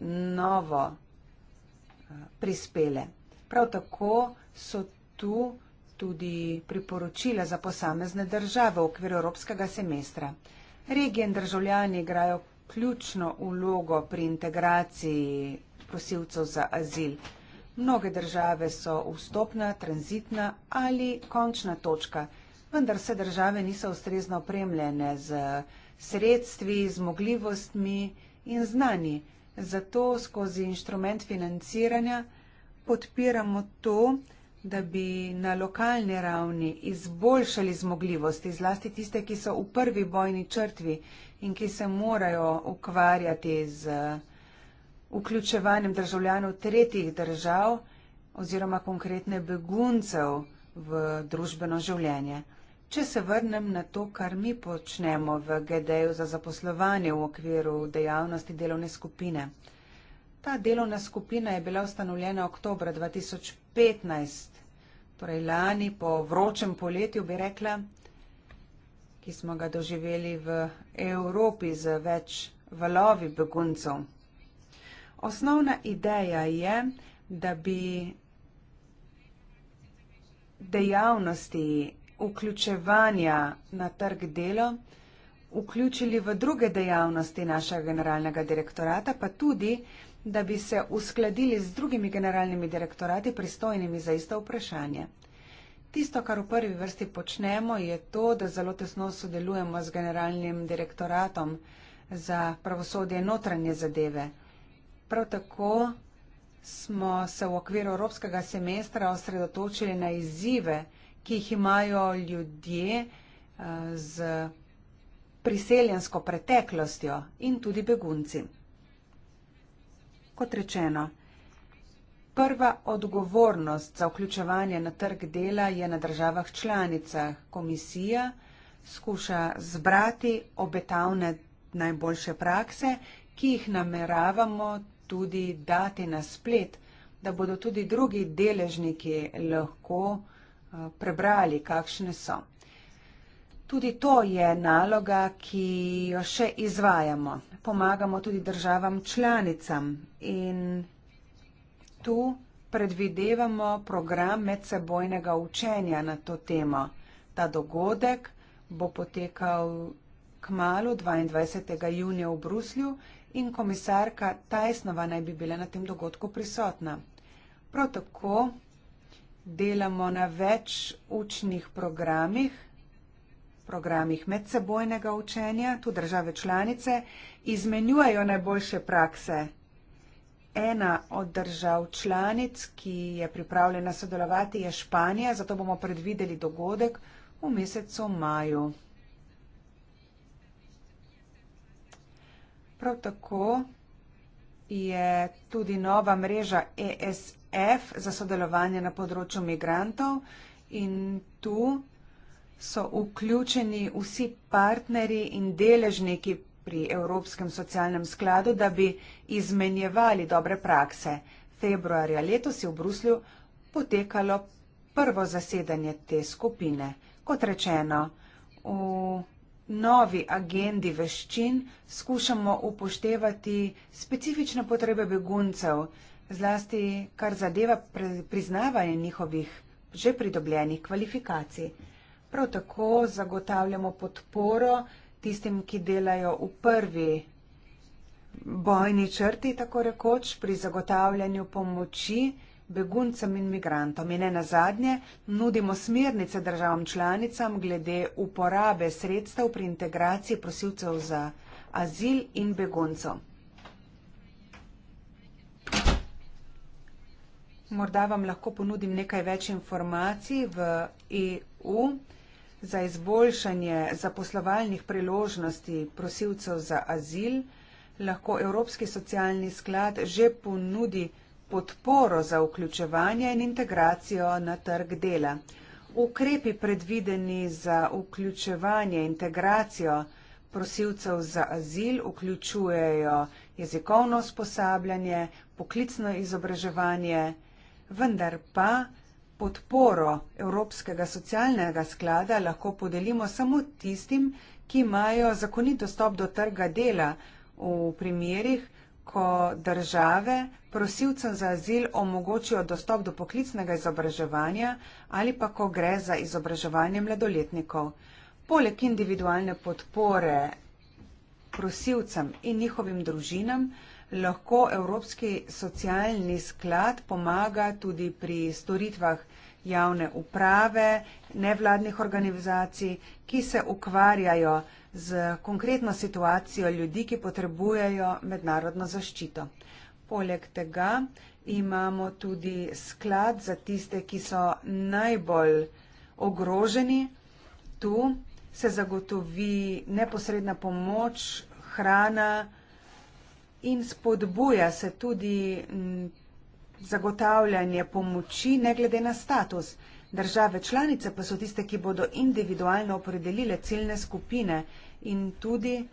novo eh, prispele. Prav tako so tu tudi priporočila za posamezne države v okviru evropskega semestra. Regije in državljani igrajo ključno ulogo pri integraciji prosilcev za azil. Mnoge države so vstopna, tranzitna ali končna točka, vendar se države niso ustrezno opremljene z sredstvi, zmogljivostmi in znanji. Zato skozi inštrument financiranja podpiramo to, da bi na lokalni ravni izboljšali zmogljivosti, zlasti tiste, ki so v prvi bojni črtvi in ki se morajo ukvarjati z eh, vključevanjem državljanov tretjih držav oziroma konkretne beguncev v družbeno življenje. Če se vrnem na to, kar mi počnemo v GD-ju za zaposlovanje v okviru dejavnosti delovne skupine. Ta delovna skupina je bila ustanovljena oktober 2015, torej lani po vročem poletju, bi rekla, ki smo ga doživeli v Evropi z več valovi beguncev. Osnovna ideja je, da bi dejavnosti vključevanja na trg delo vključili v druge dejavnosti našega generalnega direktorata, pa tudi, da bi se uskladili z drugimi generalnimi direktorati pristojnimi za isto vprašanje. Tisto, kar v prvi vrsti počnemo, je to, da zelo tesno sodelujemo z generalnim direktoratom za pravosodje notranje zadeve. Prav tako smo se v okviru evropskega semestra osredotočili na izzive, ki jih imajo ljudje eh, z priseljensko preteklostjo in tudi begunci. Kot rečeno, prva odgovornost za vključevanje na trg dela je na državah članicah. Komisija skuša zbrati obetavne najboljše prakse, ki jih nameravamo tudi dati na splet, da bodo tudi drugi deležniki lahko Eh, prebrali, kakšne so. Tudi to je naloga, ki jo še izvajamo. Pomagamo tudi državam članicam in tu predvidevamo program medsebojnega učenja na to temo. Ta dogodek bo potekal k malu 22. junija v Bruslju in komisarka Tajsnova naj bi bila na tem dogodku prisotna. Prav tako delamo na več učnih programih, programih medsebojnega učenja, tu države članice izmenjujejo najboljše prakse. Ena od držav članic, ki je pripravljena sodelovati, je Španija, zato bomo predvideli dogodek v mesecu maju. Prav tako je tudi nova mreža ESE. F za sodelovanje na področju migrantov in tu so vključeni vsi partnerji in deležniki pri Evropskem socialnem skladu, da bi izmenjevali dobre prakse. Februarja letos je v Bruslju potekalo prvo zasedanje te skupine. Kot rečeno, v novi agendi veščin skušamo upoštevati specifične potrebe beguncev, zlasti kar zadeva priznavanje njihovih že pridobljenih kvalifikacij. Prav tako zagotavljamo podporo tistim, ki delajo v prvi bojni črti, tako rekoč, pri zagotavljanju pomoči beguncem in migrantom. In ne na zadnje, nudimo smernice državam članicam glede uporabe sredstev pri integraciji prosilcev za azil in beguncov. Morda vam lahko ponudim nekaj več informacij v EU za izboljšanje zaposlovalnih priložnosti prosilcev za azil. Lahko Evropski socialni sklad že ponudi podporo za vključevanje in integracijo na trg dela. Ukrepi predvideni za vključevanje in integracijo prosilcev za azil vključujejo jezikovno usposabljanje, poklicno izobraževanje, vendar pa podporo Evropskega socialnega sklada lahko podelimo samo tistim, ki imajo zakonit dostop do trga dela v primerih, ko države prosilcem za azil omogočijo dostop do poklicnega izobraževanja ali pa ko gre za izobraževanje mladoletnikov. Poleg individualne podpore prosilcem in njihovim družinam, lahko Evropski socialni sklad pomaga tudi pri storitvah javne uprave, nevladnih organizacij, ki se ukvarjajo z konkretno situacijo ljudi, ki potrebujejo mednarodno zaščito. Poleg tega imamo tudi sklad za tiste, ki so najbolj ogroženi. Tu se zagotovi neposredna pomoč, hrana, in spodbuja se tudi zagotavljanje pomoči, ne glede na status. Države članice pa so tiste, ki bodo individualno opredelile ciljne skupine in tudi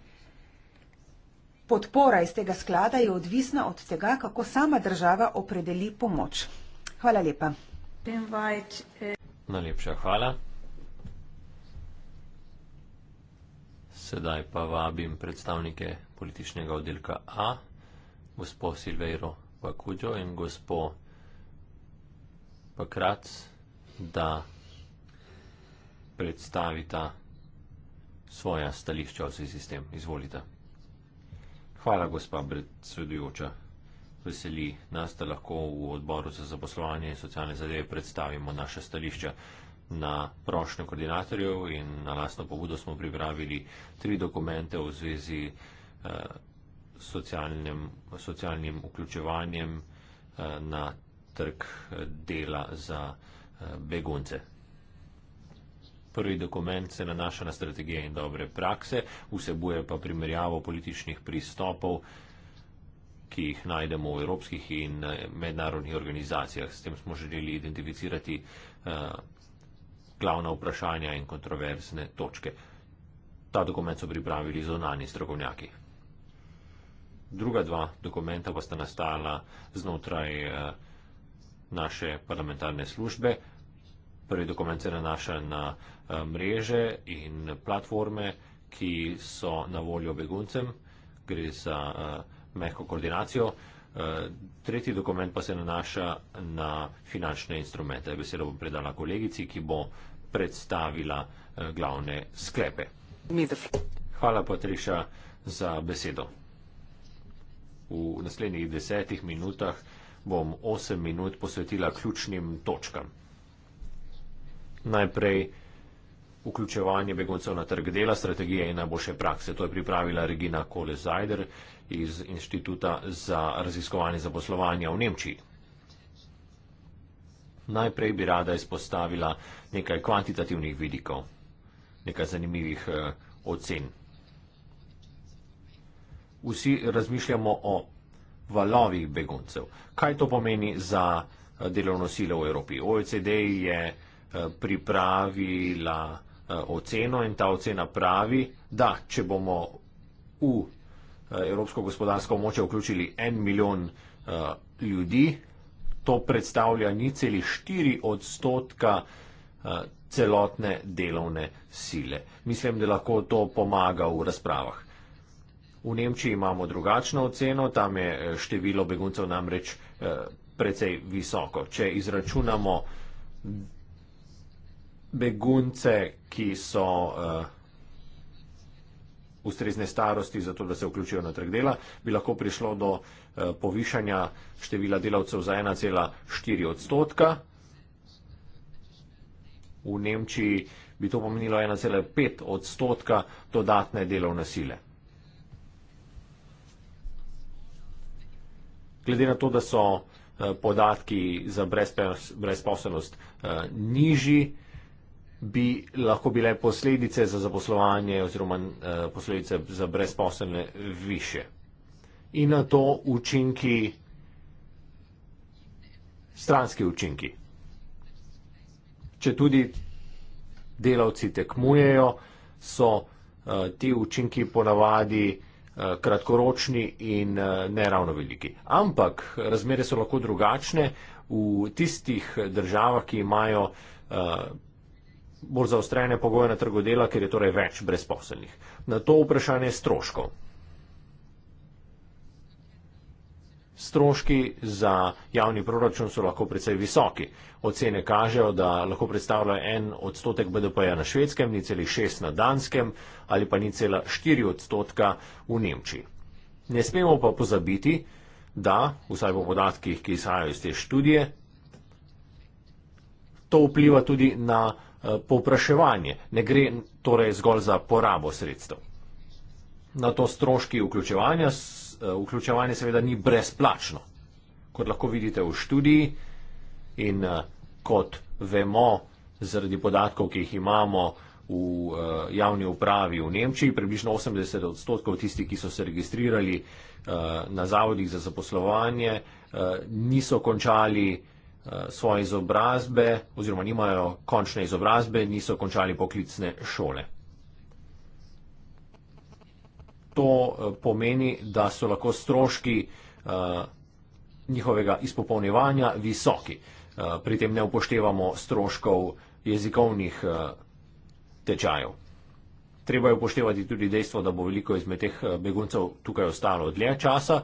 podpora iz tega sklada je odvisna od tega, kako sama država opredeli pomoč. Hvala lepa. Eh, Najlepša hvala. Sedaj pa vabim predstavnike političnega oddelka A, gospo Silveiro Pakuđo in gospo Pakrac, da predstavita svoja stališča v zvezi s tem. Izvolite. Hvala, gospa predsedujoča. Veseli nas, da lahko v odboru za zaposlovanje in socialne zadeve predstavimo naše stališča. Na prošnjo koordinatorjev in na lastno pobudo smo pripravili tri dokumente v zvezi s eh, socialnim, socialnim vključevanjem eh, na trg eh, dela za begunce. Prvi dokument se nanaša na strategije in dobre prakse, vsebuje pa primerjavo političnih pristopov, ki jih najdemo v evropskih in mednarodnih organizacijah. S tem smo želeli identificirati glavna vprašanja in kontroverzne točke. Ta dokument so pripravili zonani strokovnjaki. Druga dva dokumenta pa sta nastala znotraj eh, naše parlamentarne službe. Prvi dokument se nanaša na eh, mreže in platforme, ki so na voljo beguncem, gre za eh, mehko koordinacijo. Tretji dokument pa se nanaša na finančne instrumente. Besedo bom predala kolegici, ki bo predstavila eh, glavne sklepe. Hvala, Patriša, za besedo. V naslednjih desetih minutah bom osem minut posvetila ključnim točkam. Najprej vključevanje beguncev na trg dela, strategije in najboljše prakse. To je pripravila Regina Kole Zajder iz Inštituta za raziskovanje zaposlovanja v Nemčiji. Najprej bi rada izpostavila nekaj kvantitativnih vidikov, nekaj zanimivih eh, ocen. Vsi razmišljamo o valovih beguncev. Kaj to pomeni za eh, delovno silo v Evropi? OECD je eh, pripravila eh, oceno in ta ocena pravi, da če bomo v evropsko gospodarsko območje vključili en milijon ljudi, to predstavlja ni celi 4 odstotka eh, celotne delovne sile. Mislim, da lahko to pomaga v razpravah. V Nemčiji imamo drugačno oceno, tam je eh, število beguncev namreč eh, precej visoko. Če izračunamo begunce, ki so ustrezne starosti za to, da se vključijo na trg dela, bi lahko prišlo do Eh, povišanja števila delavcev za 1,4 odstotka. V Nemčiji bi to pomenilo 1,5 odstotka dodatne delovne sile. Glede na to, da so eh, podatki za brezposobnost eh, nižji, bi lahko bile posledice za zaposlovanje oziroma posledice za brezposobne više in na to učinki, stranski učinki. Če tudi delavci tekmujejo, so uh, ti učinki ponavadi eh, kratkoročni in eh, neravno veliki. Ampak razmere so lahko drugačne v tistih državah, ki imajo uh, bolj zaostrene pogoje na trgodela, ker je torej več brezposelnih. Na to vprašanje stroškov. Stroški za javni proračun so lahko precej visoki. Ocene kažejo, da lahko predstavlja en odstotek BDP-ja na švedskem, ni celi šest na danskem ali pa ni cela štiri odstotka v Nemčiji. Ne smemo pa pozabiti, da, vsaj po podatkih, ki izhajajo iz te študije, to vpliva tudi na eh, povpraševanje. Ne gre torej zgolj za porabo sredstev. Na to stroški vključevanja Eh, vključevanje seveda ni brezplačno. Kot lahko vidite v študiji in eh, kot vemo, zaradi podatkov, ki jih imamo v eh, javni upravi v Nemčiji, približno 80 odstotkov tistih, ki so se registrirali na zavodih za zaposlovanje, niso končali svoje izobrazbe oziroma nimajo končne izobrazbe, niso končali poklicne šole to eh, pomeni, da so lahko stroški uh, njihovega izpopolnjevanja visoki. Uh, pri tem ne upoštevamo stroškov jezikovnih uh, tečajev. Treba je upoštevati tudi dejstvo, da bo veliko izmed teh beguncev tukaj ostalo dlje časa,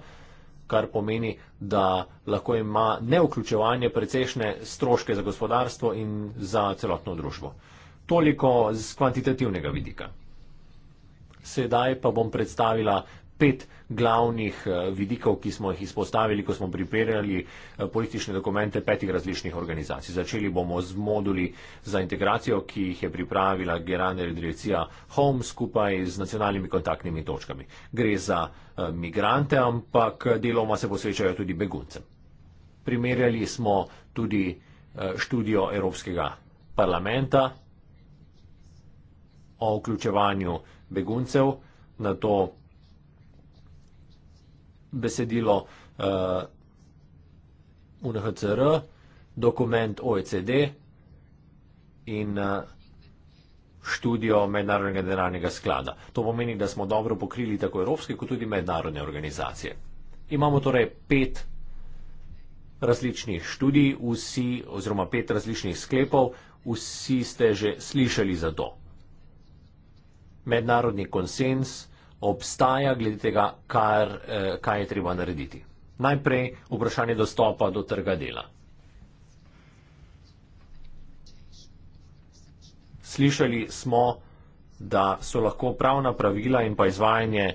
kar pomeni, da lahko ima neuključevanje precejšne stroške za gospodarstvo in za celotno družbo. Toliko z kvantitativnega vidika. Sedaj pa bom predstavila pet glavnih eh, vidikov, ki smo jih izpostavili, ko smo pripravljali eh, politične dokumente petih različnih organizacij. Začeli bomo z moduli za integracijo, ki jih je pripravila Gerane Redrecija Home skupaj z nacionalnimi kontaktnimi točkami. Gre za eh, migrante, ampak deloma se posvečajo tudi beguncem. Primerjali smo tudi študijo Evropskega parlamenta o vključevanju beguncev, na to besedilo eh, UNHCR, dokument OECD in eh, študijo Mednarodnega denarnega sklada. To pomeni, da smo dobro pokrili tako evropske, kot tudi mednarodne organizacije. Imamo torej pet različnih študij, vsi, oziroma pet različnih sklepov, vsi ste že slišali za to mednarodni konsens obstaja glede tega, kar, eh, kaj je treba narediti. Najprej vprašanje dostopa do trga dela. Slišali smo, da so lahko pravna pravila in pa izvajanje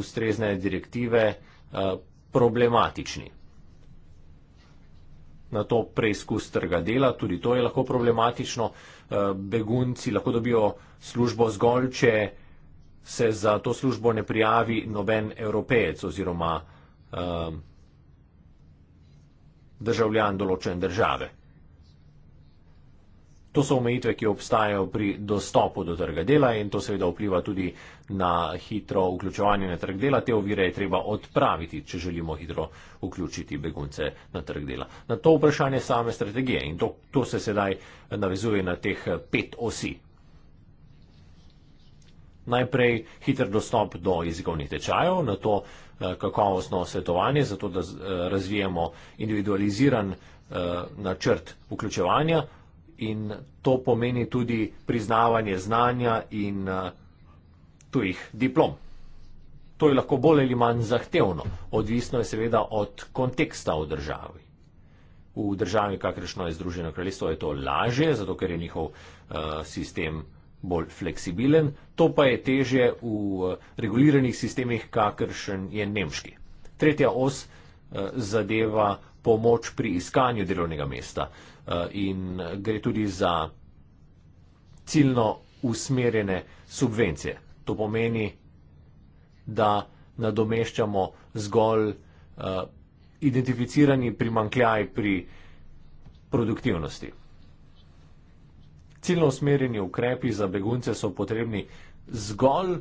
ustrezne direktive eh, problematični na to preizkus trga dela. Tudi to je lahko problematično. Eh, begunci lahko dobijo službo zgolj, če se za to službo ne prijavi noben evropejec oziroma um, državljan določene države. To so omejitve, ki obstajajo pri dostopu do trga dela in to seveda vpliva tudi na hitro vključevanje na trg dela. Te ovire je treba odpraviti, če želimo hitro vključiti begunce na trg dela. Na to vprašanje same strategije in to, to se sedaj navezuje na teh pet osi. Najprej hiter dostop do jezikovnih tečajev, na to eh, kakovostno svetovanje, zato da eh, razvijemo individualiziran eh, načrt vključevanja in to pomeni tudi priznavanje znanja in eh, tujih diplom. To je lahko bolj ali manj zahtevno, odvisno je seveda od konteksta v državi. V državi, kakršno je Združeno kraljestvo, je to lažje, zato ker je njihov uh, sistem bolj fleksibilen, to pa je teže v uh, reguliranih sistemih, kakršen je nemški. Tretja os uh, zadeva pomoč pri iskanju delovnega mesta. Uh, Eh, in gre tudi za ciljno usmerjene subvencije. To pomeni, da nadomeščamo zgolj eh, identificirani primankljaj pri produktivnosti. Ciljno usmerjeni ukrepi za begunce so potrebni zgolj,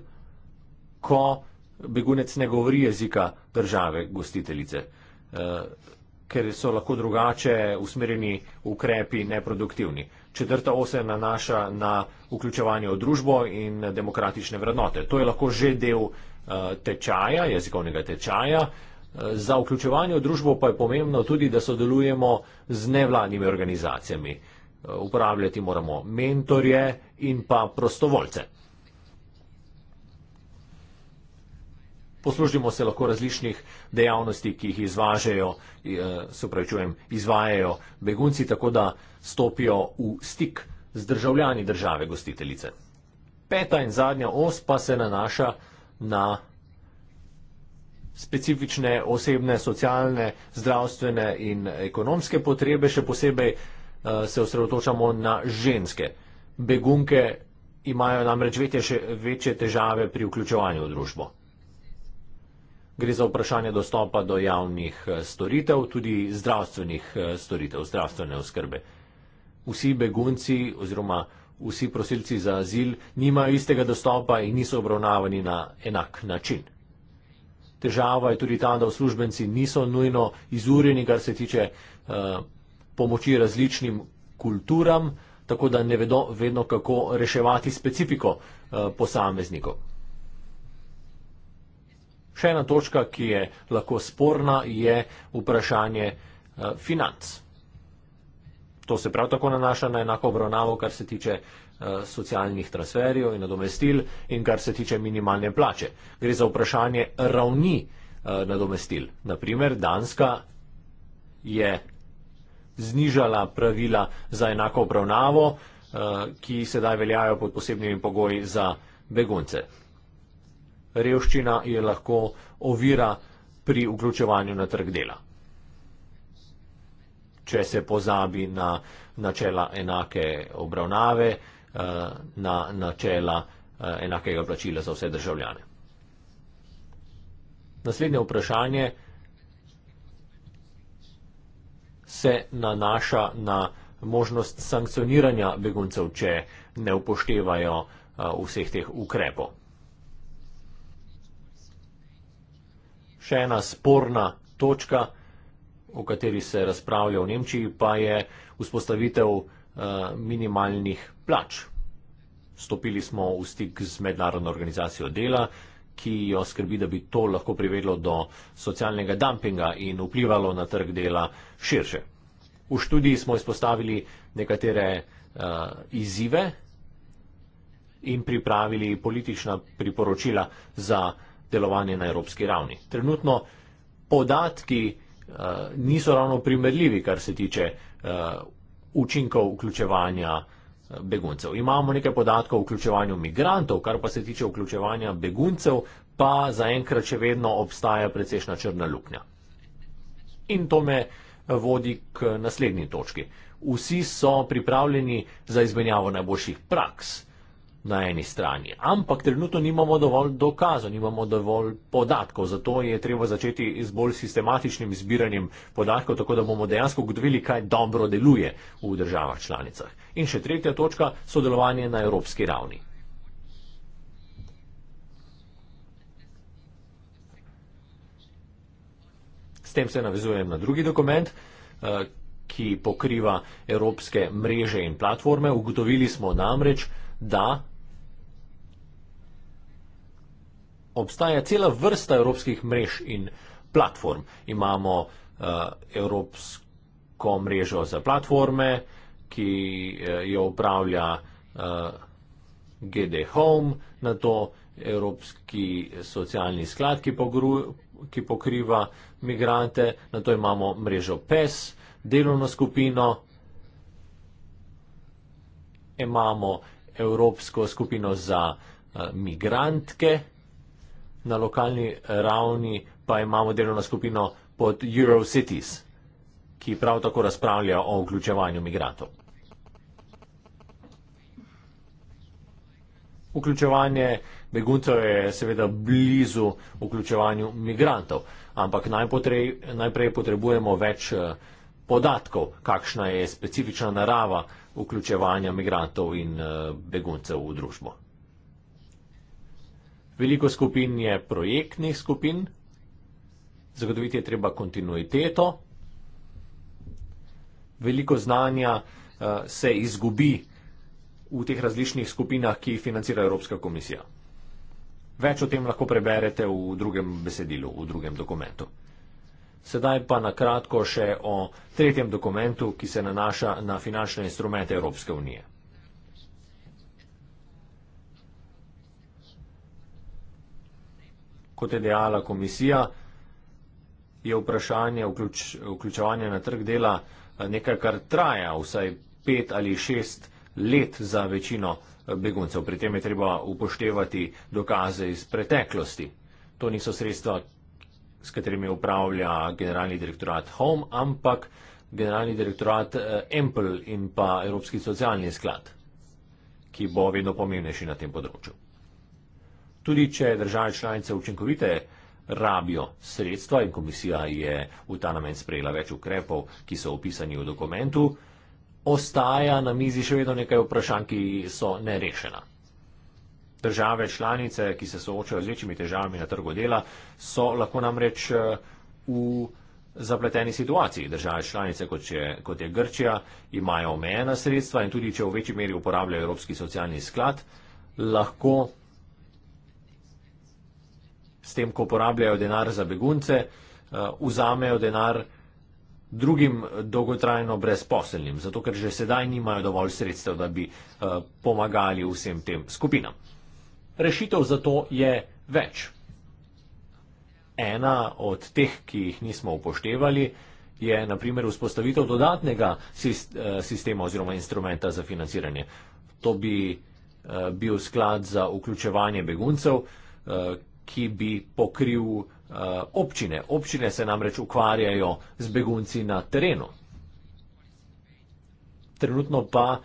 ko begunec ne govori jezika države gostiteljice. Eh, ker so lahko drugače usmerjeni ukrepi neproduktivni. Četrta ose nanaša na vključevanje v družbo in demokratične vrednote. To je lahko že del eh, tečaja, jezikovnega tečaja. Eh, za vključevanje v družbo pa je pomembno tudi, da sodelujemo z nevladnimi organizacijami. Eh, uporabljati moramo mentorje in pa prostovoljce. Poslužimo se lahko različnih dejavnosti, ki jih izvažajo, eh, se pravi, čujem, izvajajo begunci, tako da stopijo v stik z državljani države gostiteljice. Peta in zadnja os pa se nanaša na specifične osebne, socialne, zdravstvene in ekonomske potrebe, še posebej eh, se osredotočamo na ženske. Begunke imajo namreč večje, večje težave pri vključevanju v družbo. Gre za vprašanje dostopa do javnih eh, storitev, tudi zdravstvenih eh, storitev, zdravstvene oskrbe. Vsi begunci oziroma vsi prosilci za azil nimajo istega dostopa in niso obravnavani na enak način. Težava je tudi ta, da uslužbenci niso nujno izurjeni, kar se tiče uh, pomoči različnim kulturam, tako da ne vedo vedno, kako reševati specifiko uh, posameznikov. Še ena točka, ki je lahko sporna, je vprašanje eh, financ. To se prav tako nanaša na enako obravnavo, kar se tiče eh, socialnih transferjev in nadomestil in kar se tiče minimalne plače. Gre za vprašanje ravni eh, nadomestil. Naprimer, Danska je znižala pravila za enako obravnavo, ki sedaj veljajo pod posebnimi pogoji za begunce revščina je lahko ovira pri vključevanju na trg dela. Če se pozabi na načela enake obravnave, eh, na načela eh, enakega plačila za vse državljane. Naslednje vprašanje se nanaša na možnost sankcioniranja beguncev, če ne upoštevajo eh, vseh teh ukrepov. še ena sporna točka, o kateri se razpravlja v Nemčiji, pa je vzpostavitev eh, minimalnih plač. Stopili smo v stik z mednarodno organizacijo dela, ki jo skrbi, da bi to lahko privedlo do socialnega dumpinga in vplivalo na trg dela širše. V študiji smo izpostavili nekatere uh, izzive in pripravili politična priporočila za delovanje na evropski ravni. Trenutno podatki eh, niso ravno primerljivi, kar se tiče eh, učinkov vključevanja eh, beguncev. Imamo nekaj podatkov o vključevanju migrantov, kar pa se tiče vključevanja beguncev, pa zaenkrat še vedno obstaja precejšna črna luknja. In to me vodi k naslednji točki. Vsi so pripravljeni za izmenjavo najboljših praks na eni strani. Ampak trenutno nimamo dovolj dokazov, nimamo dovolj podatkov, zato je treba začeti z bolj sistematičnim zbiranjem podatkov, tako da bomo dejansko ugotovili, kaj dobro deluje v državah članicah. In še tretja točka, sodelovanje na evropski ravni. S tem se navezujem na drugi dokument, eh, ki pokriva evropske mreže in platforme. Ugotovili smo namreč, da obstaja cela vrsta evropskih mrež in platform. Imamo uh, evropsko mrežo za platforme, ki uh, jo upravlja uh, eh, GD Home, na to Evropski socialni sklad, ki, pogru, ki pokriva migrante, na to imamo mrežo PES, delovno skupino, imamo Evropsko skupino za uh, migrantke, na lokalni ravni pa imamo delovno skupino pod Eurocities, ki prav tako razpravlja o vključevanju migrantov. Vključevanje beguncev je seveda blizu vključevanju migrantov, ampak najprej, najprej potrebujemo več eh, podatkov, kakšna je specifična narava vključevanja migrantov in eh, beguncev v družbo. Veliko skupin je projektnih skupin, zagotoviti je treba kontinuiteto. Veliko znanja uh, se izgubi v teh različnih skupinah, ki jih financira Evropska komisija. Več o tem lahko preberete v drugem besedilu, v drugem dokumentu. Sedaj pa na kratko še o tretjem dokumentu, ki se nanaša na finančne instrumente Evropske unije. kot je dejala komisija, je vprašanje vključ, vključevanja na trg dela eh, nekaj, kar traja vsaj pet ali šest let za večino eh, beguncev. Pri tem je treba upoštevati dokaze iz preteklosti. To niso sredstva, s katerimi upravlja generalni direktorat Home, ampak generalni direktorat Empel eh, in pa Evropski socialni sklad, ki bo vedno pomembnejši na tem področju. Tudi če države članice učinkovite rabijo sredstva in komisija je v ta namen sprejela več ukrepov, ki so opisani v dokumentu, ostaja na mizi še vedno nekaj vprašanj, ki so nerešena. Države članice, ki se soočajo z večjimi težavami na trgu dela, so lahko namreč eh, v zapleteni situaciji. Države članice, kot je, kot je Grčija, imajo omejena sredstva in tudi, če v večji meri uporabljajo Evropski socialni sklad, lahko s tem, ko porabljajo denar za begunce, eh, vzamejo denar drugim dolgotrajno brezposelnim, zato ker že sedaj nimajo dovolj sredstev, da bi eh, pomagali vsem tem skupinam. Rešitev za to je več. Ena od teh, ki jih nismo upoštevali, je naprimer vzpostavitev dodatnega eh, sistema oziroma instrumenta za financiranje. To bi bil sklad za vključevanje beguncev, ki bi pokril eh, občine. Občine se namreč ukvarjajo z begunci na terenu. Trenutno pa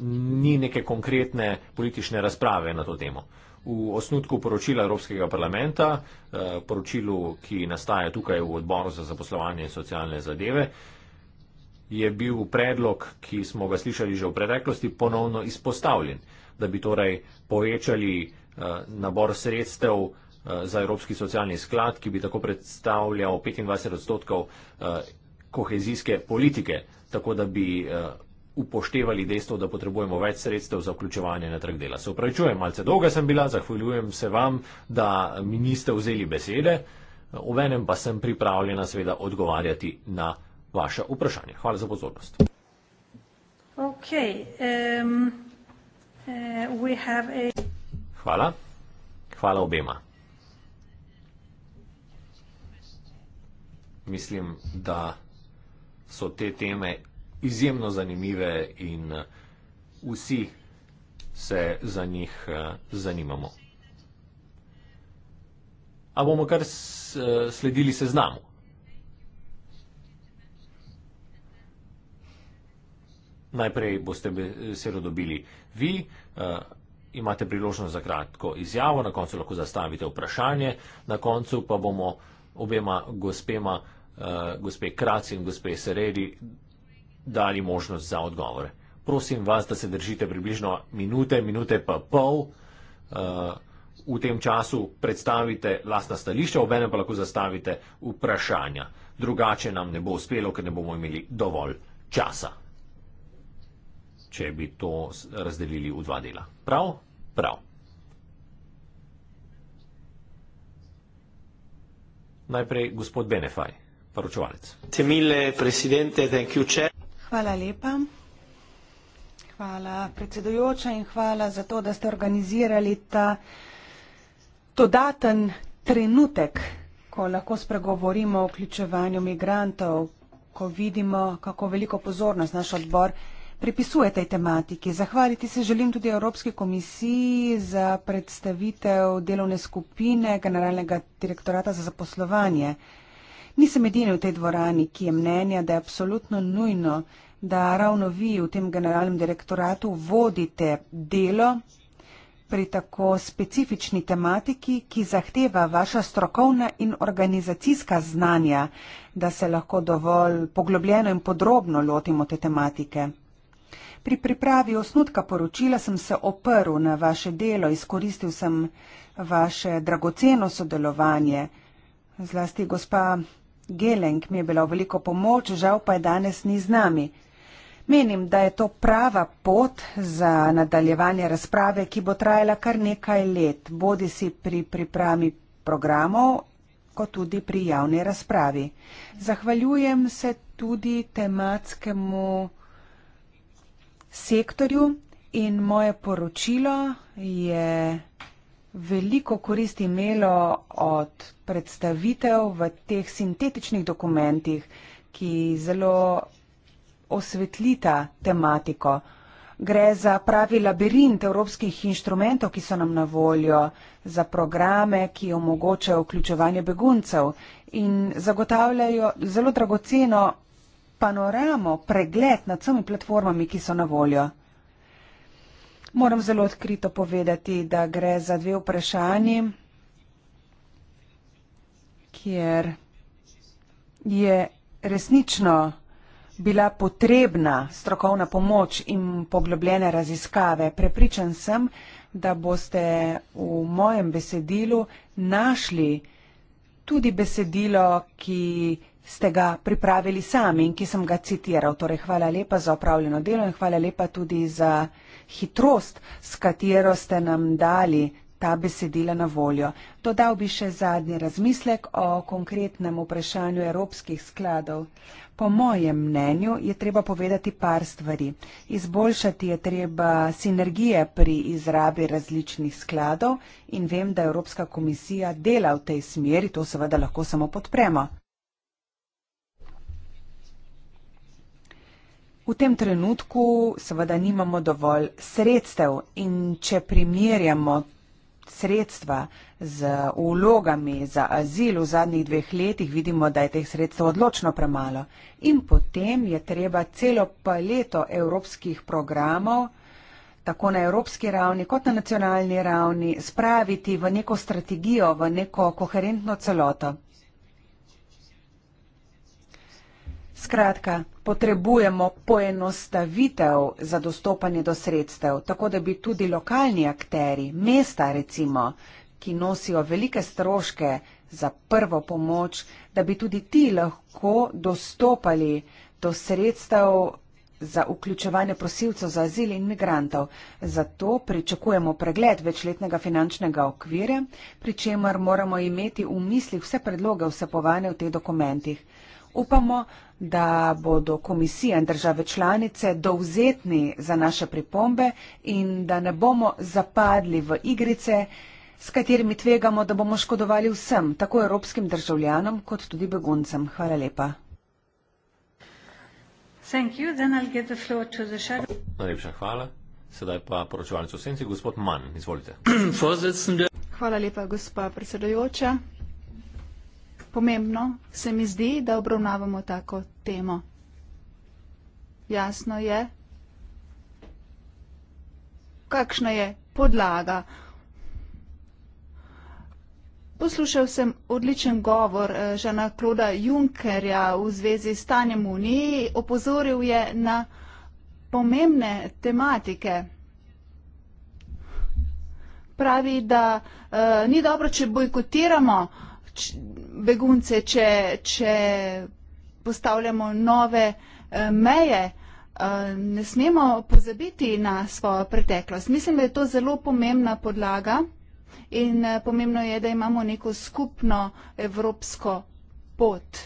ni neke konkretne politične razprave na to temo. V osnutku poročila Evropskega parlamenta, eh, poročilu, ki nastaja tukaj v odboru za zaposlovanje in socialne zadeve, je bil predlog, ki smo ga slišali že v preteklosti, ponovno izpostavljen, da bi torej povečali eh, nabor sredstev Eh, za Evropski socialni sklad, ki bi tako predstavljal 25 odstotkov eh, kohezijske politike, tako da bi eh, upoštevali dejstvo, da potrebujemo več sredstev za vključevanje na trg dela. Se upravičujem, malce dolga sem bila, zahvaljujem se vam, da mi niste vzeli besede, ovenem pa sem pripravljena seveda odgovarjati na vaše vprašanje. Hvala za pozornost. Ok, um, uh, we have a... Hvala. Hvala obema. mislim, da so te teme izjemno zanimive in eh, vsi se za njih eh, zanimamo. Ampak bomo kar eh, sledili seznamu. Najprej boste besedo dobili vi, uh, imate priložnost za kratko izjavo, na koncu lahko zastavite vprašanje, na koncu pa bomo obema gospema uh, Eh, gospe Krac in gospe Seredi dali možnost za odgovor. Prosim vas, da se držite približno minute, minute pa pol. Uh, v tem času predstavite lastna stališča, obene pa lahko zastavite vprašanja. Drugače nam ne bo uspelo, ker ne bomo imeli dovolj časa, če bi to razdelili v dva dela. Prav? Prav. Najprej gospod Benefaj poročevalec. Hvala lepa. Hvala predsedujoča in hvala za to, da ste organizirali ta dodaten trenutek, ko lahko spregovorimo o vključevanju migrantov, ko vidimo, kako veliko pozornost naš odbor pripisuje tej tematiki. Zahvaliti se želim tudi Evropski komisiji za predstavitev delovne skupine Generalnega direktorata za zaposlovanje. Nisem edina v tej dvorani, ki je mnenja, da je absolutno nujno, da ravno vi v tem generalnem direktoratu vodite delo pri tako specifični tematiki, ki zahteva vaša strokovna in organizacijska znanja, da se lahko dovolj poglobljeno in podrobno lotimo te tematike. Pri pripravi osnutka poročila sem se oprl na vaše delo, izkoristil sem vaše dragoceno sodelovanje, zlasti gospa Gelenk mi je bila veliko pomoč, žal pa je danes ni z nami. Menim, da je to prava pot za nadaljevanje razprave, ki bo trajala kar nekaj let, bodi si pri pripravi programov, kot tudi pri javni razpravi. Zahvaljujem se tudi tematskemu sektorju in moje poročilo je veliko koristi imelo od predstavitev v teh sintetičnih dokumentih, ki zelo osvetlita tematiko. Gre za pravi labirint evropskih inštrumentov, ki so nam na voljo, za programe, ki omogočajo vključevanje beguncev in zagotavljajo zelo dragoceno panoramo, pregled nad vsemi platformami, ki so na voljo. Moram zelo odkrito povedati, da gre za dve vprašanji, kjer je resnično bila potrebna strokovna pomoč in poglobljene raziskave. Prepričan sem, da boste v mojem besedilu našli tudi besedilo, ki ste ga pripravili sami in ki sem ga citiral. Torej, hvala lepa za opravljeno delo in hvala lepa tudi za hitrost, s katero ste nam dali ta besedila na voljo. Dodal bi še zadnji razmislek o konkretnem vprašanju evropskih skladov. Po mojem mnenju je treba povedati par stvari. Izboljšati je treba sinergije pri izrabi različnih skladov in vem, da Evropska komisija dela v tej smeri, to seveda lahko samo podpremo. V tem trenutku seveda nimamo dovolj sredstev in če primerjamo sredstva z vlogami za azil v zadnjih dveh letih, vidimo, da je teh sredstev odločno premalo. In potem je treba celo paleto evropskih programov, tako na evropski ravni kot na nacionalni ravni, spraviti v neko strategijo, v neko koherentno celoto. Skratka, potrebujemo poenostavitev za dostopanje do sredstev, tako da bi tudi lokalni akteri, mesta recimo, ki nosijo velike stroške za prvo pomoč, da bi tudi ti lahko dostopali do sredstev za vključevanje prosilcev za azil in migrantov. Zato pričakujemo pregled večletnega finančnega okvirja, pri čemer moramo imeti v mislih vse predloge vsepovane v teh dokumentih. Upamo, da bodo komisija in države članice dovzetni za naše pripombe in da ne bomo zapadli v igrice, s katerimi tvegamo, da bomo škodovali vsem, tako evropskim državljanom, kot tudi beguncem. Hvala lepa. Najlepša hvala. Sedaj pa poročevalec v senci, gospod Mann, izvolite. Hvala lepa, gospa predsedujoča pomembno, se mi zdi, da obravnavamo tako temo. Jasno je, kakšna je podlaga. Poslušal sem odličen govor eh, žena Kloda Junkerja v zvezi s stanjem Unije. Opozoril je na pomembne tematike. Pravi, da uh, ni dobro, če bojkotiramo, begunce, če, če postavljamo nove eh, meje, eh, ne smemo pozabiti na svojo preteklost. Mislim, da je to zelo pomembna podlaga in eh, pomembno je, da imamo neko skupno evropsko pot.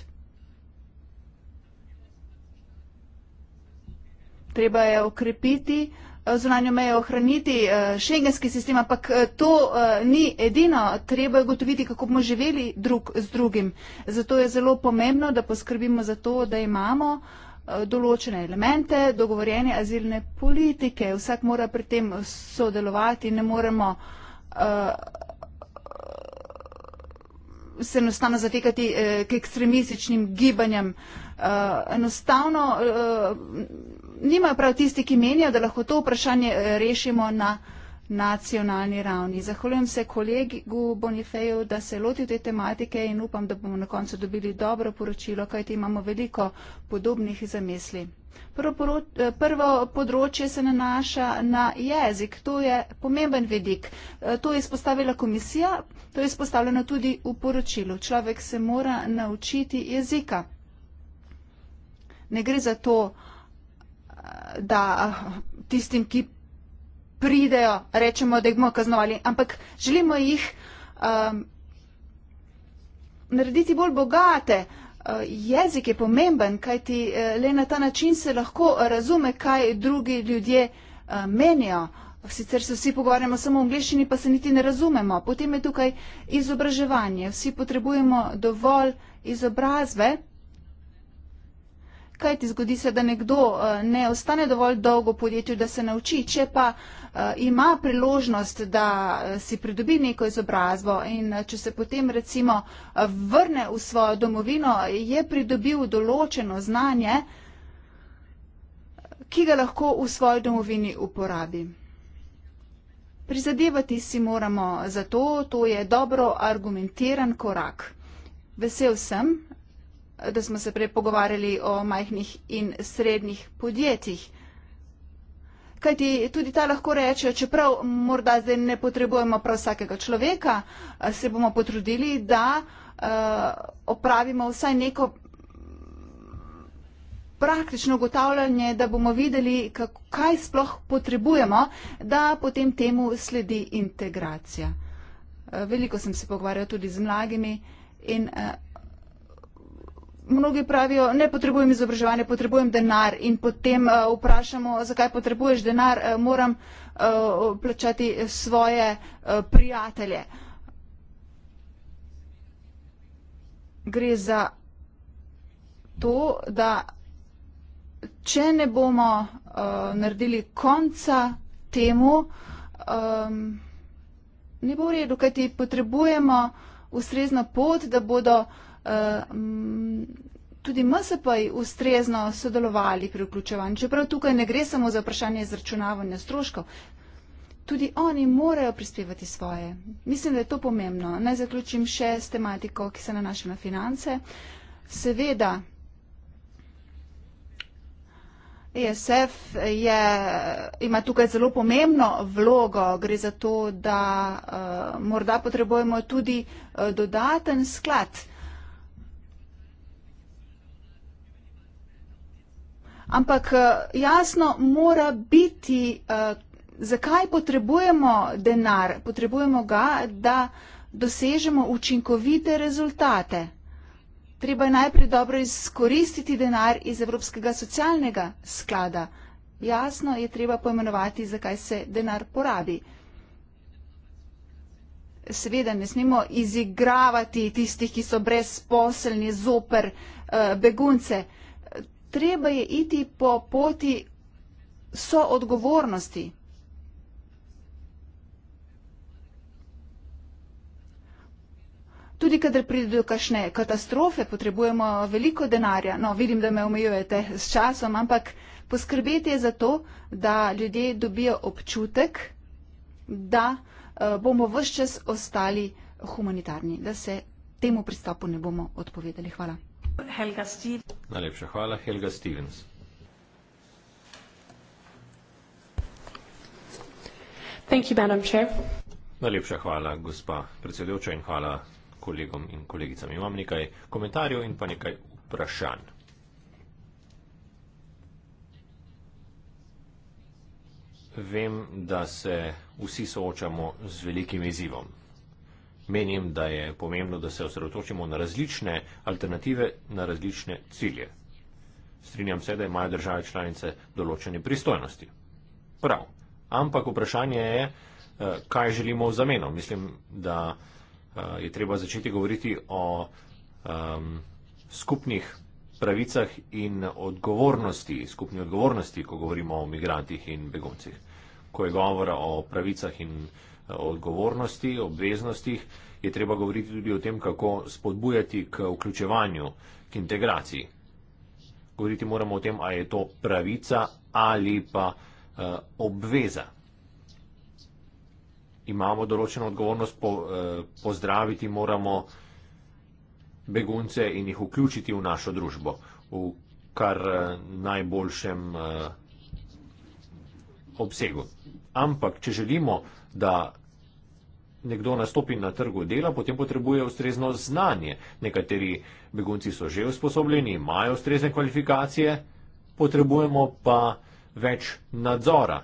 Treba je okrepiti zunanjo mejo ohraniti, eh, šengenski sistem, ampak eh, to eh, ni edino. Treba je gotoviti, kako bomo živeli drug z drugim. Zato je zelo pomembno, da poskrbimo za to, da imamo določene elemente, dogovorjene azilne politike. Vsak mora pri tem sodelovati, ne moremo uh, se enostavno zatekati uh, k ekstremističnim gibanjem. Uh, enostavno uh, nima prav tisti, ki menijo, da lahko to vprašanje eh, rešimo na nacionalni ravni. Zahvaljujem se kolegu Bonifeju, da se loti te tematike in upam, da bomo na koncu dobili dobro poročilo, kajti imamo veliko podobnih zamisli. Prvo, eh, prvo področje se nanaša na jezik. To je pomemben vedik. Eh, to je izpostavila komisija, to je izpostavljeno tudi v poročilu. Človek se mora naučiti jezika. Ne gre za to, da tistim, ki pridejo, rečemo, da jih bomo kaznovali, ampak želimo jih um, narediti bolj bogate. Uh, jezik je pomemben, kaj ti uh, le na ta način se lahko razume, kaj drugi ljudje uh, menijo. Sicer se vsi pogovarjamo samo v angliščini, pa se niti ne razumemo. Potem je tukaj izobraževanje. Vsi potrebujemo dovolj izobrazbe, kaj ti zgodi se, da nekdo eh, ne ostane dovolj dolgo v podjetju, da se nauči, če pa eh, ima priložnost, da eh, si pridobi neko izobrazbo in če se potem recimo vrne v svojo domovino, je pridobil določeno znanje, ki ga lahko v svoji domovini uporabi. Prizadevati si moramo za to, to je dobro argumentiran korak. Vesel sem, da smo se prej pogovarjali o majhnih in srednjih podjetjih. Kajti tudi ta lahko reče, čeprav morda zdaj ne potrebujemo prav vsakega človeka, se bomo potrudili, da opravimo vsaj neko praktično ugotavljanje, da bomo videli, kaj sploh potrebujemo, da potem temu sledi integracija. Veliko sem se pogovarjal tudi z mlagimi in mnogi pravijo, ne potrebujem izobraževanja, potrebujem denar in potem uh, vprašamo, zakaj potrebuješ denar, uh, moram uh, plačati svoje uh, prijatelje. Gre za to, da če ne bomo uh, naredili konca temu, um, ne bo v redu, kajti potrebujemo ustrezno pot, da bodo uh, Eh, tudi MSP-ji ustrezno sodelovali pri vključevanju. Čeprav tukaj ne gre samo za vprašanje izračunavanja stroškov, tudi oni morajo prispevati svoje. Mislim, da je to pomembno. Naj zaključim še s tematiko, ki se nanaša na finance. Seveda, ESF je, ima tukaj zelo pomembno vlogo. Gre za to, da uh, morda potrebujemo tudi uh, dodaten sklad. Ampak eh, jasno mora biti, eh, zakaj potrebujemo denar. Potrebujemo ga, da dosežemo učinkovite rezultate. Treba je najprej dobro izkoristiti denar iz Evropskega socialnega sklada. Jasno je treba pojmenovati, zakaj se denar porabi. Seveda ne smemo izigravati tistih, ki so brezposelni zoper uh, begunce. Uh, treba je iti po poti soodgovornosti. Tudi, kadar pride do kašne katastrofe, potrebujemo veliko denarja. No, vidim, da me omejujete s časom, ampak poskrbeti je za to, da ljudje dobijo občutek, da eh, bomo vse čas ostali humanitarni, da se temu pristopu ne bomo odpovedali. Hvala. Helga Stevens. Najlepša hvala, Helga Stevens. Thank you, Madam Chair. Najlepša hvala, gospa predsedujoča in hvala kolegom in kolegicam. Imam nekaj komentarjev in pa nekaj vprašanj. Vem, da se vsi soočamo z velikim izzivom menim, da je pomembno, da se osredotočimo na različne alternative, na različne cilje. Strinjam se, da imajo države članice določene pristojnosti. Prav. Ampak vprašanje je, eh, kaj želimo v zameno. Mislim, da eh, je treba začeti govoriti o um, skupnih pravicah in odgovornosti, skupni odgovornosti, ko govorimo o migrantih in beguncih. Ko je govora o pravicah in odgovornosti, odgovornosti, obveznostih, je treba govoriti tudi o tem, kako spodbujati k vključevanju, k integraciji. Govoriti moramo o tem, a je to pravica ali pa eh, obveza. Imamo določeno odgovornost, po, eh, pozdraviti moramo begunce in jih vključiti v našo družbo, v kar eh, najboljšem eh, obsegu. Ampak, če želimo, da nekdo nastopi na trgu dela, potem potrebuje ustrezno znanje. Nekateri begunci so že usposobljeni, imajo ustrezne kvalifikacije, potrebujemo pa več nadzora.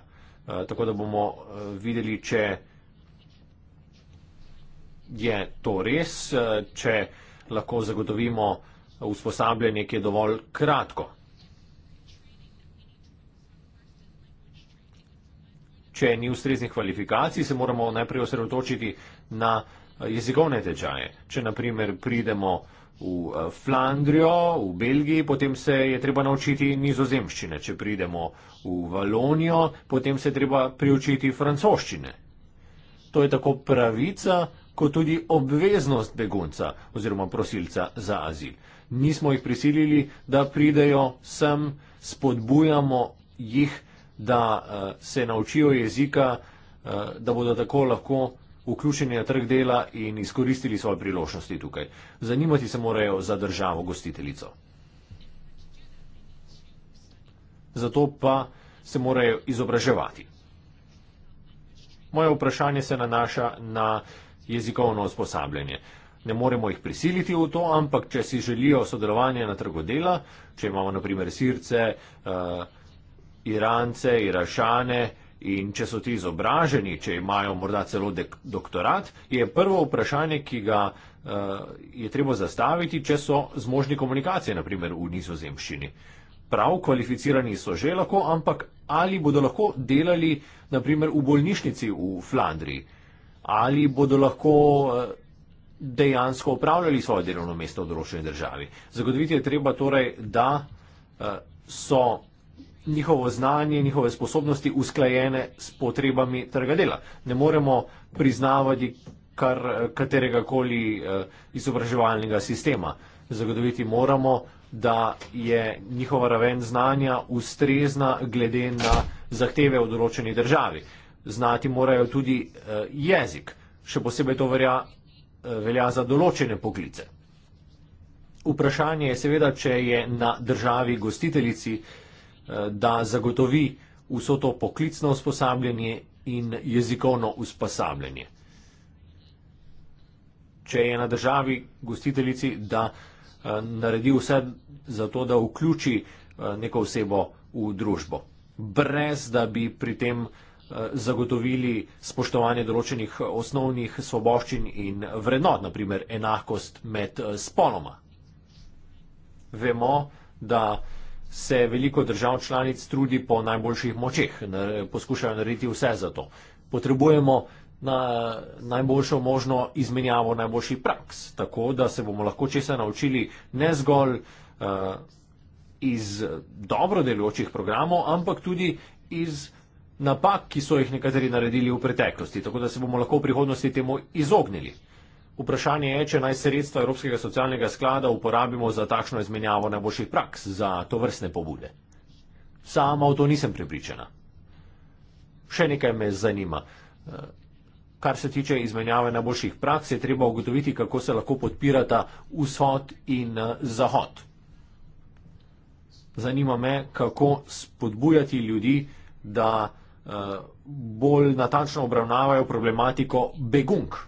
Eh, tako da bomo eh, videli, če je to res, eh, če lahko zagotovimo usposabljanje, ki je dovolj kratko. če ni ustreznih kvalifikacij, se moramo najprej osredotočiti na eh, jezikovne tečaje. Če naprimer pridemo v eh, Flandrijo, v Belgiji, potem se je treba naučiti nizozemščine. Če pridemo v Valonijo, potem se je treba priučiti francoščine. To je tako pravica, kot tudi obveznost begunca oziroma prosilca za azil. Nismo jih prisilili, da pridejo sem, spodbujamo jih, da eh, se naučijo jezika, eh, da bodo tako lahko vključeni na trg dela in izkoristili svoje priložnosti tukaj. Zanimati se morajo za državo gostiteljico. Zato pa se morajo izobraževati. Moje vprašanje se nanaša na jezikovno usposabljanje. Ne moremo jih prisiliti v to, ampak če si želijo sodelovanje na trgu dela, če imamo naprimer sirce, uh, Irance, Irašane in če so ti izobraženi, če imajo morda celo doktorat, je prvo vprašanje, ki ga uh, je treba zastaviti, če so zmožni komunikacije, naprimer v nizozemščini. Prav kvalificirani so že lahko, ampak ali bodo lahko delali, naprimer, v bolnišnici v Flandriji, ali bodo lahko eh, dejansko upravljali svoje delovno mesto v določeni državi. Zagotoviti je treba torej, da eh, so njihovo znanje, njihove sposobnosti usklajene s potrebami trga dela. Ne moremo priznavati kar katerega koli eh, izobraževalnega sistema. Zagotoviti moramo, da je njihova raven znanja ustrezna glede na zahteve v določeni državi. Znati morajo tudi eh, jezik, še posebej to verja, eh, velja za določene poklice. Vprašanje je seveda, če je na državi gostiteljici Eh, da zagotovi vso to poklicno usposabljanje in jezikovno usposabljanje. Če je na državi gostiteljici, da eh, naredi vse za to, da vključi eh, neko osebo v družbo, brez da bi pri tem zagotovili spoštovanje določenih osnovnih svoboščin in vrednot, naprimer enakost med spoloma. Vemo, da se veliko držav članic trudi po najboljših močeh, poskušajo narediti vse za to. Potrebujemo na najboljšo možno izmenjavo najboljših praks, tako da se bomo lahko česa naučili ne zgolj uh, iz dobro delujočih programov, ampak tudi iz napak, ki so jih nekateri naredili v preteklosti, tako da se bomo lahko v prihodnosti temu izognili. Vprašanje je, če naj sredstva Evropskega socialnega sklada uporabimo za takšno izmenjavo najboljših praks, za to vrstne pobude. Sama v to nisem prepričana. Še nekaj me zanima. Eh, kar se tiče izmenjave najboljših praks, je treba ugotoviti, kako se lahko podpirata vzhod in eh, zahod. Zanima me, kako spodbujati ljudi, da eh, bolj natančno obravnavajo problematiko begunk.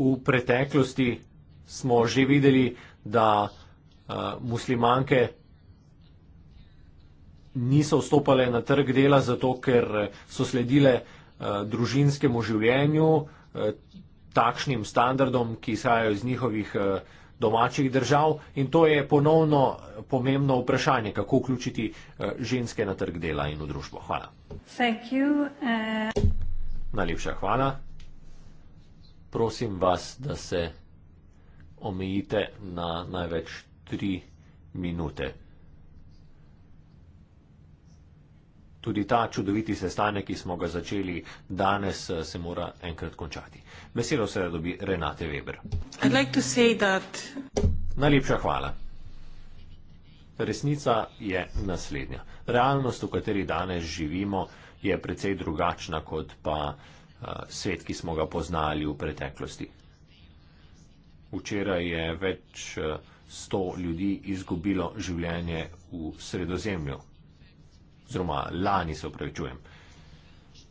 v preteklosti smo že videli, da eh, muslimanke niso vstopale na trg dela zato, ker so sledile eh, družinskemu življenju, eh, takšnim standardom, ki izhajajo iz njihovih domačih držav in to je ponovno pomembno vprašanje, kako vključiti ženske na trg dela in v družbo. Hvala. Najlepša hvala prosim vas, da se omejite na največ tri minute. Tudi ta čudoviti sestanek, ki smo ga začeli danes, eh, se mora enkrat končati. Veselo se, da dobi Renate Weber. Like that... Najlepša hvala. Resnica je naslednja. Realnost, v kateri danes živimo, je precej drugačna kot pa. Eh, svet, ki smo ga poznali v preteklosti. Včeraj je več eh, sto ljudi izgubilo življenje v sredozemlju, oziroma lani se upravičujem.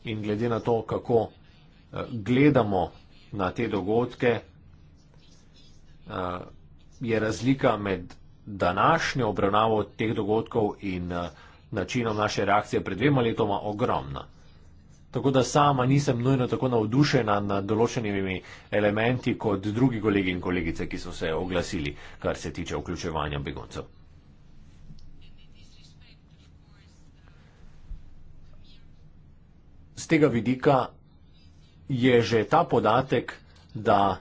In glede na to, kako eh, gledamo na te dogodke, je razlika med današnjo obravnavo teh dogodkov in načinom naše reakcije pred dvema letoma ogromna. Tako da sama nisem nujno tako navdušena nad določenimi elementi kot drugi kolegi in kolegice, ki so se oglasili, kar se tiče vključevanja begoncev. Z tega vidika je že ta podatek, da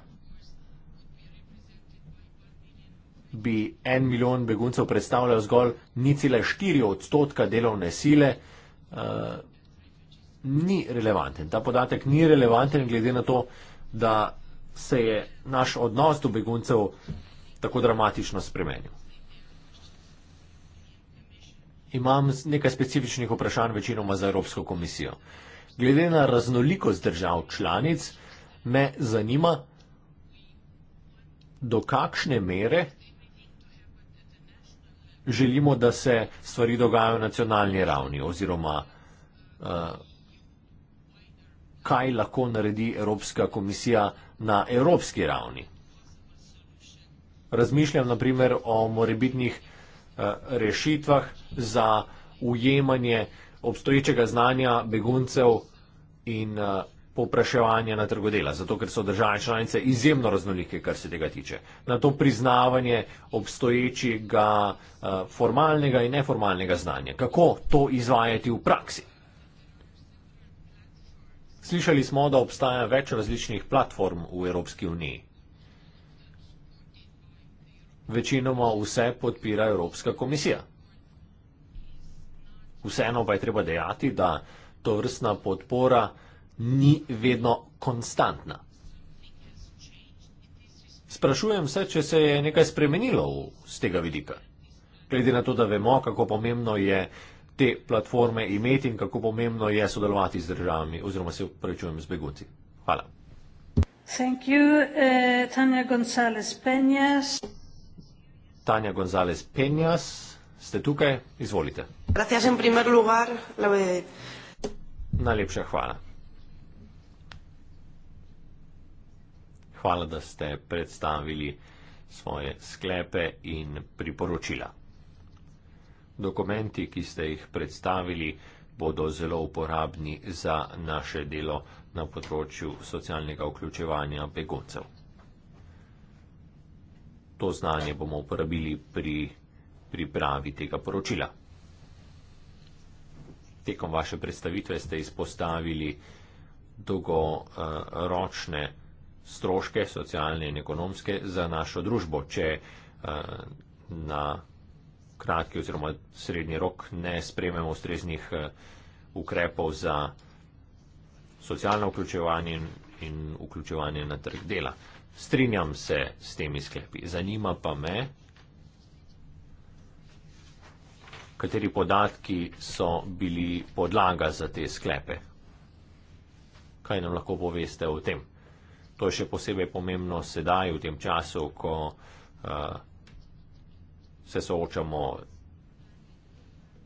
bi en milijon beguncev predstavljal zgolj 0,4 odstotka delovne sile, uh, ni relevanten. Ta podatek ni relevanten glede na to, da se je naš odnos do beguncev tako dramatično spremenil. Imam nekaj specifičnih vprašanj večinoma za Evropsko komisijo. Glede na raznolikost držav članic me zanima, do kakšne mere želimo, da se stvari dogajajo na nacionalni ravni oziroma uh, kaj lahko naredi Evropska komisija na evropski ravni. Razmišljam naprimer o morebitnih eh, rešitvah za ujemanje obstoječega znanja beguncev in eh, popraševanje na trgu dela, zato ker so države članice izjemno raznolike, kar se tega tiče. Na to priznavanje obstoječega eh, formalnega in neformalnega znanja. Kako to izvajati v praksi? Slišali smo, da obstaja več različnih platform v Evropski uniji. Večinoma vse podpira Evropska komisija. Vseeno pa je treba dejati, da to vrstna podpora ni vedno konstantna. Sprašujem se, če se je nekaj spremenilo z tega vidika. Glede na to, da vemo, kako pomembno je te platforme imeti in kako pomembno je sodelovati z državami oziroma se upravičujem z begunci. Hvala. Thank you, uh, Tanja González Peñas. Tanja González Peñas, ste tukaj? Izvolite. Gracias en primer lugar. Najlepša hvala. Hvala, da ste predstavili svoje sklepe in priporočila. Dokumenti, ki ste jih predstavili, bodo zelo uporabni za naše delo na področju socialnega vključevanja beguncev. To znanje bomo uporabili pri pripravi tega poročila. Tekom vaše predstavitve ste izpostavili dolgoročne stroške, socialne in ekonomske, za našo družbo, če eh, na kratki oziroma srednji rok ne sprememo ustreznih eh, ukrepov za socialno vključevanje in vključevanje na trg dela. Strinjam se s temi sklepi. Zanima pa me, kateri podatki so bili podlaga za te sklepe. Kaj nam lahko poveste o tem? To je še posebej pomembno sedaj, v tem času, ko uh, se soočamo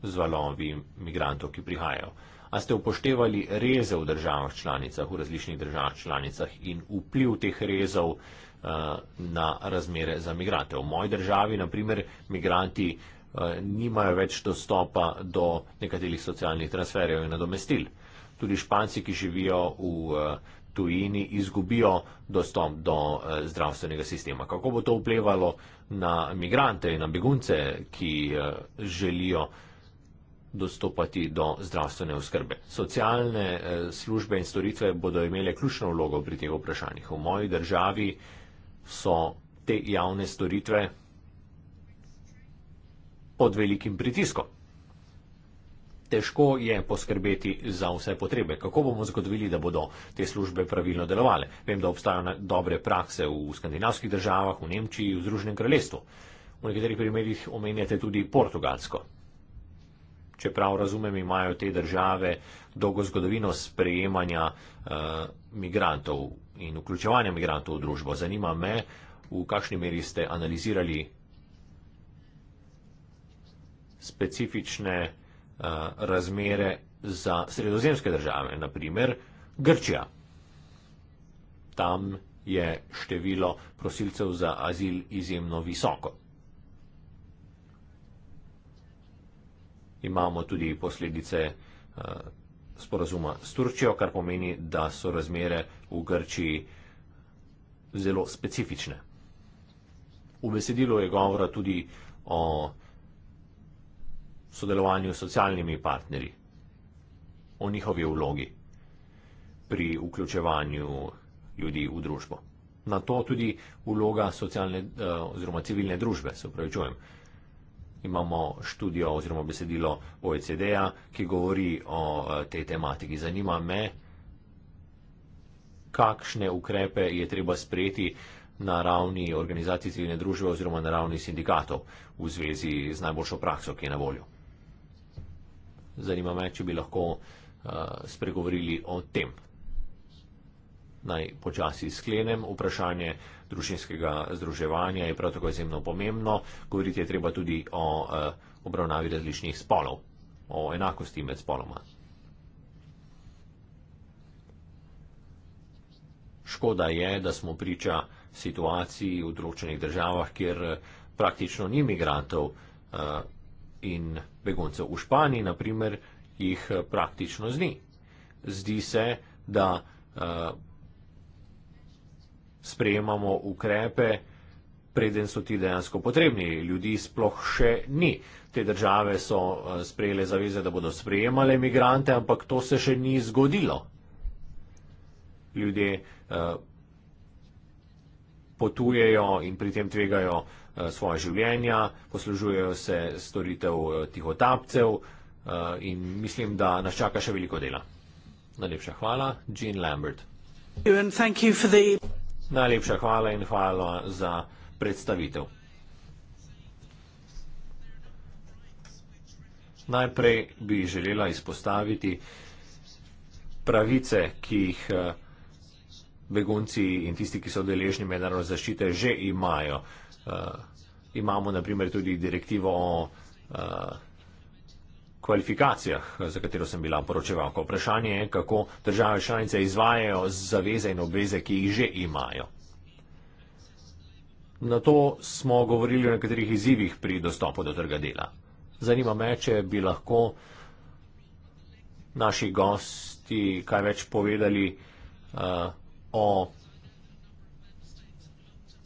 z valovi migrantov, ki prihajajo. A ste upoštevali reze v državah članicah, v različnih državah članicah in vpliv teh rezov uh, na razmere za migrante? V moji državi, naprimer, migranti uh, nimajo več dostopa do nekaterih socialnih transferjev in nadomestil. Tudi španci, ki živijo v uh, tujini izgubijo dostop do eh, zdravstvenega sistema. Kako bo to vplivalo na migrante in na begunce, ki eh, želijo dostopati do zdravstvene oskrbe. Socialne eh, službe in storitve bodo imele ključno vlogo pri teh vprašanjih. V moji državi so te javne storitve pod velikim pritiskom težko je poskrbeti za vse potrebe. Kako bomo zagotovili, da bodo te službe pravilno delovale? Vem, da obstajajo dobre prakse v skandinavskih državah, v Nemčiji, v Združenem kraljestvu. V nekaterih primerjih omenjate tudi portugalsko. Če prav razumem, imajo te države dolgo zgodovino sprejemanja uh, migrantov in vključevanja migrantov v družbo. Zanima me, v kakšni meri ste analizirali specifične Eh, razmere za sredozemske države, naprimer Grčija. Tam je število prosilcev za azil izjemno visoko. Imamo tudi posledice eh, sporazuma s Turčijo, kar pomeni, da so razmere v Grčiji zelo specifične. V besedilu je govora tudi o sodelovanju s socialnimi partnerji, o njihovi vlogi pri vključevanju ljudi v družbo. Na to tudi vloga socialne eh, oziroma civilne družbe, se upravičujem. Imamo študijo oziroma besedilo OECD-a, ki govori o eh, tej tematiki. Zanima me, kakšne ukrepe je treba sprejeti na ravni organizacij civilne družbe oziroma na ravni sindikatov v zvezi z najboljšo prakso, ki je na voljo. Zanima me, če bi lahko uh, spregovorili o tem. Naj počasi sklenem. Vprašanje družinskega združevanja je prav tako izjemno pomembno. Govoriti je treba tudi o uh, obravnavi različnih spolov, o enakosti med spoloma. Škoda je, da smo priča situaciji v določenih državah, kjer eh, praktično ni imigrantov. Uh, in begoncev v Španiji, naprimer, jih eh, praktično zni. Zdi se, da uh, sprejemamo ukrepe, preden so ti dejansko potrebni. Ljudi sploh še ni. Te države so uh, sprejele zaveze, da bodo sprejemale imigrante, ampak to se še ni zgodilo. Ljudje uh, potujejo in pri tem tvegajo uh, Eh, svoje življenja, poslužujejo se storitev eh, tihotapcev eh, in mislim, da nas čaka še veliko dela. Najlepša hvala, Jean Lambert. The... Najlepša hvala in hvala za predstavitev. Najprej bi želela izpostaviti pravice, ki jih begunci in tisti, ki so deležni mednarodne zaščite, že imajo. Eh, imamo naprimer tudi direktivo o eh, kvalifikacijah, za katero sem bila poročevalka. Vprašanje je, kako države članice izvajajo zaveze in obveze, ki jih že imajo. Na to smo govorili o nekaterih izzivih pri dostopu do trga dela. Zanima me, če bi lahko naši gosti kaj več povedali uh, o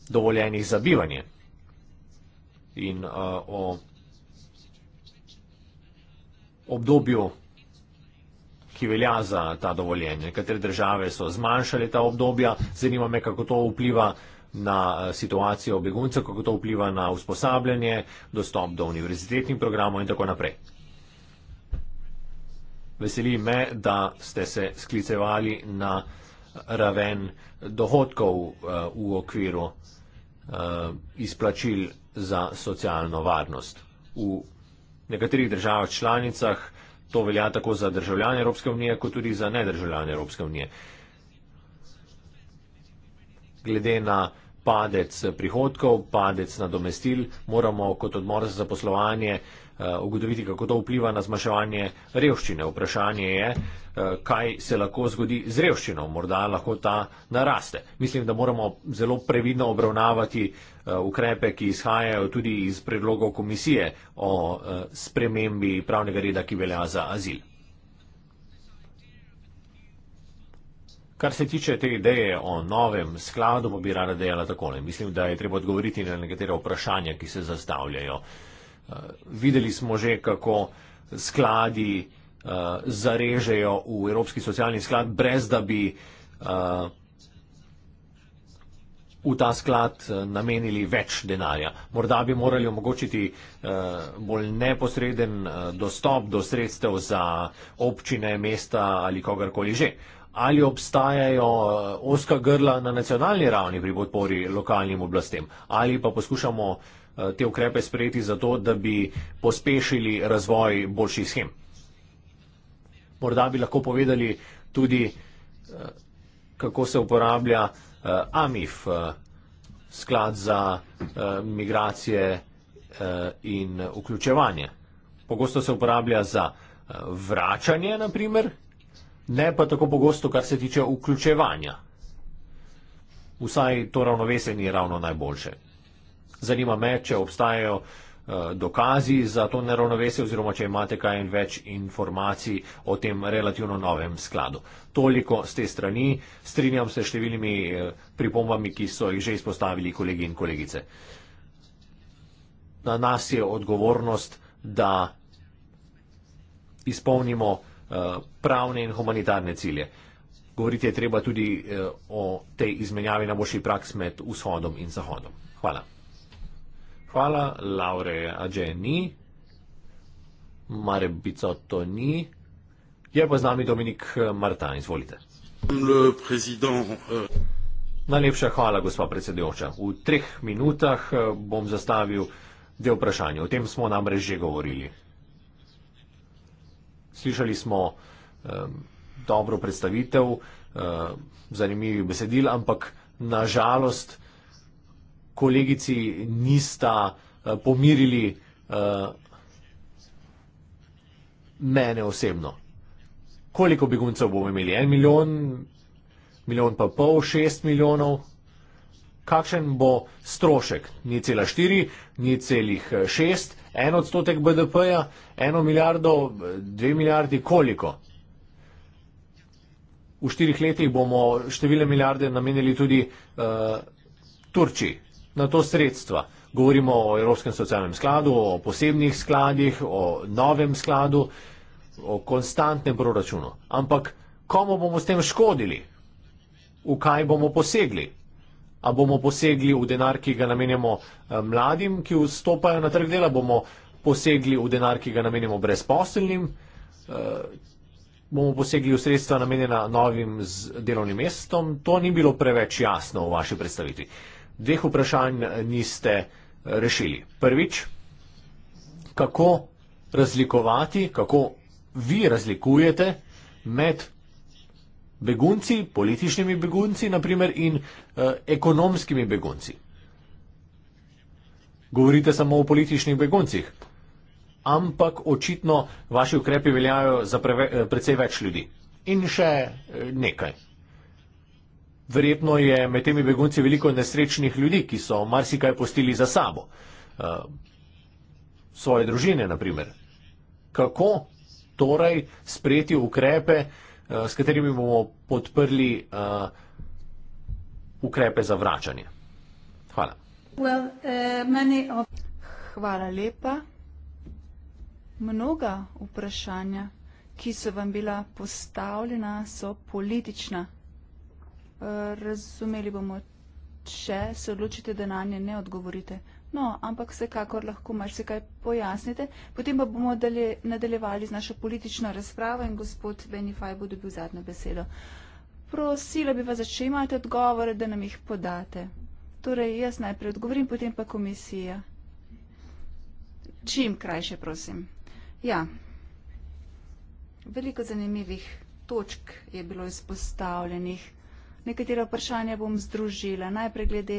dovoljenih za bivanje. In uh, o obdobju, ki velja za ta dovoljenje, katere države so zmanjšale ta obdobja, zanima me, kako to vpliva na uh, situacijo beguncev, kako to vpliva na usposabljanje, dostop do univerzitetnih programov in tako naprej. Veseli me, da ste se sklicevali na raven dohodkov uh, v okviru uh, izplačil za socialno varnost. V nekaterih državah članicah to velja tako za državljane Evropske unije, kot tudi za nedržavljane Evropske unije. Glede na padec prihodkov, padec nadomestil, moramo kot odmor za zaposlovanje uh, Eh, ugotoviti, kako to vpliva na zmaševanje revščine. Vprašanje je, eh, kaj se lahko zgodi z revščino. Morda lahko ta naraste. Mislim, da moramo zelo previdno obravnavati eh, ukrepe, ki izhajajo tudi iz predlogov komisije o spremembi pravnega reda, ki velja za azil. Kar se tiče te ideje o novem skladu, pa bi rada dejala takole. Mislim, da je treba odgovoriti na nekatere vprašanja, ki se zastavljajo. Uh, Eh, videli smo že, kako skladi uh, zarežejo v Evropski socialni sklad, brez da bi uh, v ta sklad namenili več denarja. Morda bi morali omogočiti uh, bolj neposreden uh, dostop do sredstev za občine, mesta ali kogarkoli že. Ali obstajajo oska grla na nacionalni ravni pri podpori lokalnim oblastem, ali pa poskušamo uh, Eh, te ukrepe sprejeti zato, da bi pospešili razvoj boljših schem. Morda bi lahko povedali tudi, eh, kako se uporablja eh, AMIF, sklad za migracije in vključevanje. Pogosto se uporablja za vračanje, naprimer, ne pa tako pogosto, kar se tiče vključevanja. Vsaj to ravnovesje ni ravno najboljše zanima me, če obstajajo eh, dokazi za to neravnovesje oziroma če imate kaj in več informacij o tem relativno novem skladu. Toliko z te strani, strinjam se številnimi eh, pripombami, ki so jih že izpostavili kolegi in kolegice. Na nas je odgovornost, da izpolnimo eh, pravne in humanitarne cilje. Govoriti je treba tudi o tej izmenjavi najboljših praks med vzhodom in zahodom. Hvala. Hvala, Laure, a že ni, mare bico to ni, je pa z nami Dominik eh, Marta, izvolite. Eh. Najlepša hvala, gospa predsedujoča. V treh minutah eh, bom zastavil dve vprašanje. O tem smo namreč že govorili. Slišali smo eh, dobro predstavitev, eh, zanimivi besedil, ampak nažalost kolegici nista uh, pomirili uh, mene osebno. Koliko beguncev bomo imeli? En milijon, milijon pa pol, šest milijonov. Kakšen bo strošek? Ni cela štiri, ni celih eh, šest, en odstotek BDP-ja, eno milijardo, dve milijardi, koliko? V štirih letih bomo številne milijarde namenili tudi uh, Turčiji na to sredstva. Govorimo o Evropskem socialnem skladu, o posebnih skladih, o novem skladu, o konstantnem proračunu. Ampak komu bomo s tem škodili? V kaj bomo posegli? A bomo posegli v denar, ki ga namenjamo eh, mladim, ki vstopajo na trg dela? Bomo posegli v denar, ki ga namenjamo brezposelnim? Eh, bomo posegli v sredstva namenjena novim delovnim mestom? To ni bilo preveč jasno v vaši predstavitvi dveh vprašanj niste rešili. Prvič, kako razlikovati, kako vi razlikujete med begunci, političnimi begunci naprimer in eh, ekonomskimi begunci. Govorite samo o političnih beguncih, ampak očitno vaši ukrepi veljajo za preve, eh, precej več ljudi. In še eh, nekaj. Verjetno je med temi begunci veliko nesrečnih ljudi, ki so marsikaj postili za sabo. Eh, svoje družine, naprimer. Kako torej sprejeti ukrepe, eh, s katerimi bomo podprli eh, ukrepe za vračanje? Hvala. Hvala lepa. Mnoga vprašanja, ki so vam bila postavljena, so politična razumeli bomo, če se odločite, da na nje ne odgovorite. No, ampak vsekakor lahko marsikaj pojasnite. Potem pa bomo dalje, nadaljevali z našo politično razpravo in gospod Benifaj bo dobil zadnjo besedo. Prosila bi vas, če imate odgovore, da nam jih podate. Torej, jaz najprej odgovorim, potem pa komisija. Čim krajše, prosim. Ja, veliko zanimivih točk je bilo izpostavljenih. Nekatera vprašanja bom združila. Najprej glede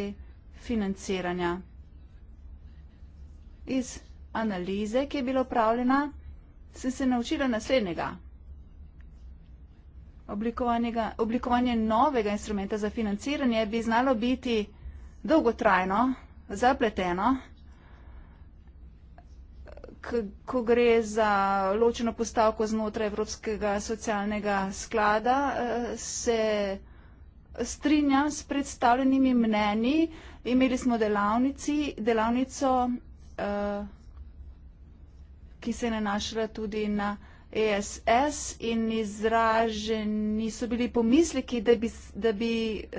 financiranja. Iz analize, ki je bila upravljena, sem se naučila naslednjega. Oblikovanje novega instrumenta za financiranje bi znalo biti dolgotrajno, zapleteno, ko gre za ločeno postavko znotraj Evropskega socialnega sklada, eh, se strinjam s predstavljenimi mnenji. Imeli smo delavnici, delavnico, uh, ki se je nanašala tudi na ESS in izraženi so bili pomisleki, da bi, da bi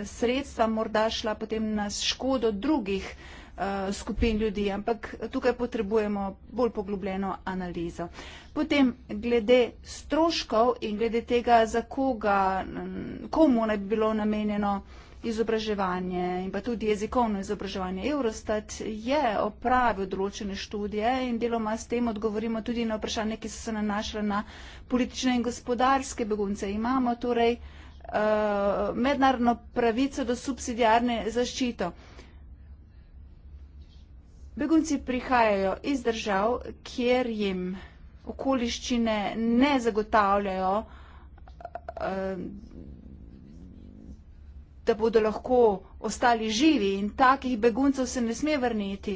sredstva morda šla potem na škodo drugih uh, Eh, skupin ljudi, ampak tukaj potrebujemo bolj poglobljeno analizo. Potem glede stroškov in glede tega, za koga, komu naj bi bilo namenjeno izobraževanje in pa tudi jezikovno izobraževanje. Eurostat je opravil določene študije in deloma s tem odgovorimo tudi na vprašanje, ki so se nanašale na politične in gospodarske begunce. Imamo torej uh, mednarodno pravico do subsidijarne zaščito. Uh, Begunci prihajajo iz držav, kjer jim okoliščine ne zagotavljajo, eh, da bodo lahko ostali živi in takih beguncev se ne sme vrniti.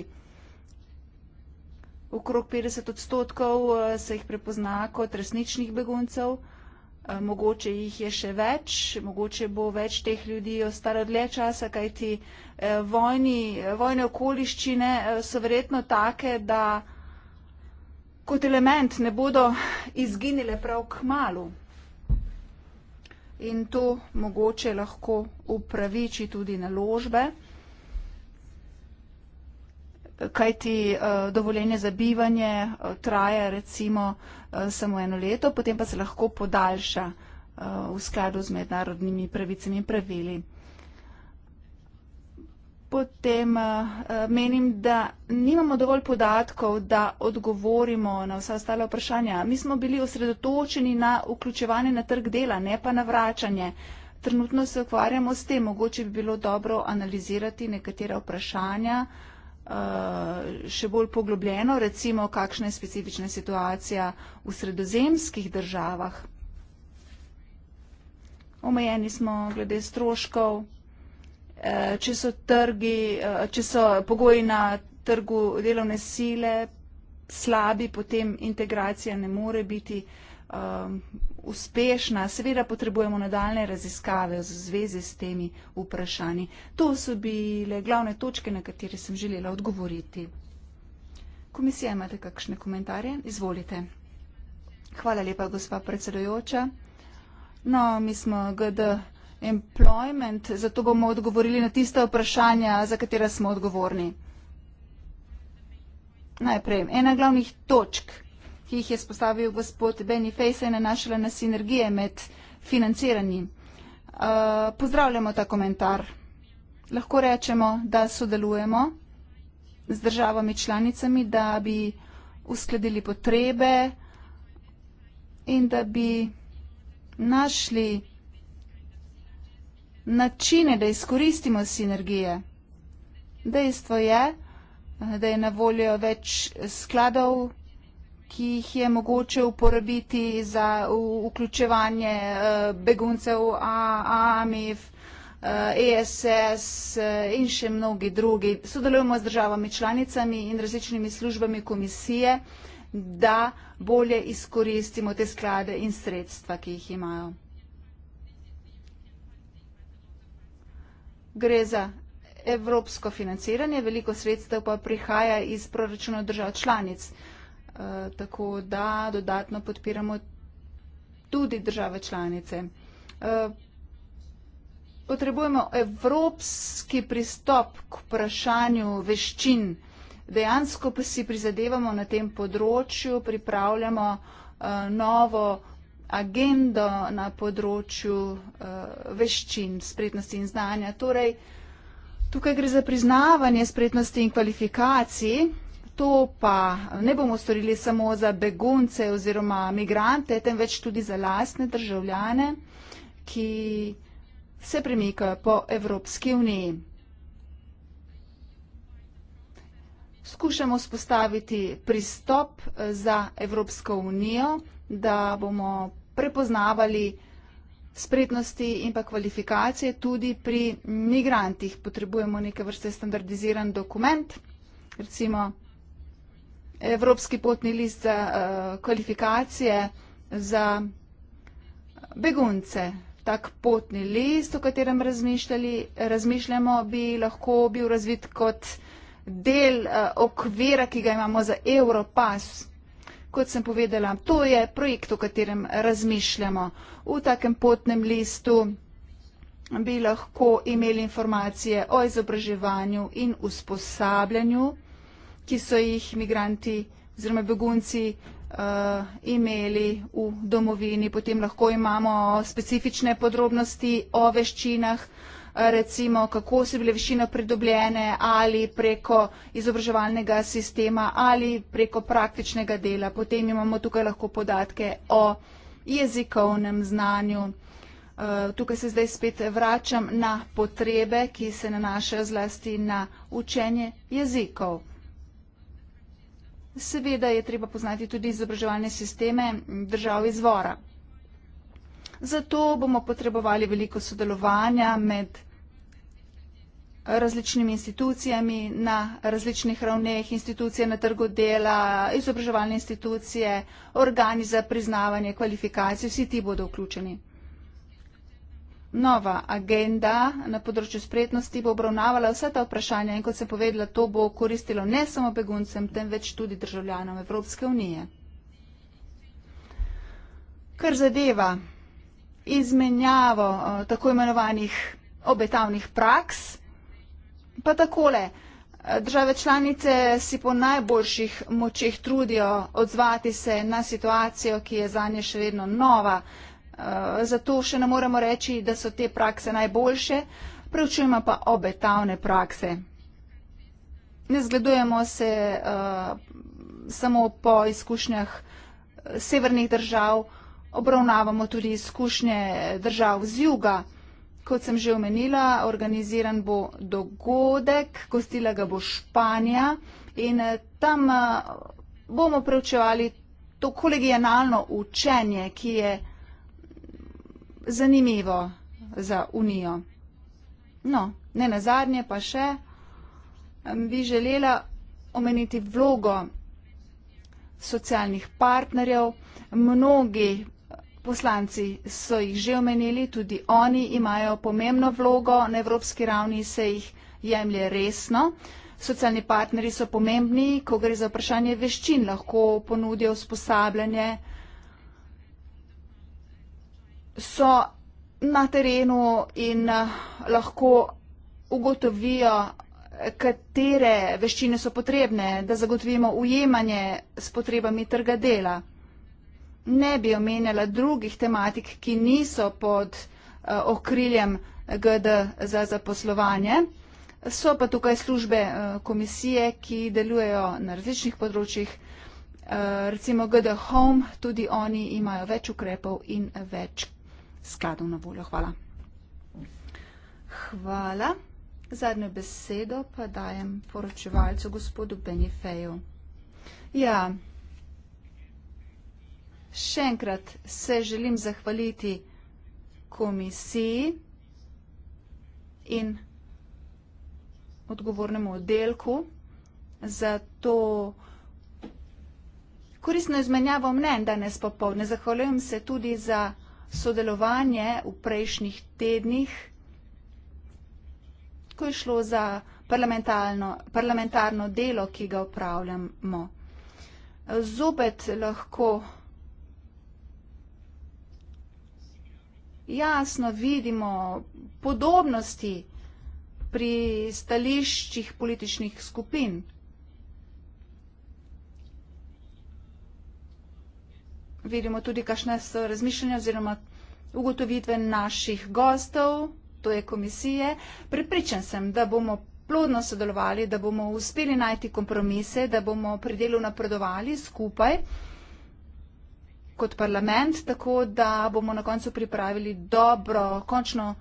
Okrog 50 odstotkov eh, se jih prepozna kot resničnih beguncev. Eh, mogoče jih je še več, mogoče bo več teh ljudi ostalo eh, dlje časa, kajti eh, vojni, vojne okoliščine so verjetno take, da kot element ne bodo izginile prav k malu. In to mogoče lahko upraviči tudi naložbe kajti eh, dovoljenje za bivanje eh, traja recimo eh, samo eno leto, potem pa se lahko podaljša v skladu z mednarodnimi pravicami in pravili. Potem menim, da nimamo dovolj podatkov, da odgovorimo na vsa ostala vprašanja. Mi smo bili osredotočeni na vključevanje na trg dela, ne pa na vračanje. Trenutno se ukvarjamo s tem, mogoče bi bilo dobro analizirati nekatera vprašanja, Eh, še bolj poglobljeno, recimo kakšna je specifična situacija v sredozemskih državah. Omejeni smo glede stroškov, eh, če so, trgi, eh, če so pogoji na trgu delovne sile slabi, potem integracija ne more biti um, uspešna. Seveda potrebujemo nadaljne raziskave v zvezi s temi vprašanji. To so bile glavne točke, na katere sem želela odgovoriti. Komisija, imate kakšne komentarje? Izvolite. Hvala lepa, gospa predsedojoča. No, mi smo GD Employment, zato bomo odgovorili na tiste vprašanja, za katera smo odgovorni. Najprej, ena glavnih točk ki jih je spostavil gospod Benny Fejsa, je nanašala na sinergije med financiranji. Uh, pozdravljamo ta komentar. Lahko rečemo, da sodelujemo z državami članicami, da bi uskladili potrebe in da bi našli načine, da izkoristimo sinergije. Dejstvo je, da je na voljo več skladov, ki jih je mogoče uporabiti za vključevanje eh, beguncev AMIF, ESS eh, e eh, in še mnogi drugi. Sodelujemo z državami članicami in različnimi službami komisije, da bolje izkoristimo te sklade in sredstva, ki jih imajo. Gre za evropsko financiranje, veliko sredstev pa prihaja iz proračuna držav članic. Eh, tako da dodatno podpiramo tudi države članice. Eh, potrebujemo evropski pristop k vprašanju veščin. Dejansko pa si prizadevamo na tem področju, pripravljamo eh, novo agendo na področju veščin, spretnosti in znanja. Torej, tukaj gre za priznavanje spretnosti in kvalifikacij to pa ne bomo storili samo za begunce oziroma migrante, temveč tudi za lastne državljane, ki se premikajo po Evropski uniji. Skušamo spostaviti pristop eh, za Evropsko unijo, da bomo prepoznavali spretnosti in pa kvalifikacije tudi pri migrantih. Potrebujemo neke vrste standardiziran dokument, recimo evropski potni list za uh, kvalifikacije za begunce. Tak potni list, o katerem razmišljamo, bi lahko bil razvit kot del uh, okvira, ki ga imamo za Europas. Kot sem povedala, to je projekt, o katerem razmišljamo. V takem potnem listu bi lahko imeli informacije o izobraževanju in usposabljanju ki so jih imigranti oziroma begunci uh, imeli v domovini. Potem lahko imamo specifične podrobnosti o veščinah, eh, recimo kako so bile veščine pridobljene ali preko izobraževalnega sistema ali preko praktičnega dela. Potem imamo tukaj lahko podatke o jezikovnem znanju. Eh, tukaj se zdaj spet vračam na potrebe, ki se nanašajo zlasti na učenje jezikov. Seveda je treba poznati tudi izobraževalne sisteme držav izvora. Zato bomo potrebovali veliko sodelovanja med različnimi institucijami na različnih ravneh, institucije na trgu dela, izobraževalne institucije, organi za priznavanje kvalifikacij, vsi ti bodo vključeni. Nova agenda na področju spretnosti bo obravnavala vse ta vprašanja in kot sem povedala, to bo koristilo ne samo beguncem, temveč tudi državljanom Evropske unije. Kar zadeva izmenjavo eh, tako imenovanih obetavnih praks, pa takole. Eh, države članice si po najboljših močeh trudijo odzvati se na situacijo, ki je zanje še vedno nova. Eh, zato še ne moremo reči, da so te prakse najboljše, preučujemo pa obetavne prakse. Ne zgledujemo se uh, samo po izkušnjah eh, severnih držav, obravnavamo tudi izkušnje držav z juga. Kot sem že omenila, organiziran bo dogodek, gostila ga bo Španija in tam bomo preučevali to kolegijalno učenje, ki je zanimivo za Unijo. No, ne na zadnje pa še bi želela omeniti vlogo socialnih partnerjev. Mnogi poslanci so jih že omenili, tudi oni imajo pomembno vlogo, na evropski ravni se jih jemlje resno. Socialni partnerji so pomembni, ko gre za vprašanje veščin, lahko ponudijo usposabljanje, so na terenu in eh, lahko ugotovijo, katere veščine so potrebne, da zagotovimo ujemanje s potrebami trga dela. Ne bi omenjala drugih tematik, ki niso pod eh, okriljem GD za zaposlovanje. So pa tukaj službe eh, komisije, ki delujejo na različnih področjih, recimo GD Home, tudi oni imajo več ukrepov in več skladov na voljo. Hvala. Hvala. Zadnjo besedo pa dajem poročevalcu gospodu Benifeju. Ja, še enkrat se želim zahvaliti komisiji in odgovornemu oddelku za to koristno izmenjavo mnen danes popovdne. Zahvaljujem se tudi za komisijo, sodelovanje v prejšnjih tednih, ko je šlo za parlamentarno delo, ki ga upravljamo. Zopet lahko jasno vidimo podobnosti pri stališčih političnih skupin. vidimo tudi, kakšne so razmišljanja oziroma ugotovitve naših gostov, to je komisije. Pripričan sem, da bomo plodno sodelovali, da bomo uspeli najti kompromise, da bomo pri delu napredovali skupaj kot parlament, tako da bomo na koncu pripravili dobro, končno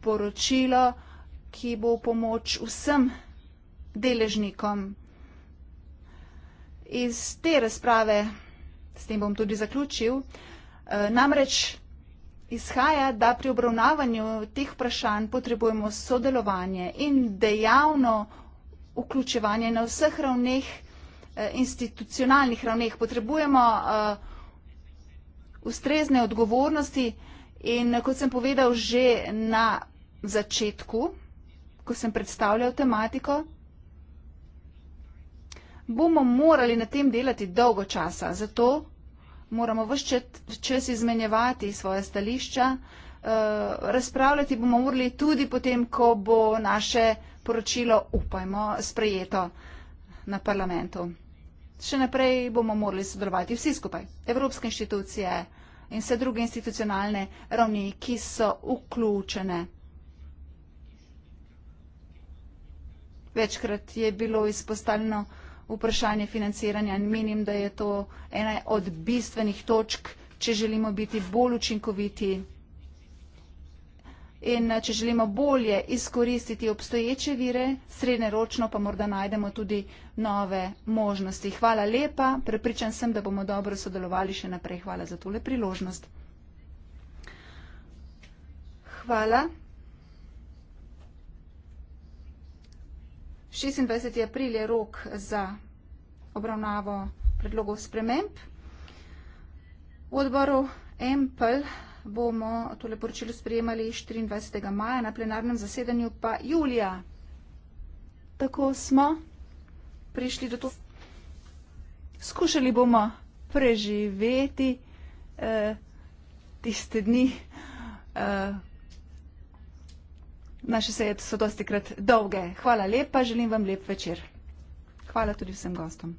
poročilo, ki bo pomoč vsem deležnikom. Iz te razprave s tem bom tudi zaključil. Eh, namreč izhaja, da pri obravnavanju teh vprašanj potrebujemo sodelovanje in dejavno vključevanje na vseh ravneh, eh, institucionalnih ravneh. Potrebujemo eh, ustrezne odgovornosti in kot sem povedal že na začetku, ko sem predstavljal tematiko, bomo morali na tem delati dolgo časa. Zato moramo vse čas izmenjevati svoje stališča. Eh, razpravljati bomo morali tudi potem, ko bo naše poročilo, upajmo, sprejeto na parlamentu. Še naprej bomo morali sodelovati vsi skupaj, evropske inštitucije in vse druge institucionalne ravni, ki so vključene. Večkrat je bilo izpostavljeno, da vprašanje financiranja in menim, da je to ena od bistvenih točk, če želimo biti bolj učinkoviti in eh, če želimo bolje izkoristiti obstoječe vire, srednjeročno pa morda najdemo tudi nove možnosti. Hvala lepa, prepričan sem, da bomo dobro sodelovali še naprej. Hvala za tole priložnost. Hvala. 26. april je rok za obravnavo predlogov sprememb. V odboru EMPL bomo tole poročilo sprejemali 24. maja, na plenarnem zasedanju pa julija. Tako smo prišli do to. Skušali bomo preživeti eh, tiste dni. Eh, Naše seje so dosti krat dolge. Hvala lepa, želim vam lep večer. Hvala tudi vsem gostom.